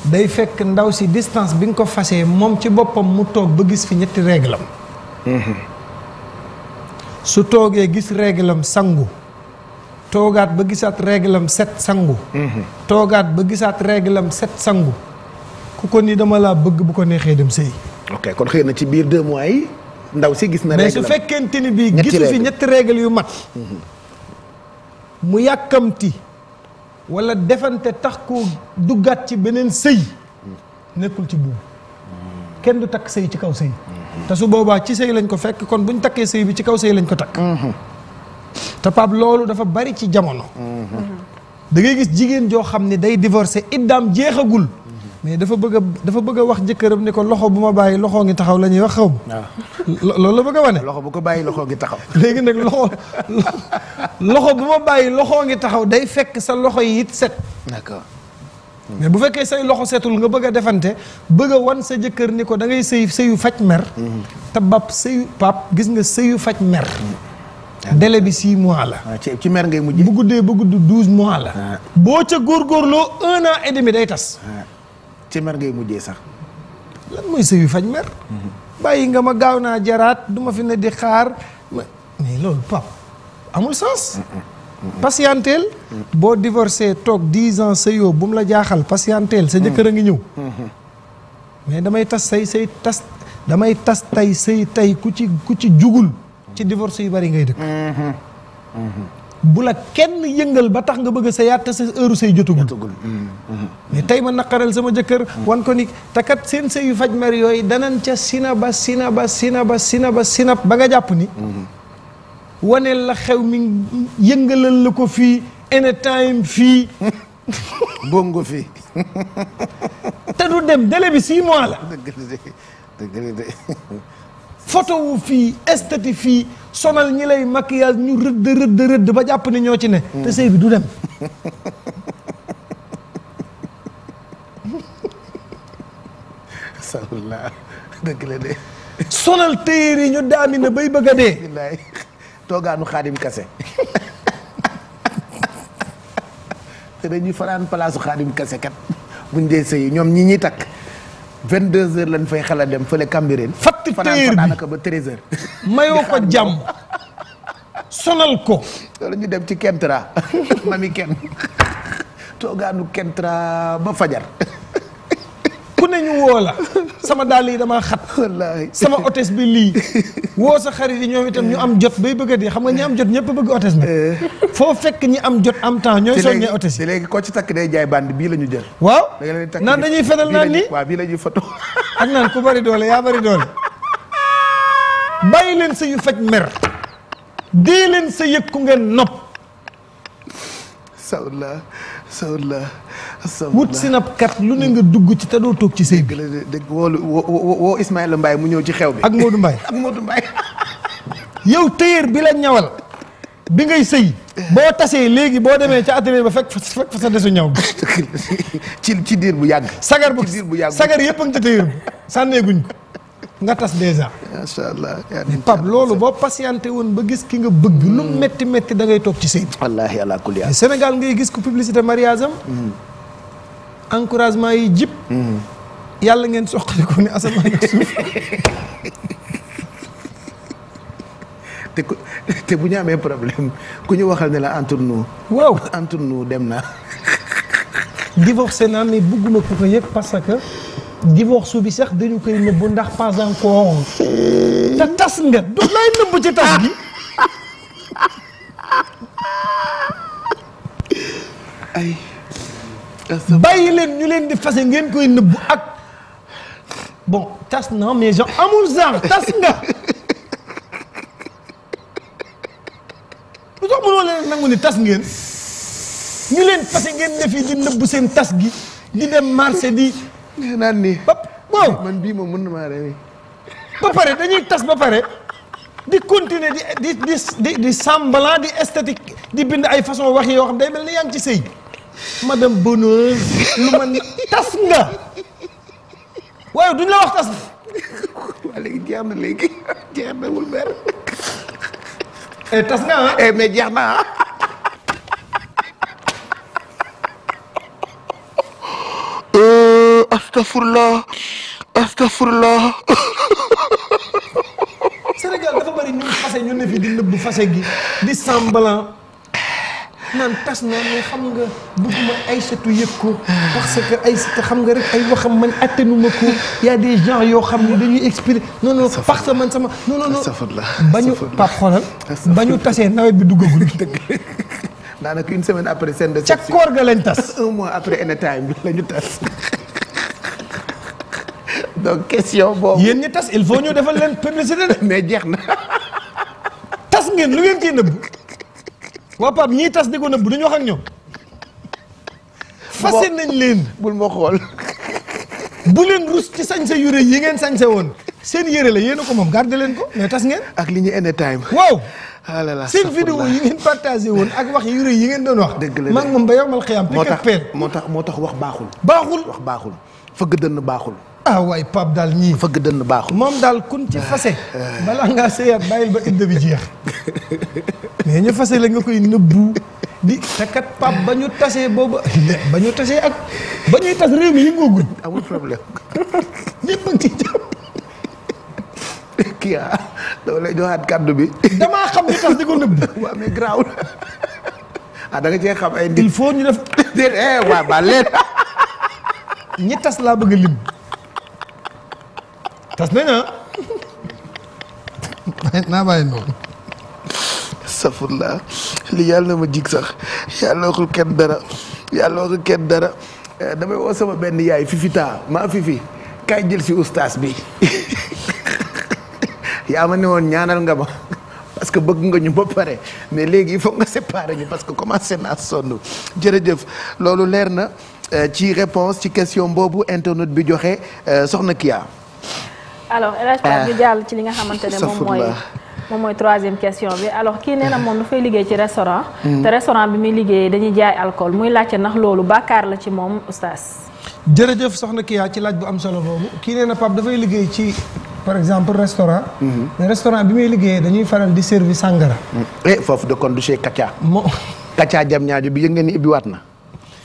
S1: day fekk ndaw si distance bi nga ko fasee moom ci boppam mu toog ba gis fi ñetti réglam su toogee gis réglam sangu toogaat ba gisaat réglam set sangu toogaat ba gisaat réglam set sangu ku ko ni dama laa bëgg bu ko neexee dem sëy kon na ci biir deux mois yi ndaw si gis na réglam mais su fekkente ni bii gisu fi ñetti règle yu mat mu yàkkamti wala defante tax ko duggaat ci beneen sëy nekkul ci buum kenn du takk sëy ci kaw sëy te su boobaa ci sëy lañ ko fekk kon bu ñu takkee sëy bi ci kaw sëy lañ ko takk te loolu dafa bari ci jamono mm-hmm. da ngay gis jigéen joo xam ne day divorcé iddaam jeexagul mais dafa bëgg dafa bëgg a wax jëkkëram ni ko loxo bu ma bàyyi loxoo ngi taxaw la ñuy wax xaw ma. Ah. loolu la bëgg a wane. loxo bu ko bàyyi loxoo ngi taxaw. (laughs) léegi nag loxo loxo bu ma bàyyi loxoo ngi taxaw day fekk sa loxo yi it set. d'accord. mais bu fekkee say loxo setul nga bëgg a defante bëgg a wan sa jëkkër ni ko da ngay sëy sëyu faj mer. Mm-hmm. te bap sëyu pap gis nga sëyu faj mer. Mm-hmm. délai bi six mois la. Ah, ci mer ngay mujj. bu guddee ba gudd douze mois la. Ah. boo ca góorgóorloo un an et day tas. ci mer ngay mujjee sax lan mooy sëy yu faj mer bàyyi nga ma gaaw naa jaraat duma fi ne di xaar mais loolu pap amul sens patienteel boo divorcé toog dix ans sëyoo bu mu la jaaxal patienteel sa jëkkër a ngi ñëw mais damay tas say say tas damay tas tay say tay ku ci ku ci jugul ci divorce yu bari ngay dëkk bu la kenn yëngal ba tax nga bëgg a sëyaat te sa heure sëy jotugul mm, mm. mais tey ma naqaral sama jëkkër wan ko ni te kat seen sëyu faj mer yooyu danan ca sina ba sina ba sina ba sina ba sina ba nga jàpp ni mm-hmm. waneel la xew mi yëngalal la ko fii anytime fii (laughs) bongo fii te du dem délai bi six mois la (laughs) (laughs) photo wu fii esthétique fii sonal ñi lay maquillage ñu rëdd rëdd rëdd ba jàpp ne ñoo ci ne. te sëy bi du dem. alhamdulilah dëgg la de. sonal téyeer yi ñu daami bay bëgg dee. bilaay xaadim kase. te dañuy fanaan palaasu xaadim kase kat buñ dee sëy ñoom ñi ñuy takk. vingt 22 heures lañ fay xala dem fële Cambérène. fatt teer bi daanaka ba 13 heures. mayoo ko jàmm sonal ko. dem ci Kentra (laughs) mami Ken toogaanu Kentra ba fajar. ku ne ñu woo la sama dàll yi damaa xat. wallaahi sama hôtesse bi lii woo sa xarit yi ñoom itam ñu am jot bay bëgg di xam nga ñi am jot ñëpp bëgg hôtesse bi. Eh. foo fekk ñi am jot am temps ñooy soññee hôtesse yi. koo ci takk day jaay band bii la ñu jël. waaw naan dañuy fenal naan nii waaw bii la ñuy foto. ak naan ku bari doole yaa bari doole. bàyyi leen sa yu faj mer. dee leen sa yëg ku ngeen nopp. sawla sawla sawla wut si nab kat lu ne nga dugg ci te doo toog ci sëy bi dégg woolu woo Ismaïla Mbaye mu ñëw ci xew bi ak Modou Mbaye (laughs) ak Modou Mbaye yow téyeer bi la ñawal bi ngay sëy boo tasee léegi boo demee ca atelier ba fekk fekk fa sa desu ñaw bi (laughs) ci ci diir bu yàgg sagar bu sagar yëpp a ngi ca téyeer bi sànneeguñ ko nga tas dèjà. macha allah Pape loolu boo patienté woon ba gis ki nga bëgg. lu métti hmm. métti da ngay toog ci sëy bi. wallaahi Sénégal ngay gis ko publicité mariage am. Hmm. encouragement yi jip hmm. yàlla ngeen soqali ko ne asamaan ak te ku te bu ñu amee problème ku ñu waxal ne la entre nous. waaw entre nous dem na. divorcé naa ne bugguma ko ko yëg parce que. divorce bi sax dañu koy nëbbu ndax pas encore te tas nga du lay nëbbu ci tas gi. ay. bàyyi leen ñu leen di fase ngeen koy nëbbu ak bon tas na mais genre amul genre tas nga. lu tax mënoo leen nangu ni tas ngeen ñu leen fase ngeen ne fii di nëbbu seen tas gi di dem marché naan nii. ba waaw man bii moom mën na maa rey. ba pare dañuy tas ba pare di continuer di di di di di esthétique di bind ay façon wax yoo xam ne day mel ni yaa ci sëy madame Bonheur lu man tas nga waaye duñ la wax tas nga. waa léegi jeex na léegi jeex na wul astafurlah astafurlah. Sénégal dafa bëri ñun fase ñu ne fi di nëbbu fase gi di semblant naan tas naa mais xam nga bëgguma Aïssatou yëg ko parce que Aïssatou xam nga rek ay waxam man attanuma ko y a des gens yoo xam ne dañuy expliquer non non parce que man sama non non non ba ñu pap xoolal ba ñu tasee nawet bi duggagul (laughs) dëgg daanaka une semaine après seen de ca koor ga lañ tas un mois après en time bi la ñu tas donc question boobu. yéen ñi tas il faut ñu defal leen publicité de. (laughs) mais jeex na. tas ngeen lu ngeen ciy nëbb. waa Pape ñii tas di ko nëbb du ñu wax ak ñoom. fase nañ leen bul ma xool. bu leen rus ci sañse yure yi ngeen sañse woon seen yére la yéen ko moom garde leen ko mais tas ngeen. ak li ñu any time. waaw. alhamdulilah seen vidéo yi ngeen partagé woon ak wax yu yi ngeen doon wax. dëgg la maa ngi moom ba yombal xiyam. moo tax moo tax moo tax wax baaxul. baaxul wax baaxul. fëgg dënn baaxul. ah waay Pape daal ñii. fëgg dënn baaxul. moom daal kun ci fase. balaa ngaa seeyaat bàyyil ba idda bi ñu fase la nga koy nëbbu di te kat Pape ba ñu tasee boobu ba ñu tasee ak ba ñuy tas réew ah, kàddu bi. damaa xam ne tas di ko nëbbu. waaw mais ah, garaawul xam ay. il faut ñu def. déedéet (laughs) eh, ñi tas laa bëgg lim. tas nañ ah. naa bàyyi noonu. safurlaa li yàlla na ma jig sax yàlla waxul kenn dara yàlla waxul kenn dara eh, damay woo sama benn yaay fifita maa fifi kaay jël si ustaas bi (laughs) yaa ma ne woon ñaanal nga ma parce que bëgg nga ñu ba mais léegi foog faut nga séparer ñu parce que commencé naa sonn jërëjëf loolu leer na eh, ci réponse ci question boobu internet bi joxe eh, soxna Kia. alors El ah,
S4: ci li nga xamante ne moom mooy. moom mooy troisième question bi alors kii nee na moom dafay liggéey ci restaurant. Mm. te restaurant bi muy liggéey dañuy jaay alcool muy laajte ndax loolu bàkkaar la ci moom
S1: oustaz. jërëjëf soxna Kya ci laaj bu am solo boobu kii nee na Pape dafay liggéey ci par exemple restaurant. Mm-hmm. mais bi muy liggéeyee dañuy faral di service sangara. Mm. eh foofu de kon du chez Kacha. moo Kacha jam ñaajo bi yëg nga ni ibbiwaat na.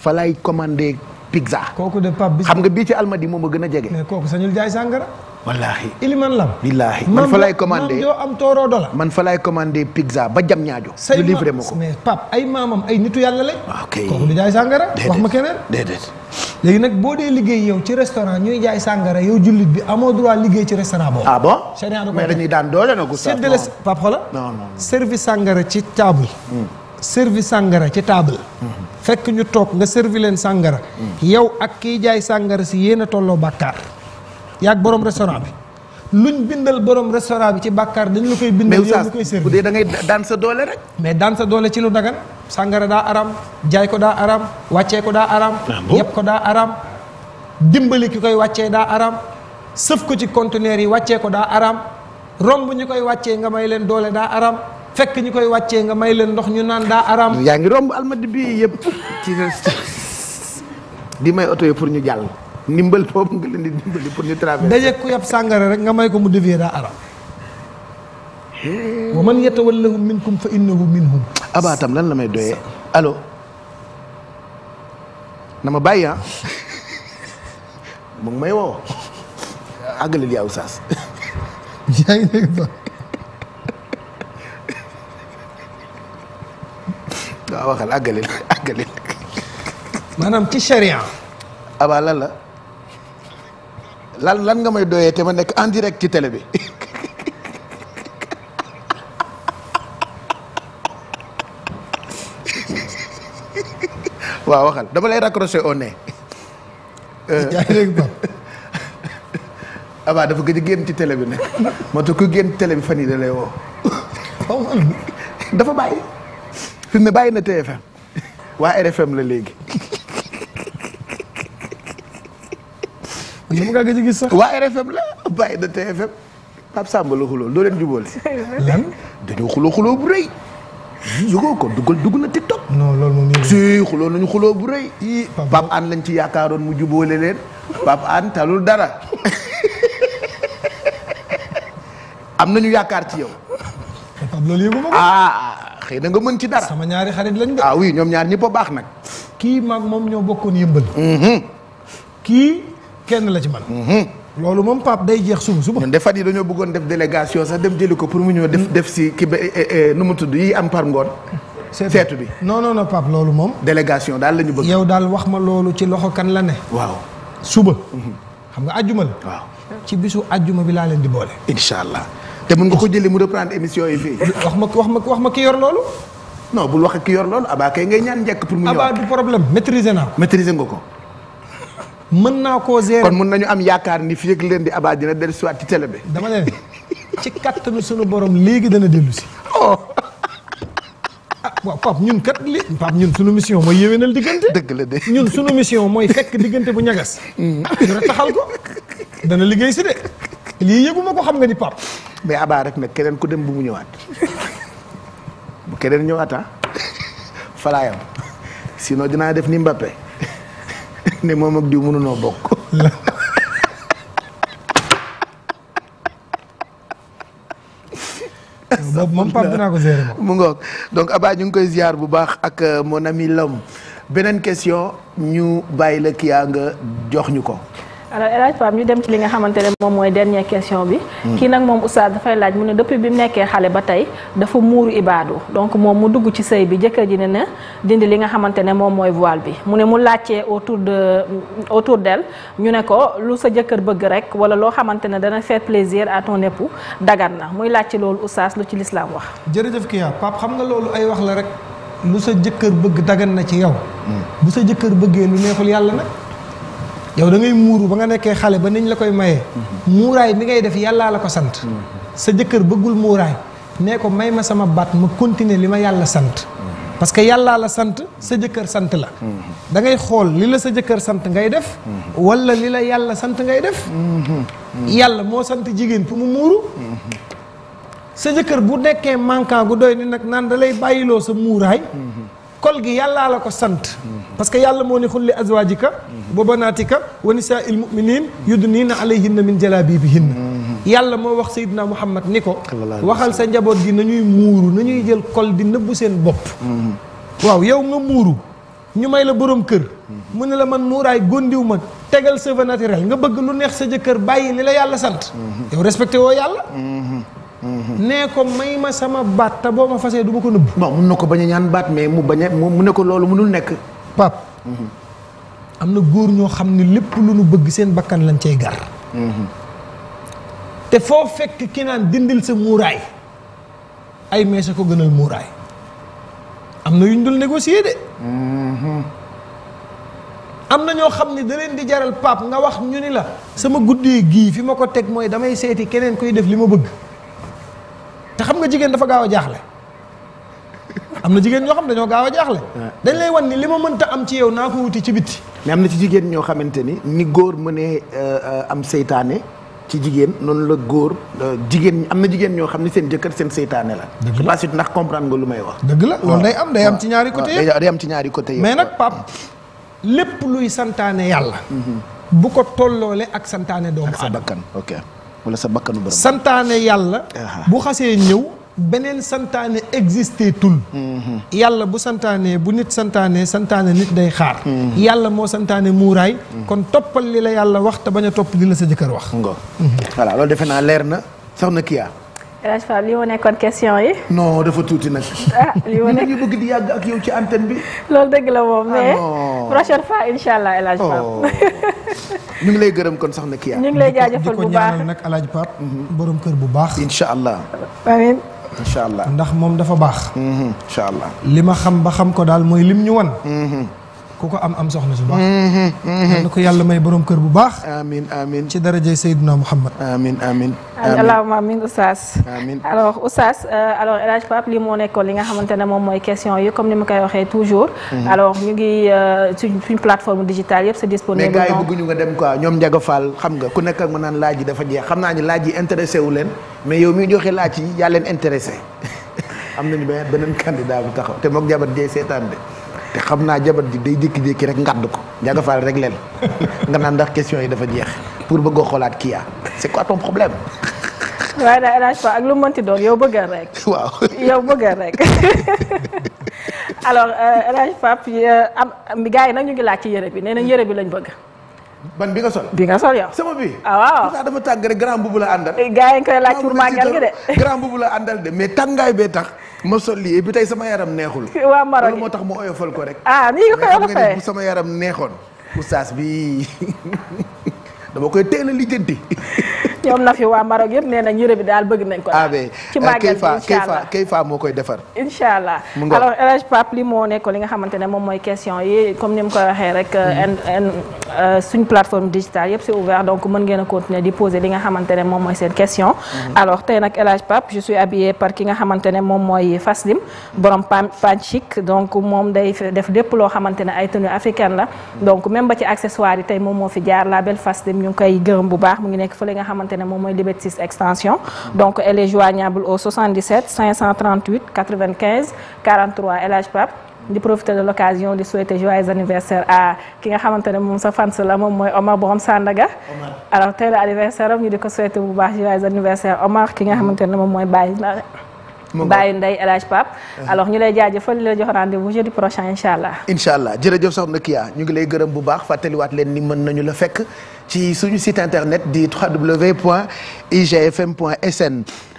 S1: fa lay commandé pizza. kooku de Pape bis xam nga bii ci almadi moom a gën a jege. mais kooku sañul jaay sangara. wallaahi iliman lam billaahi man fa lay commandé maam am tooroo dola man fa lay commandé pizza ba jam ñaajo ñu livré ma ko mais pap ay maamam ay nitu yàlla lañ ah, ok kooku du jaay sàngara wax ma keneen léegi nag boo dee liggéey yow ci restaurant ñuy jaay sàngara yow jullit bi amoo droit liggéey ci restaurant boobu ah bon mais dañuy daan doole nag seddale pap xola non non service sàngara ci table hmm. servi sàngara ci table hmm. fekk ñu toog nga servi leen sàngara hmm. yow ak kiy jaay sàngara si yéen a tolloo bàkkaar yaag boroom restaurant bi luñ bindal borom restaurant bi ci bàkkaar dañu la koy bindal yow ñu bu dee da ngay daan sa doole mais daan doole ci lu sàngara daa aram jaay ko daa aram wàccee daa aram ah yëpp ko daa aram dimbali ki koy wàccee daa aram sëf ko ci conteneur yi wàccee ko daa aram romb ñu koy wàccee nga may leen doole daa aram fekk ñu koy wàccee nga may leen ndox ñu naan daa aram yaa ngi romb almadi bi yëpp ci (laughs) di may oto yi pour ñu jàll ndimbal boobu nga ku yab sàngara rek nga may ko mu dévier daa aram wa man yatawallahu minkum fa innahu minhum abaatam lan la may doyee alo na ma bàyyi ah mu ngi may woo àggalil yaaw saas yaa ngi dégg ba waaw waxal àggalil àggalil maanaam ci sharia abaa lan la lan lan nga may doyee te ma nekk en direct ci télé bi (laughs) waaw waxal dama lay raccrocher au nez. yaa euh, (laughs) (laughs) abaa dafa gëj a génn ci télé bi nag moo tax ku génn télé bi fan yii da lay woo. dafa bàyyi. fi ne bàyyi na TFM waa RFM la léegi. dama kaa gëj a gis sax. waa RFM la bàyyi na TFM Pape Samba la xuloo doo leen jubóole. lan dañoo xuloo xuloo bu rëy. ko dugal dugg na TikTok. non lool moom si xuloo nañu xuloo bu rëy. An lañ ci yaakaaroon mu jubóole leen Pape An talul dara. am nañu yaakaar ci yow. Pape loolu yëguma ko. ah xëy na nga mën ci dara. sama ñaari xarit lañ de. ah oui ñoom ñaar ñëpp a baax nag. kii maag moom ñoo bokkoon yëmbal. Mhm. kii. kenn la ci man mhm. loolu moom Pape day jeex suba suba. ñun de fan yi dañoo bëggoon def délégation sax dem jëli ko pour mu ñoo def def si kii ba eh, eh, nu mu tudd yi am par ngoon. seetu bi non non non Pape loolu moom. délégation daal la ñu bëgg. yow daal wax ma loolu ci loxo kan la ne. waaw suba. Mhm. xam nga àjjuma la. waaw ci bisu àjjuma bi laa leen di boole. incha allah te mun nga ko jëli mu reprendre émission yi fii. wax ma wax ma wax ma ki yor loolu. non bul wax ki yor loolu abaa kay ngay ñaan njëkk pour. mu ñëwaat abaa naa ko. nga ko. mën naa koo gérer kon mën nañu am yaakaar ni fii ak leen di abaa dina dellu si waat ci télé bi. dama leen ci kattanu suñu borom léegi dana dellu si. Oh. Ah, waaw Pape ñun kat li Pape ñun suñu mission mooy yéwénal diggante. dëgg la de ñun sunu mission mooy fekk diggante bu ñagas. ñu mm. taxal ko dana liggéey si de. lii yëguma ko xam nga ni Pape. mais abaa rek nag keneen ku dem bu mu ñëwaat keneen ñëwaat ah. falaayam sinon dinaa def ni Mbappé. (laughs) ne moom ak diw mënunoo bokk. (laughs) moom Pape dinaa ko gérer moom. mu ngoog donc Abba ñu ngi koy ziar bu baax ak euh, mon ami Lom beneen question ñu bàyyi la kii yaa nga jox ñu ko.
S4: alors El Hadj Pape ñu dem ci li nga xamante ne moom mooy dernière question bi. Hmm. kii nag moom oustaz dafay laaj mu ne depuis bi mu nekkee xale ba tey dafa muuru ibaadu donc moom mu dugg ci sëy bi jëkkër ji ne na dindi li nga xamante ne moom mooy voile bi mu ne mu laajtee autour de autour ñu ne ko lu sa jëkkër bëgg rek wala loo xamante ne dana faire plaisir à ton époux dagan na muy laajte loolu oustaz lu ci lislaam wax.
S1: jërëjëf kii Pape xam nga loolu ay wax la rek lu sa jëkkër bëgg dagan na ci yow. Hmm. bu sa jëkkër bëggee lu neexul yàlla nag. yow da ngay muuru ba nga nekkee xale ba niñ la koy mayee muuraay mi ngay def yàllaa la ko sant sa jëkkër bëggul muuraay nee ko may ma sama baat ma continuer li ma yàlla sant parce que yàllaa la sant sa jëkkër sant la da ngay xool li la sa jëkkër sant ngay def walla li la yàlla sant ngay def yàlla moo sant jigéen pour mu muuru sa jëkkër bu nekkee manquant gu doy ni nag naan da lay bàyyiloo sa muuraay kol gi yàllaa la ko sant parce que yàlla moo ne xul li azwaajika wa banaatika wa nisaa il muminin yudniina alayhinna min jalaabibihinna yàlla moo wax Seydina Muhammad ni ko waxal sa njaboot gi na nañuy muuru ñuy jël kol di nëbbu seen bopp waaw yow nga muuru ñu may la boroom kër mu ne la man muuraay góndiw ma tegal cheveux naturel nga bëgg lu neex sa jëkkër bàyyi li la yàlla sant yow respecté woo yàlla Mm-hmm. nee ko may ma sama baat te boo ma fasee du ma ko nëbb. bon mun na ko bañ ñaan baat mais mu bañ a mu ne ko loolu mënul nekk. pap mm-hmm. am na góor ñoo xam ne lépp lu nu bëgg seen bakkan lañ cay gar. Mm-hmm. te foo fekk ki naan dindil sa muuraay ay meesa ko gënal muuraay am na yuñ dul négocier de. am na ñoo xam ne da leen di jaral pap nga wax ñu ni la. sama guddee gii fi ma ko teg mooy damay seeti keneen koy def li ma bëgg. xam nga jigéen dafa gaaw a jaaxle am na jigéen ñoo xam dañoo gaaw a jaaxle. dañ lay wan ni li ma mënta am ci yow naa ko wuti ci bitti. mais am na ci jigéen ñoo xamante ni ni góor mënee euh, am seytaane ci jigéen noonu la góor euh, jigéen am na jigéen ñoo xam ne seen jëkkër seen seytaane la. dëgg la ndax comprendre lu may wax. dëgg la loolu day am day am ci ñaari côté yëpp day am ci ñaari côté yëpp mais nag Pape lépp luy santaane yàlla. Mm-hmm. bu ko tolloole ak santaane doomu aadama bakkan wala sa bakkanu borom santaane yàlla. bu xasee ñëw beneen santaane existé tul mhm. yàlla bu santaanee bu nit santaanee santaane nit day xaar. Mhm. yàlla moo santaane muuraay. Mhm. kon toppal li la yàlla wax te bañ a topp li la sa jëkkër wax. voilà loolu defe naa leer na soxna Kya.
S4: Elhaj Fall li ma nekkoon question yi.
S1: non dafa tuuti nag. ah yàgg ak yow ci antenne bi.
S4: loolu dëgg la moom ah, mais prochaine fois incha allah Elhaj oh.
S1: ngi lay gërëm kon sax na kii ñu ngi lay jaajëfal bu baax mhm. kër bu baax. incha allah. amiin. incha allah ndax moom dafa baax. Mhm, incha allah. li ma xam ba xam ko daal mooy lim ñu wan. Mhm. ku ko am am soxna su baax.
S4: Mm-hmm, mm-hmm.
S2: yal na
S1: ko yàlla may borom kër bu baax. amiin amiin ci darajay Seydina Muhammad. amiin amiin. amiin allahumma
S4: amiin oustaz. amiin alors oustaz euh, alors El Hadj li nga xamante ne moom mooy question yi comme ni ma koy waxee toujours. Mm-hmm. alors ñu ngi suñ euh, suñ plateforme digitale yëpp c'est disponible. mais
S1: gars ku nekk ak ma naan laaj yi dafa jeex xam naa laaj yi intéressé wu leen mais yow miy joxe laaj yi yaa leen intéressé (laughs) am nañu beneen candidat bu taxaw te moog jabar jee seetaan de. te xam naa jabar ji day jékki-jékki rek ngadd ko Ndiaga Fall rek leen (laughs) nga naan ndax question yi dafa jeex pour bëggoo xoolaat kii yaa c'est quoi ton problème.
S4: waaye daal El Hadj mënti doon yow bëggal rek. (laughs) yow bëggal rek. (laughs) Euh, euh, am gars yi nag ñu ngi laaj ci yére bi nee nañ yére bi lañ bëgg.
S1: ban bi nga sol. bi nga sol yow. sama bi. ah waaw Moussa dafa tàng rek grand boubou la àndal. Eh, gars yi nga koy laaj pour màggal gi de. (laughs) grand boubou la àndal de mais tàngaay bee tax. ma sol lii et tey sama yaram neexul. (laughs) waa Maroc loolu moo tax ma oyofal ko rek. ah nii nga koy oyofal sama yaram neexoon. bi (laughs) dama koy teel a lijjanti.
S4: ñoom na fi waa Maroc yëpp nee ñëre bi daal bëgg nañ ko. Ah,
S1: ci euh, màggal moo koy defar.
S4: incha allah alors El Hadj Pape li moo nekk li nga xamante ne moom mooy question yi comme ni mu ko waxee rek. Euh, mm-hmm. euh, suñ plateforme digitale yëpp c'est ouvert donc mën ngeen continuer di poser li nga xamante ne moom mooy seen question. Mm-hmm. alors tey nag El Hadj Pape je suis habillée par ki nga xamante ne moom mooy Faslim borom pan pan chic donc moom day def lépp loo xamante ne ay tenues la mm-hmm. donc même ba ñu ngi koy gërëm bu baax mu ngi nekk fële nga xamante ne moom mooy Liberté 6 extension donc elle est joignable au 77 538 95 43 El Hadj Pape di profiter de l'occasion di souhaiter joyeux anniversaire ki nga xamante moom sa fans la moom mooy Omar borom Sandaga alors tey anniversaire am ñu di ko souhaiter bu baax joyeux anniversaire Omar ki nga xamante moom mooy Baye bàyyi nday El pap Pape eh. alors ñu lay jaajëfal li la jox rendez-vous jeudi prochain incha allah
S1: incha allah jërëjëf soxna Kia ñu ngi lay gërëm bu baax fàttaliwaat leen ni mën nañu la fekk ci suñu site internet di www.igfm.sn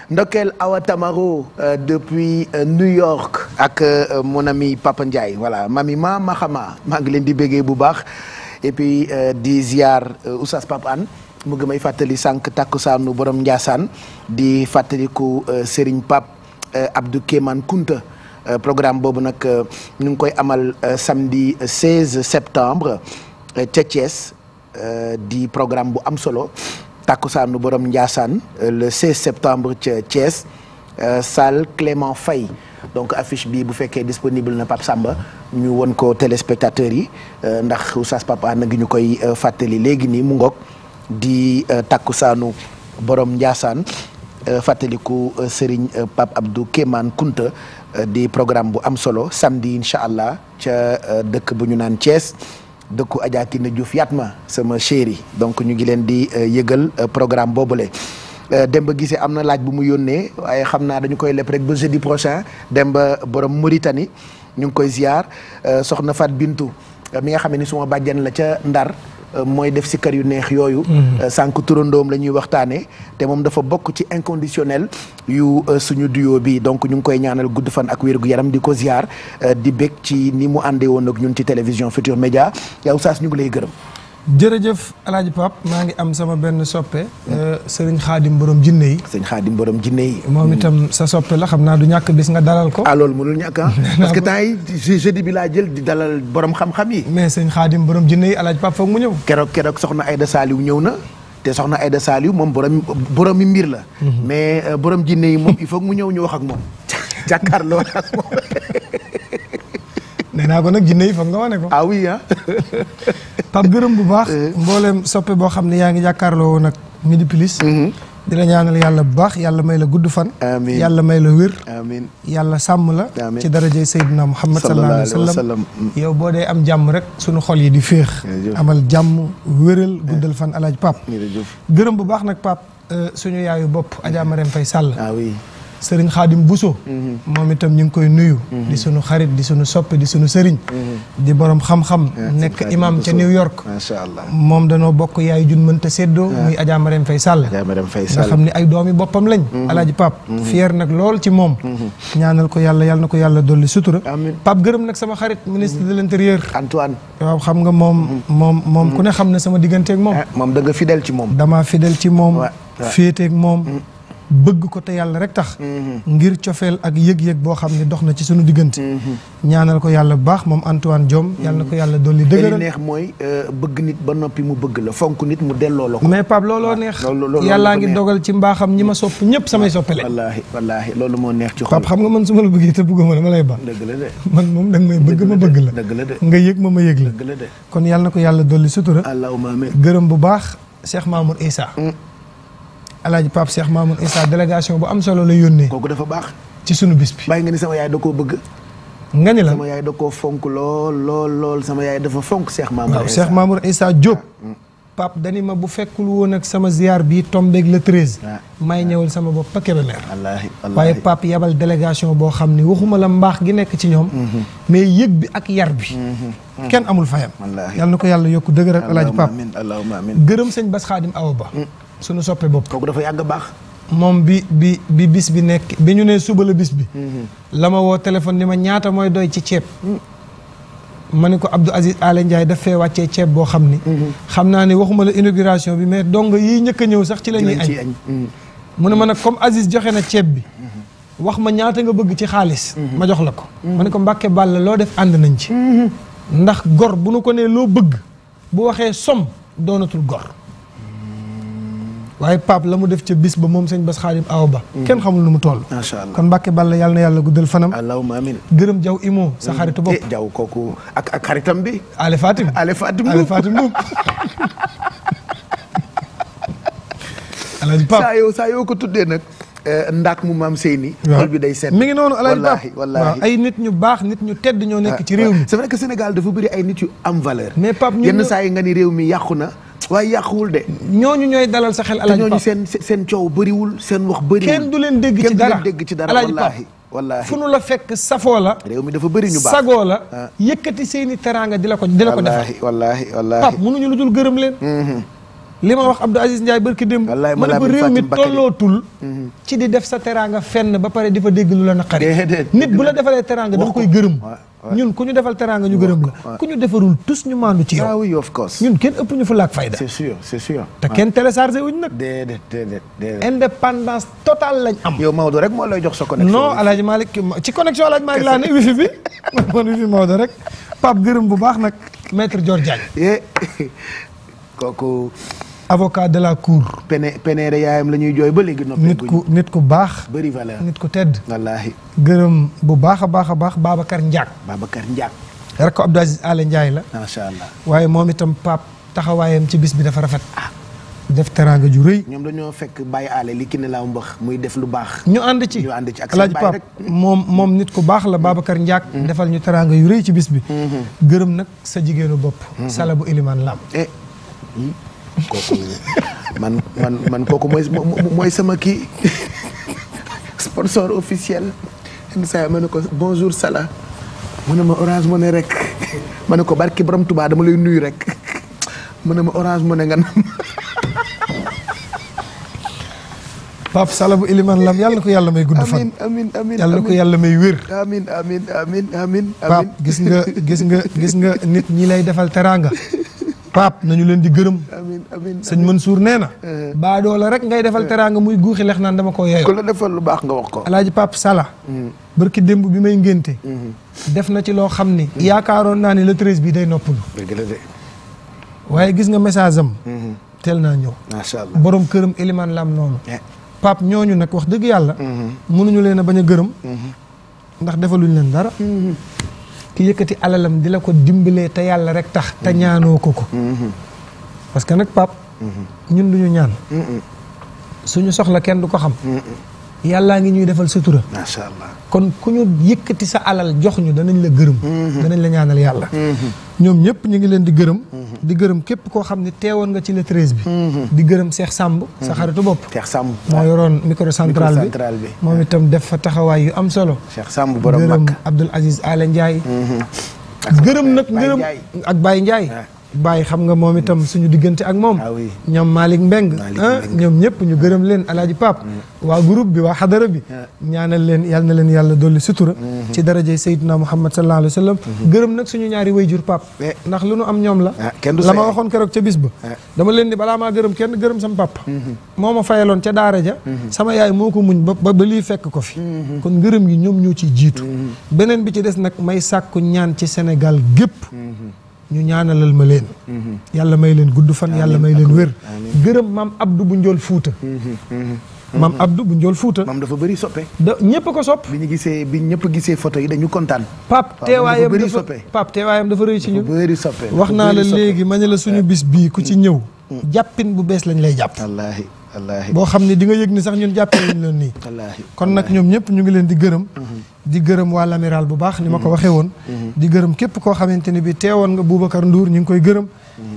S1: ndokkeel Awa Tamaro euh, depuis euh, New York ak euh, mon ami Papa Ndiaye voilà mami ma ma xama maa ngi leen di béggee bu baax et puis euh, di ziar euh, Oustaz Pape Anne mu ngi may fàttali sànq takkusaanu borom Ndiassane di fàttaliku euh, Serigne Pape Euh, Abdou Kéman Kunta euh, programme boobu nag euh, ñu ngi koy amal samedi 16 septembre ca Thiès di programme bu am solo tàkkusaanu borom Ndiassane le 16 septembre ca Thiès salle Clément fay donc affiche bi bu fekkee disponible na Pape Samba ñu won ko téléspectateurs yi ndax oustaz Papa nag ñu koy fàttali léegi nii mu ngoog di tàkkusaanu borom Ndiassane Euh, fàttaliku euh, Serigne euh, Pape Abdou Kéman Kunta di programme bu am solo samedi incha allah ca dëkk bu ñu naan Thiès dëkku Adjaatina Diouf ma sama chéri donc ñu ngi leen di yëgal programme boobule. Demba Gisee am na laaj bu mu yónnee waaye xam naa dañu koy lepp rek ba jeudi prochain Demba borom Mauritanie ñu ngi koy ziar soxna Fat Bintu mi nga xam ne ni suma bàjjan la ca Ndar. Euh, mooy def si kër yu neex yooyu. Mhm. Euh, sànq turandoom la ñuy waxtaanee. te moom dafa bokk ci inconditionnel yu euh, suñu duo bi donc ñu ngi koy ñaanal gudd fan ak wér yaram di ko ziar di bég ci ni mu àndee woon ak ñun ci télévision Futur Média yow saas ñu ngi lay gërëm. jërëjëf alaaji Pap maa ngi am sama benn soppe euh, sëriñ xaadim borom jinne yi sëriñ xaadim borom jinne moom hmm. itam sa soppe la xam naa du ñàkk bis nga dalal ko ah loolu mënul ñàkk ah. (laughs) parce que temps yi jeudi bi laa jël di dalal borom xam-xam yi mais sëriñ xaadim borom jinne yi alaaji Pap foog mu ñëw keroog keroog soxna Ayda Saaliw ñëw na te soxna Ayda Saaliw moom borom borom mi mbir la mhm. mais euh, boroom jinne yi moom il faut mu ñëw ñu wax ak moom (laughs) jàkkaarloo ak moom (laughs) nee naa ko nag jinne yi foog nga wane ko. ah oui gërëm (laughs) bu baax. Eh. mboolem soppee boo xam ne yaa ngi jàkkaarloo woon ak Midi Plus. Mm-hmm. di la ñaanal yàlla bu baax yàlla may la gudd fan. amiin yàlla may la wér. amiin yàlla sàmm la. ci darajay Seydina Muhammad sallallahu alayhi wa sallam mm. yow boo dee am jàmm rek sunu xol yi di féex. amal jàmm wéral eh. guddal fan alaaj Pape. gërëm bu baax nag Pape euh, suñu yaayu bopp Adja fay sàll ah sëriñ Xaadim Bousso mhm. moom itam ñu ngi koy nuyu mhm. di sunu xarit di sunu soppe di suñu sëriñ mhm. di borom xam-xam nekk imam ca New York macha allah moom danoo bokk yaay jun ta seddoo muy Adja Marème Faye Sall nga xam ne ay doomi boppam lañ alaaji Pape fier nag lool ci moom ñaanal ko yàlla yàlla na ko yàlla dolli sutura Pape gërëm nag sama xarit ministre de l'intérieur Antoine waaw xam nga moom moom moom ku ne xam ne sama digganteek moom eh, moom da nga fidèle ci moom dama fidèle ci bëgg ko te yàlla rek tax ngir cofeel ak yëg-yëg boo xam ne dox na ci sunu diggante ñaanal ko yàlla bu baax moom Antoine Diome yàlla na ko yàlla dolli dëgëral neex mooy euh, bëgg nit ba noppi mu bëgg la fonk nit mu delloo mais Pape looloo neex yàllaa ngi dogal ci mbaaxam ñi ma sopp ñëpp samay soppele wallaahi wallaahi loolu moo neex ci xol xam nga man su ma la bëggee te bëgguma la ma lay ba dëgg la de man moom da nga may bëgg ma bëgg la dëgg nga yëg ma ma yëg la kon yàlla na ko yàlla dolli sutura allahumma amiin gërëm bu baax Cheikh Mamour Issa mm. alaaji Pape seex Mamoun Issa délégation bu am solo la yónnee. kooku dafa baax. ci sunu bis bi. bàyyi nga ni sama yaay da koo bëgg. nga ni la sama yaay da koo fonk lool lool lool sama yaay dafa fonk seex Mamoun. waaw Cheikh Mamoun Issa Diop. Mm. Pape dani ma bu fekkul woon ak sama ziar bi tombeeg le treize. Ah. may ah. ñëwal sama bopp pa Kébémer. wallaahi waaye Pape yabal délégation boo xam ni waxuma la mbaax gi nekk ci ñoom. Mm-hmm. mais yëg bi ak yar bi. Mm-hmm. Mm. kenn amul fayam. wallaahi yal na ko yàlla yokk dëgëral alaaji Pape. gërëm sëñ Bas Xaadim Awa Ba. Mm. sunu soppee bopp. kooku dafa yàgg baax. moom bi bi bis bi nekk bi ñu nee suba la bis bi. Mm-hmm. la ma woo téléphone ni ma ñaata mooy doy ci ceeb. ma ne ko Abdou Aziz Alé Ndiaye daf fee wàccee ceeb boo xam ni. Mm-hmm. xam naa ne waxuma la inauguration bi mais dong yii njëkk a ñëw sax ci la ñuy añ. Mm-hmm. mu ne ma nag comme Aziz joxe na ceeb bi. wax ma ñaata nga bëgg ci xaalis. ma jox la ko. ma ne ko Mbàkke Bàlla loo def ànd nañ ci. ndax gor bu nu ko nee loo bëgg. bu waxee somm doonatul gor. waaye paap la mu def ca bis ba moom sëñ Bass Xaadim Awa Ba mm. kenn xamul nu mu toll macha allah kon Mbàkke Balla yàlla na yàlla guddal fanam allahumma gërëm jaw imo sa mm. xaritu bopp eh, jaw kooku ak ak xaritam bi Ale Fatim Ale Fatim Ale Fatim (laughs) saa yoo ko tuddee nag eh, ndaak mu maam Seyni. xol bi day seet. mi ngi noonu alaaj ay nit ñu baax nit ñu tedd ñoo nekk ah, ci réew mi. Ah. sa vrai que Sénégal dafa bëri ay nit yu am valeur. mais Pape yenn saa yi nga ni réew mi yàqu na. waaye yàquwul de. ñooñu ñooy dalal sa xel alaaji Pape ñooñu seen seen coow bëriwul seen wax bëriwul. kenn du leen dégg ci dara kenn du leen dégg ci dara wallaahi wallaahi fu nu la fekk safoo la. réew mi dafa bëri ñu baax sagoo la. Ah. yëkkati teraanga di la ko di la ko defal. wallaahi wallaahi wallaahi Pape mënuñu lu dul gërëm leen. Mm-hmm. li ma wax Abdou Aziz Ndiaye barki démb ma ne ko réew mi tollootul mhm. ci di def sa teraanga fenn ba pare di fa dégg lu la naqari nit bu la defalee teraanga da nga koy gërëm ñun ku ñu defal teraanga ñu gërëm la ku ñu defarul tous ñu maandu ci yow ah oui of course ñun kenn ëpp ñu fu laak fayda c'est sûr c'est te kenn téléchargé wuñ nag déedéet déedéet indépendance totale lañ am yow Maodo rek moo lay jox sa connexion non Alaaji Malick ci connexion Alaaji Malick laa ne wifi bi man wifi Maodo rek Pape gërëm bu baax nag maître Dior Diagne eh, (laughs) avocat de la cour. pene yaayam la ñuy jooy ba léegi. nit ku nit ku baax. bëri valeur nit ku tedd. wallaahi. gërëm bu baax a baax a baax Babacar Ndiak. Babacar Ndiak. rek ko Abdou Aziz Alé Ndiaye la. macha allah waaye moom itam pap taxawaayam ci bis bi dafa rafet. ah def teraanga ju rëy. ñoom dañoo fekk Baye Alé li ki ne muy def lu baax. ñu ànd ci ñu ci ak Alaaji Pap moom moom nit ku baax la Babacar Ndiak. Mm-hmm. defal ñu teraanga yu réy ci bis bi. Mm-hmm. gërëm nag sa jigéenu bopp. Mm-hmm. Sala bu Iliman Lam. Eh. Hmm? kooku man man man kooku mooy mooy sama kii (laughs) sponsor officiel yenn saa yi ma ne ko bonjour Salah mu ne ma orange mu ne rek (laughs) ma ne ko barki borom Tuubaa dama lay nuyu rek (laughs) mu ne ma orange mu ne nga nam Pape Salah bu Iliman Lam yàlla na ko yàlla may gudd fan amiin amiin yàlla na ko yàlla may wér amiin amiin amiin amiin Pape gis nga gis nga gis nga nit ñi lay defal teraanga Pape nañu leen di gërëm. amiin amiin suur Mansour nee na. Eh. baadoo la rek ngay defal eh. teraanga muy guuxi lex naan dama ko yeeyoo. ku la defal lu baax nga wax ko. El Hadj Pape Sala. Hmm. barki démb bi may ngénte. Hmm. def na ci loo xam ni. Hmm. yaakaaroon naa ne le treize bi day nopp dëgg la waaye gis nga message am. teel naa ñëw. macha allah borom këram Eliman Lam noonu. Eh. Pape ñooñu nekk wax dëgg yàlla. mënuñu leen a bañ a gërëm. ndax defaluñ leen dara. ki yëkkati alalam di la ko dimbalee te yàlla rek tax te mm-hmm. ñaanoo ko ko mm-hmm. parce que nag pap mm-hmm. ñun duñu ñaan suñu soxla kenn du ko xam yàllaa ngi ñuy defal sutura. macha allah kon ku ñu yëkkati sa alal jox ñu danañ la gërëm. Mm-hmm. danañ la ñaanal yàlla. Mm-hmm. ñoom ñëpp ñu ngi leen di gërëm. Mm-hmm. di gërëm képp koo xam ne teewoon nga ci le treize bi. di gërëm Cheikh Samb. sa xaritu bopp Cheikh sàmb moo yoroon micro central bi moom itam def fa taxawaay yu am solo. Cheikh Samb borom Makka gërëm Abdoul Aziz Ala Ndiaye. gërëm nag gërëm ak Baye Ndiaye. bàyyi xam nga moom itam suñu diggante ak moom ah ñoom Malick ah, Mbeng ñoom ñëpp ñu gërëm leen alaaji Pape mm. waa groupe bi waa xadara bi ah. ñaanal leen yal na leen yàlla dolli sutura mm-hmm. ci darajey Seydina Muhammad sallallahu alayhi wa sallam mm-hmm. gërëm nag suñu ñaari wayjur Pape eh. ndax lu nu am ñoom la la ma waxoon keroog ca bis ba dama leen ni balaa maa gërëm kenn gërëm sam papa mm-hmm. moo ma fayaloon ca daara ja sama yaay moo ko muñ ba ba lii fekk ko fi kon ngërëm yi ñoom ñoo ciy jiitu beneen bi ci des nag may sàkku ñaan ci Sénégal gépp ñu ñaanalal ma leen mhm. yàlla may leen gudd fan yàlla may leen wér gërëm maam Abdou bu njool fuuta mhm, mhm, maam Abdou bu njool fuuta maam dafa bëri soppe da ñëpp ko sopp bi ñu gisee bi ñëpp gisee photo yi dañu kontaan pap teewaayam dafa pap teewaayam dafa rëy ci ñun bëri soppe wax naa la léegi ma la suñu eh, bis bii ku ci eh. ñëw mm. jàppin bu bees lañ lay jàpp wallaahi boo xam ne di nga yëg ni sax ñun jàppee nañ leen nii kon nag ñoom ñëpp ñu ngi leen di gërëm mm-hmm. di gërëm waa l'amiral bu baax ni ma ko mm-hmm. waxee woon mm-hmm. di gërëm képp koo xamante ni bi teewoon nga Boubacar nduur ñu ngi koy gërëm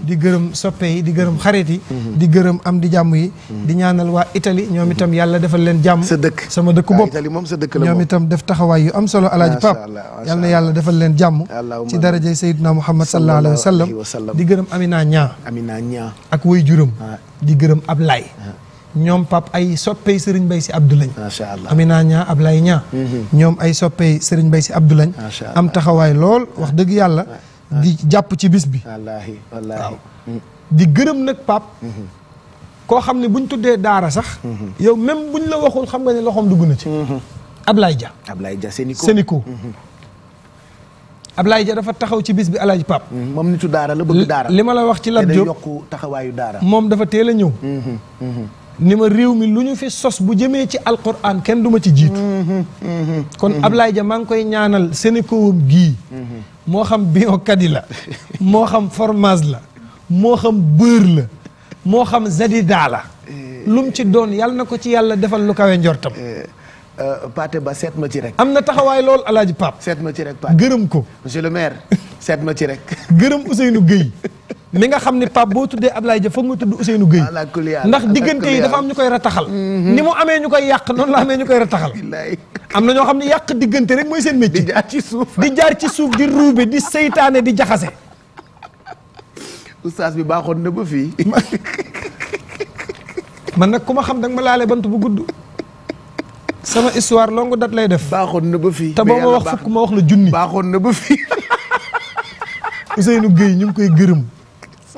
S1: di gërëm soppe yi di gërëm xarit yi di gërëm am di jàmm yi di ñaanal waa Italie ñoom itam yàlla defal leen jàmm sa dëkk sama dëkku bopp ñoom itam def taxawaay am solo alaaji Pape yàlla na yàlla defal leen jàmm ci darajay Seydina Muhammad sallallahu alayhi wa sallam di gërëm Amina Ñaa Amina Ñaa ak way juróom ah. di gërëm ab laay ah. ñoom pap ay soppey Serigne Mbaye Sy Abdou lañ. macha allah Amina Ñaa Ablaye Ñaa. Mhm. ñoom ay soppey Serigne Mbaye Sy Abdou lañ. am taxawaay lool wax dëgg yàlla. Ah. di jàpp ci bis bi. wallaahi wallaahi waaw mhm. di gërëm nag pap mhm. koo xam ne buñ tuddee daara sax. yow même buñ la waxul xam nga ne loxoom dugg na ci. Ablaye lay Ablaye Dia Sénico Sénico. Ablaye Dia dafa taxaw ci bis bi Alaaji Pap moom nitu daara la bëgg daara li ma la wax ci Lat Diop taxawaayu daara. moom dafa teel a ñëw. ni ma réew mi lu ñu fi sos bu jëmee ci alquran kenn duma ci jiitu. kon Ablaye Dia maa ngi koy ñaanal Sénékowam gii. moo xam biokadi la. moo xam fromage la. moo xam beurre la. moo xam zadida la. Eh. lu ci doon yàlla na ko ci yàlla defal lu kawe njortam. Eh. Euh, Pathé Ba seet ma ci rek. am na taxawaay lool alaaj Hadj seet ma ci rek Pape gërëm ko. monsieur le maire seet ma ci rek. (laughs) gërëm Ousseynou Gueye. mi nga xam ne Pape boo tuddee Ablaye Dia foog nga tudd Ousseynou Gueye. ndax diggante yi dafa am ñu koy rataxal. Mm-hmm. ni mu amee ñu koy yàq noonu la amee ñu koy rataxal. am na ñoo xam ne yàq diggante rek mooy seen métier. di jaar ci suuf di jaar ci suuf di ruube di seytaane di jaxase. oustaz bi baaxoon na ba fii. (laughs) man nag ku ma xam danga ma laale bant bu gudd. sama histoire longue date lay def. baaxoon na ba fii te boo ma wax fukk ma wax la junni. baaxoon na ba fii. (laughs) Ousseynou Gueye ñu ngi koy gërëm.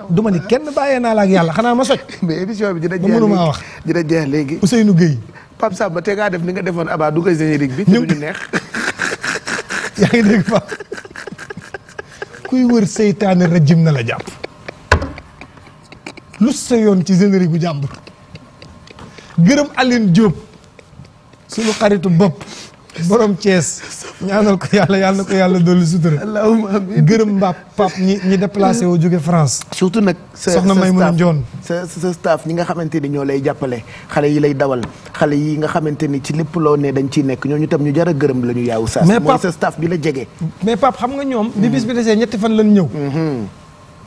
S1: du ma ni kenn bàyyee naa la ak yàlla xanaa ma soj. (laughs) mais émission bi dina jeex léegi mënuma wax. dina jeex léegi Ousseynou Gueye. Pape Samba te ngaa def ni nga defoon Aba du koy générique bi. ñu neex. (laughs) yaa ngi dégg kuy wër seytaane rajim na la jàpp. lu sa yoon ci générique bu jàmbur. gërëm Aline Diop. suñu xaritu bopp borom Thiès ñaanal ko yàlla yàlla ko yàlla dolli sutura. allahumma gërëm mbaa pap ñi ñi déplacé woo jóge France. surtout nag sa soxna may mën njoon sa sa staff ñi nga xamante ni ñoo lay jàppale xale yi lay dawal xale yi nga xamante ni ci lépp loo ne dañ ciy nekk ñooñu tam ñu jar gërëm la ñu yaawu saa. mais pap mooy sa staff bi la jege. mais pap xam nga ñoom. bi bis bi desee ñetti fan lañ ñëw. Mm-hmm.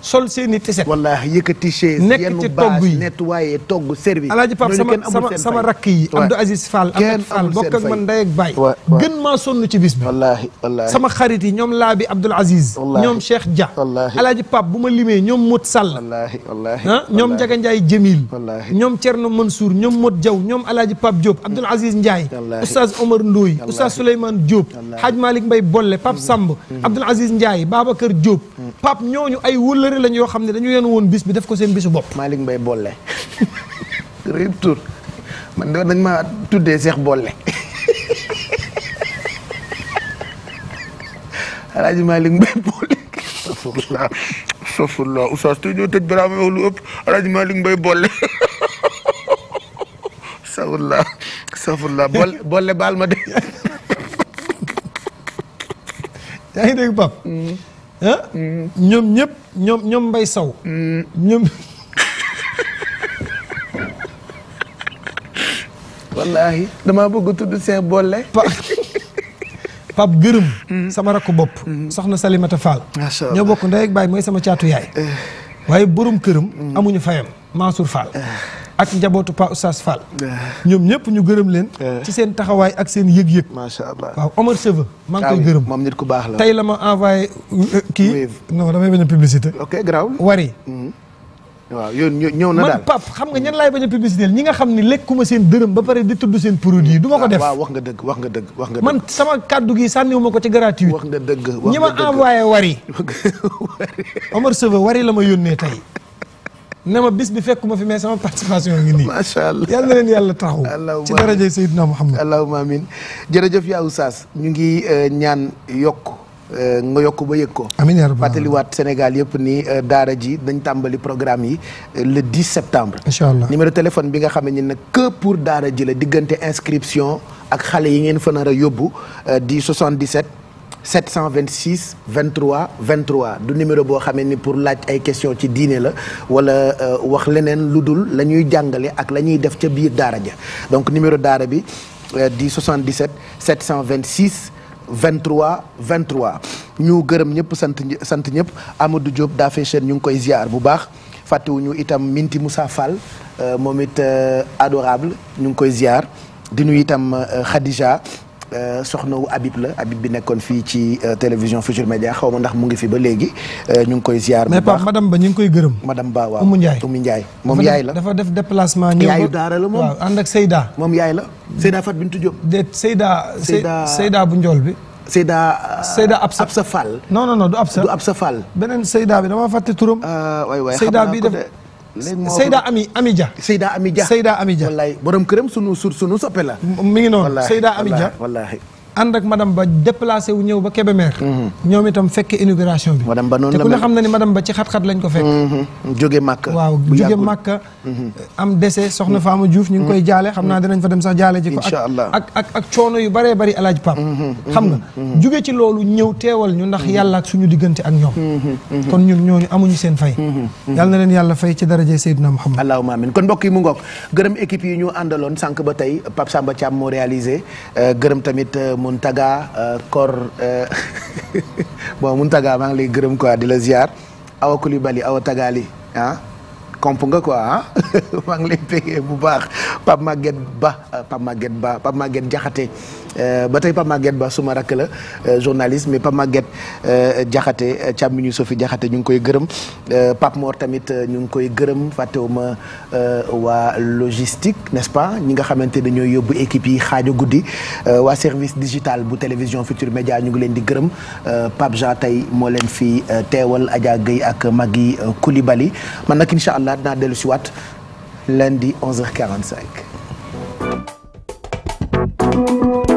S1: sol seeni tiset wallaahi yëkkati chaise nekk ci togg yi nettoyé togg service alaaji Pape sama sama rakk yi Abdou Aziz Fall Ahmed Fall bokk ak man ndey ak baay gën maa sonn ci bis bi wallaahi wallaahi sama xarit yi ñoom laabi Abdoul Aziz ñoom Cheikh Dia alaaji Pape bu ma limee ñoom Mot Sall wallaahi wallaahi ah ñoom Njaga Njaay Jamil ñoom Thierno Mansour ñoom Mot Diaw ñoom alaaji Pape Diop Abdoul Aziz Ndiaye Oustaz Omar Ndoye Oustaz Souleymane Diop Hadj Malick Mbaye Bolle Pape Samb mm-hmm. Abdoul Aziz Ndiaye Babacar Diop mm-hmm. Pape ñooñu ay wëla bëri lañ yoo xam ne dañu yeen woon bis bi def ko seen bisu bopp. Malick Mbaye Bolle. retour man de dañ ma tuddee Cheikh Bolle. alaaji Malick Mbaye tëj balaa may lu ëpp alaaji Malick Mbaye baal ma de. yaa dégg Pape. Mm. Mm. ñoom ñëpp ñoom mbay Sow. Mm. ñoom. (laughs) wallaahi damaa bëgg tudd Sèye Bolle. Pape Gërëm. Mm. sama rakk bopp. soxna Salimata Fall. macha allah ñoo bokk ndey ak baay mooy sama caatu yaay. Eh. waaye borom këram. amuñu fayam Mansour Fall. Eh. ak njabootu Pa Oustaz Fall. ñoom ñëpp ñu gërëm leen. ci seen taxawaay ak seen yëg-yëg. macha allah waaw Omar Cheveux. maa koy ah gërëm moom nit ku baax la. tey la ma envoyé euh, kii. non damay bañ publicité. ok garaaw wari. Mhm. waaw yow ñëw na daal man pap xam nga ñan laay bañ a publicité ñi nga xam ne lekkuma seen dërëm ba pare di tudd seen produit yi ma ko ah, def wax nga dëgg wax nga dëgg wax nga man sama kàddu gi sànniwuma ko ci gratuit wax nga dëgg ñi ma envoyé (laughs) wari Omar Cheveux wari la ma yónnee tey ne ma bis bi fekkuma fi mais sama participation ngi nii. macha allah yal na leen yàlla taxaw. ci daraja Seydina Muhammad. allahumma amiin jërëjëf yaa Oustaz ñu ngi euh, ñaan yokk euh, nga yokk ba yëg ko. amiin yaa Sénégal yëpp ni euh, daara ji dañ tàmbali programme yi le 10 septembre. incha allah numéro téléphone bi nga xam ne nag que pour daara ji la diggante inscription ak xale yi ngeen fa nar a yóbbu di 77. 726 23 23 du numéro boo xamee ni pour laaj ay question ci diine la wala euh, wax leneen lu dul la ñuy jàngale ak la ñuy def ca biir daara ja donc numéro daara bi euh, di 77 726 23 23 ñu gërëm ñëpp sant sant ñëpp Amadou Diop daa fee ñu ngi koy ziar bu baax fàttewu ñu itam Minti Moussa Fall euh, moom it adorable ñu ngi koy ziar di nuyu itam Khadija. Euh, soxna wu Habib la Habib bi nekkoon fii ci euh, télévision Futur Média xaw ma ndax mu ngi fi ba léegi euh, ñu ngi koy ziar. bu baax mais Pape Ba ñu ngi koy gërëm. madame Ba waaw Oumou Ndiaye Oumou Ndiaye. moom yaay la dafa def déplacement. ñëw yaayu daara la moom waaw ànd moom yaay la Seyda Fatou Bintou Diop. déet Seyda. Seyda bu njool bi. Seyda. Seyda Absa Absa Fall. non non non du Absa du Absa beneen Seyda bi dama fàtte turam. waay waay Seyda bi def. léegi Seyda Ami Ami Dia. Seyda Ami Dia Seyda Ami Dia. borom këram sunu sunu soppe la. mi ngi noonu Seyda Ami Dia wallaahi ànd ak madame ba déplacé wu ñëw ba Kébémer mm-hmm. ñoom itam fekke inauguration bi te ku ne xam na ni madame ba ci xat-xat lañ ko fekk mm-hmm. jóge màkk waaw jóge màkk mm-hmm. am décès soxna Fama Diouf ñu ngi koy jaale xam naa dinañ fa dem sax jaale ji ko ak ak ak coono yu bare bari alaaj pap xam nga jóge ci loolu ñëw teewal ñu ndax yàlla ak suñu diggante ak ñoom kon ñun ñooñu amuñu seen fay yàlla na leen yàlla fay ci daraje Seydina Muhammad allahumma amin kon mbokk yi mu ngoog gërëm équipe yi sànq ba tey Pape Samba Thiam moo réalisé euh, gërëm tamit euh, taga euh, Kor euh, (laughs) bon Muntaga maa ngi lay gërëm quoi di la ziar Awa Awa Tagali ah komp nga quoi ah (laughs) maa ngi bu baax Pape Maguette Ba euh, Pape Maguette Ba Pape Maguette Diakhaté Euh, ba tey Pape Maguette Ba suma rakk la euh, journaliste mais Pape Maguette euh, Diakhaté càmmiñu fi Diakhaté ñu ngi koy gërëm Pape Mor tamit ñu ngi koy gërëm fàttewuma waa logistique n'est-ce pas ñi nga xamante ne ñooy yóbbu équipe yi xaajo guddi waa service digital bu télévision Futur Média ñu ngi leen di gërëm Pape Jean tey moo leen fi teewal Adja yi ak mag Magui Koulibaly man nag incha allah naa dellu si leen di 11h45.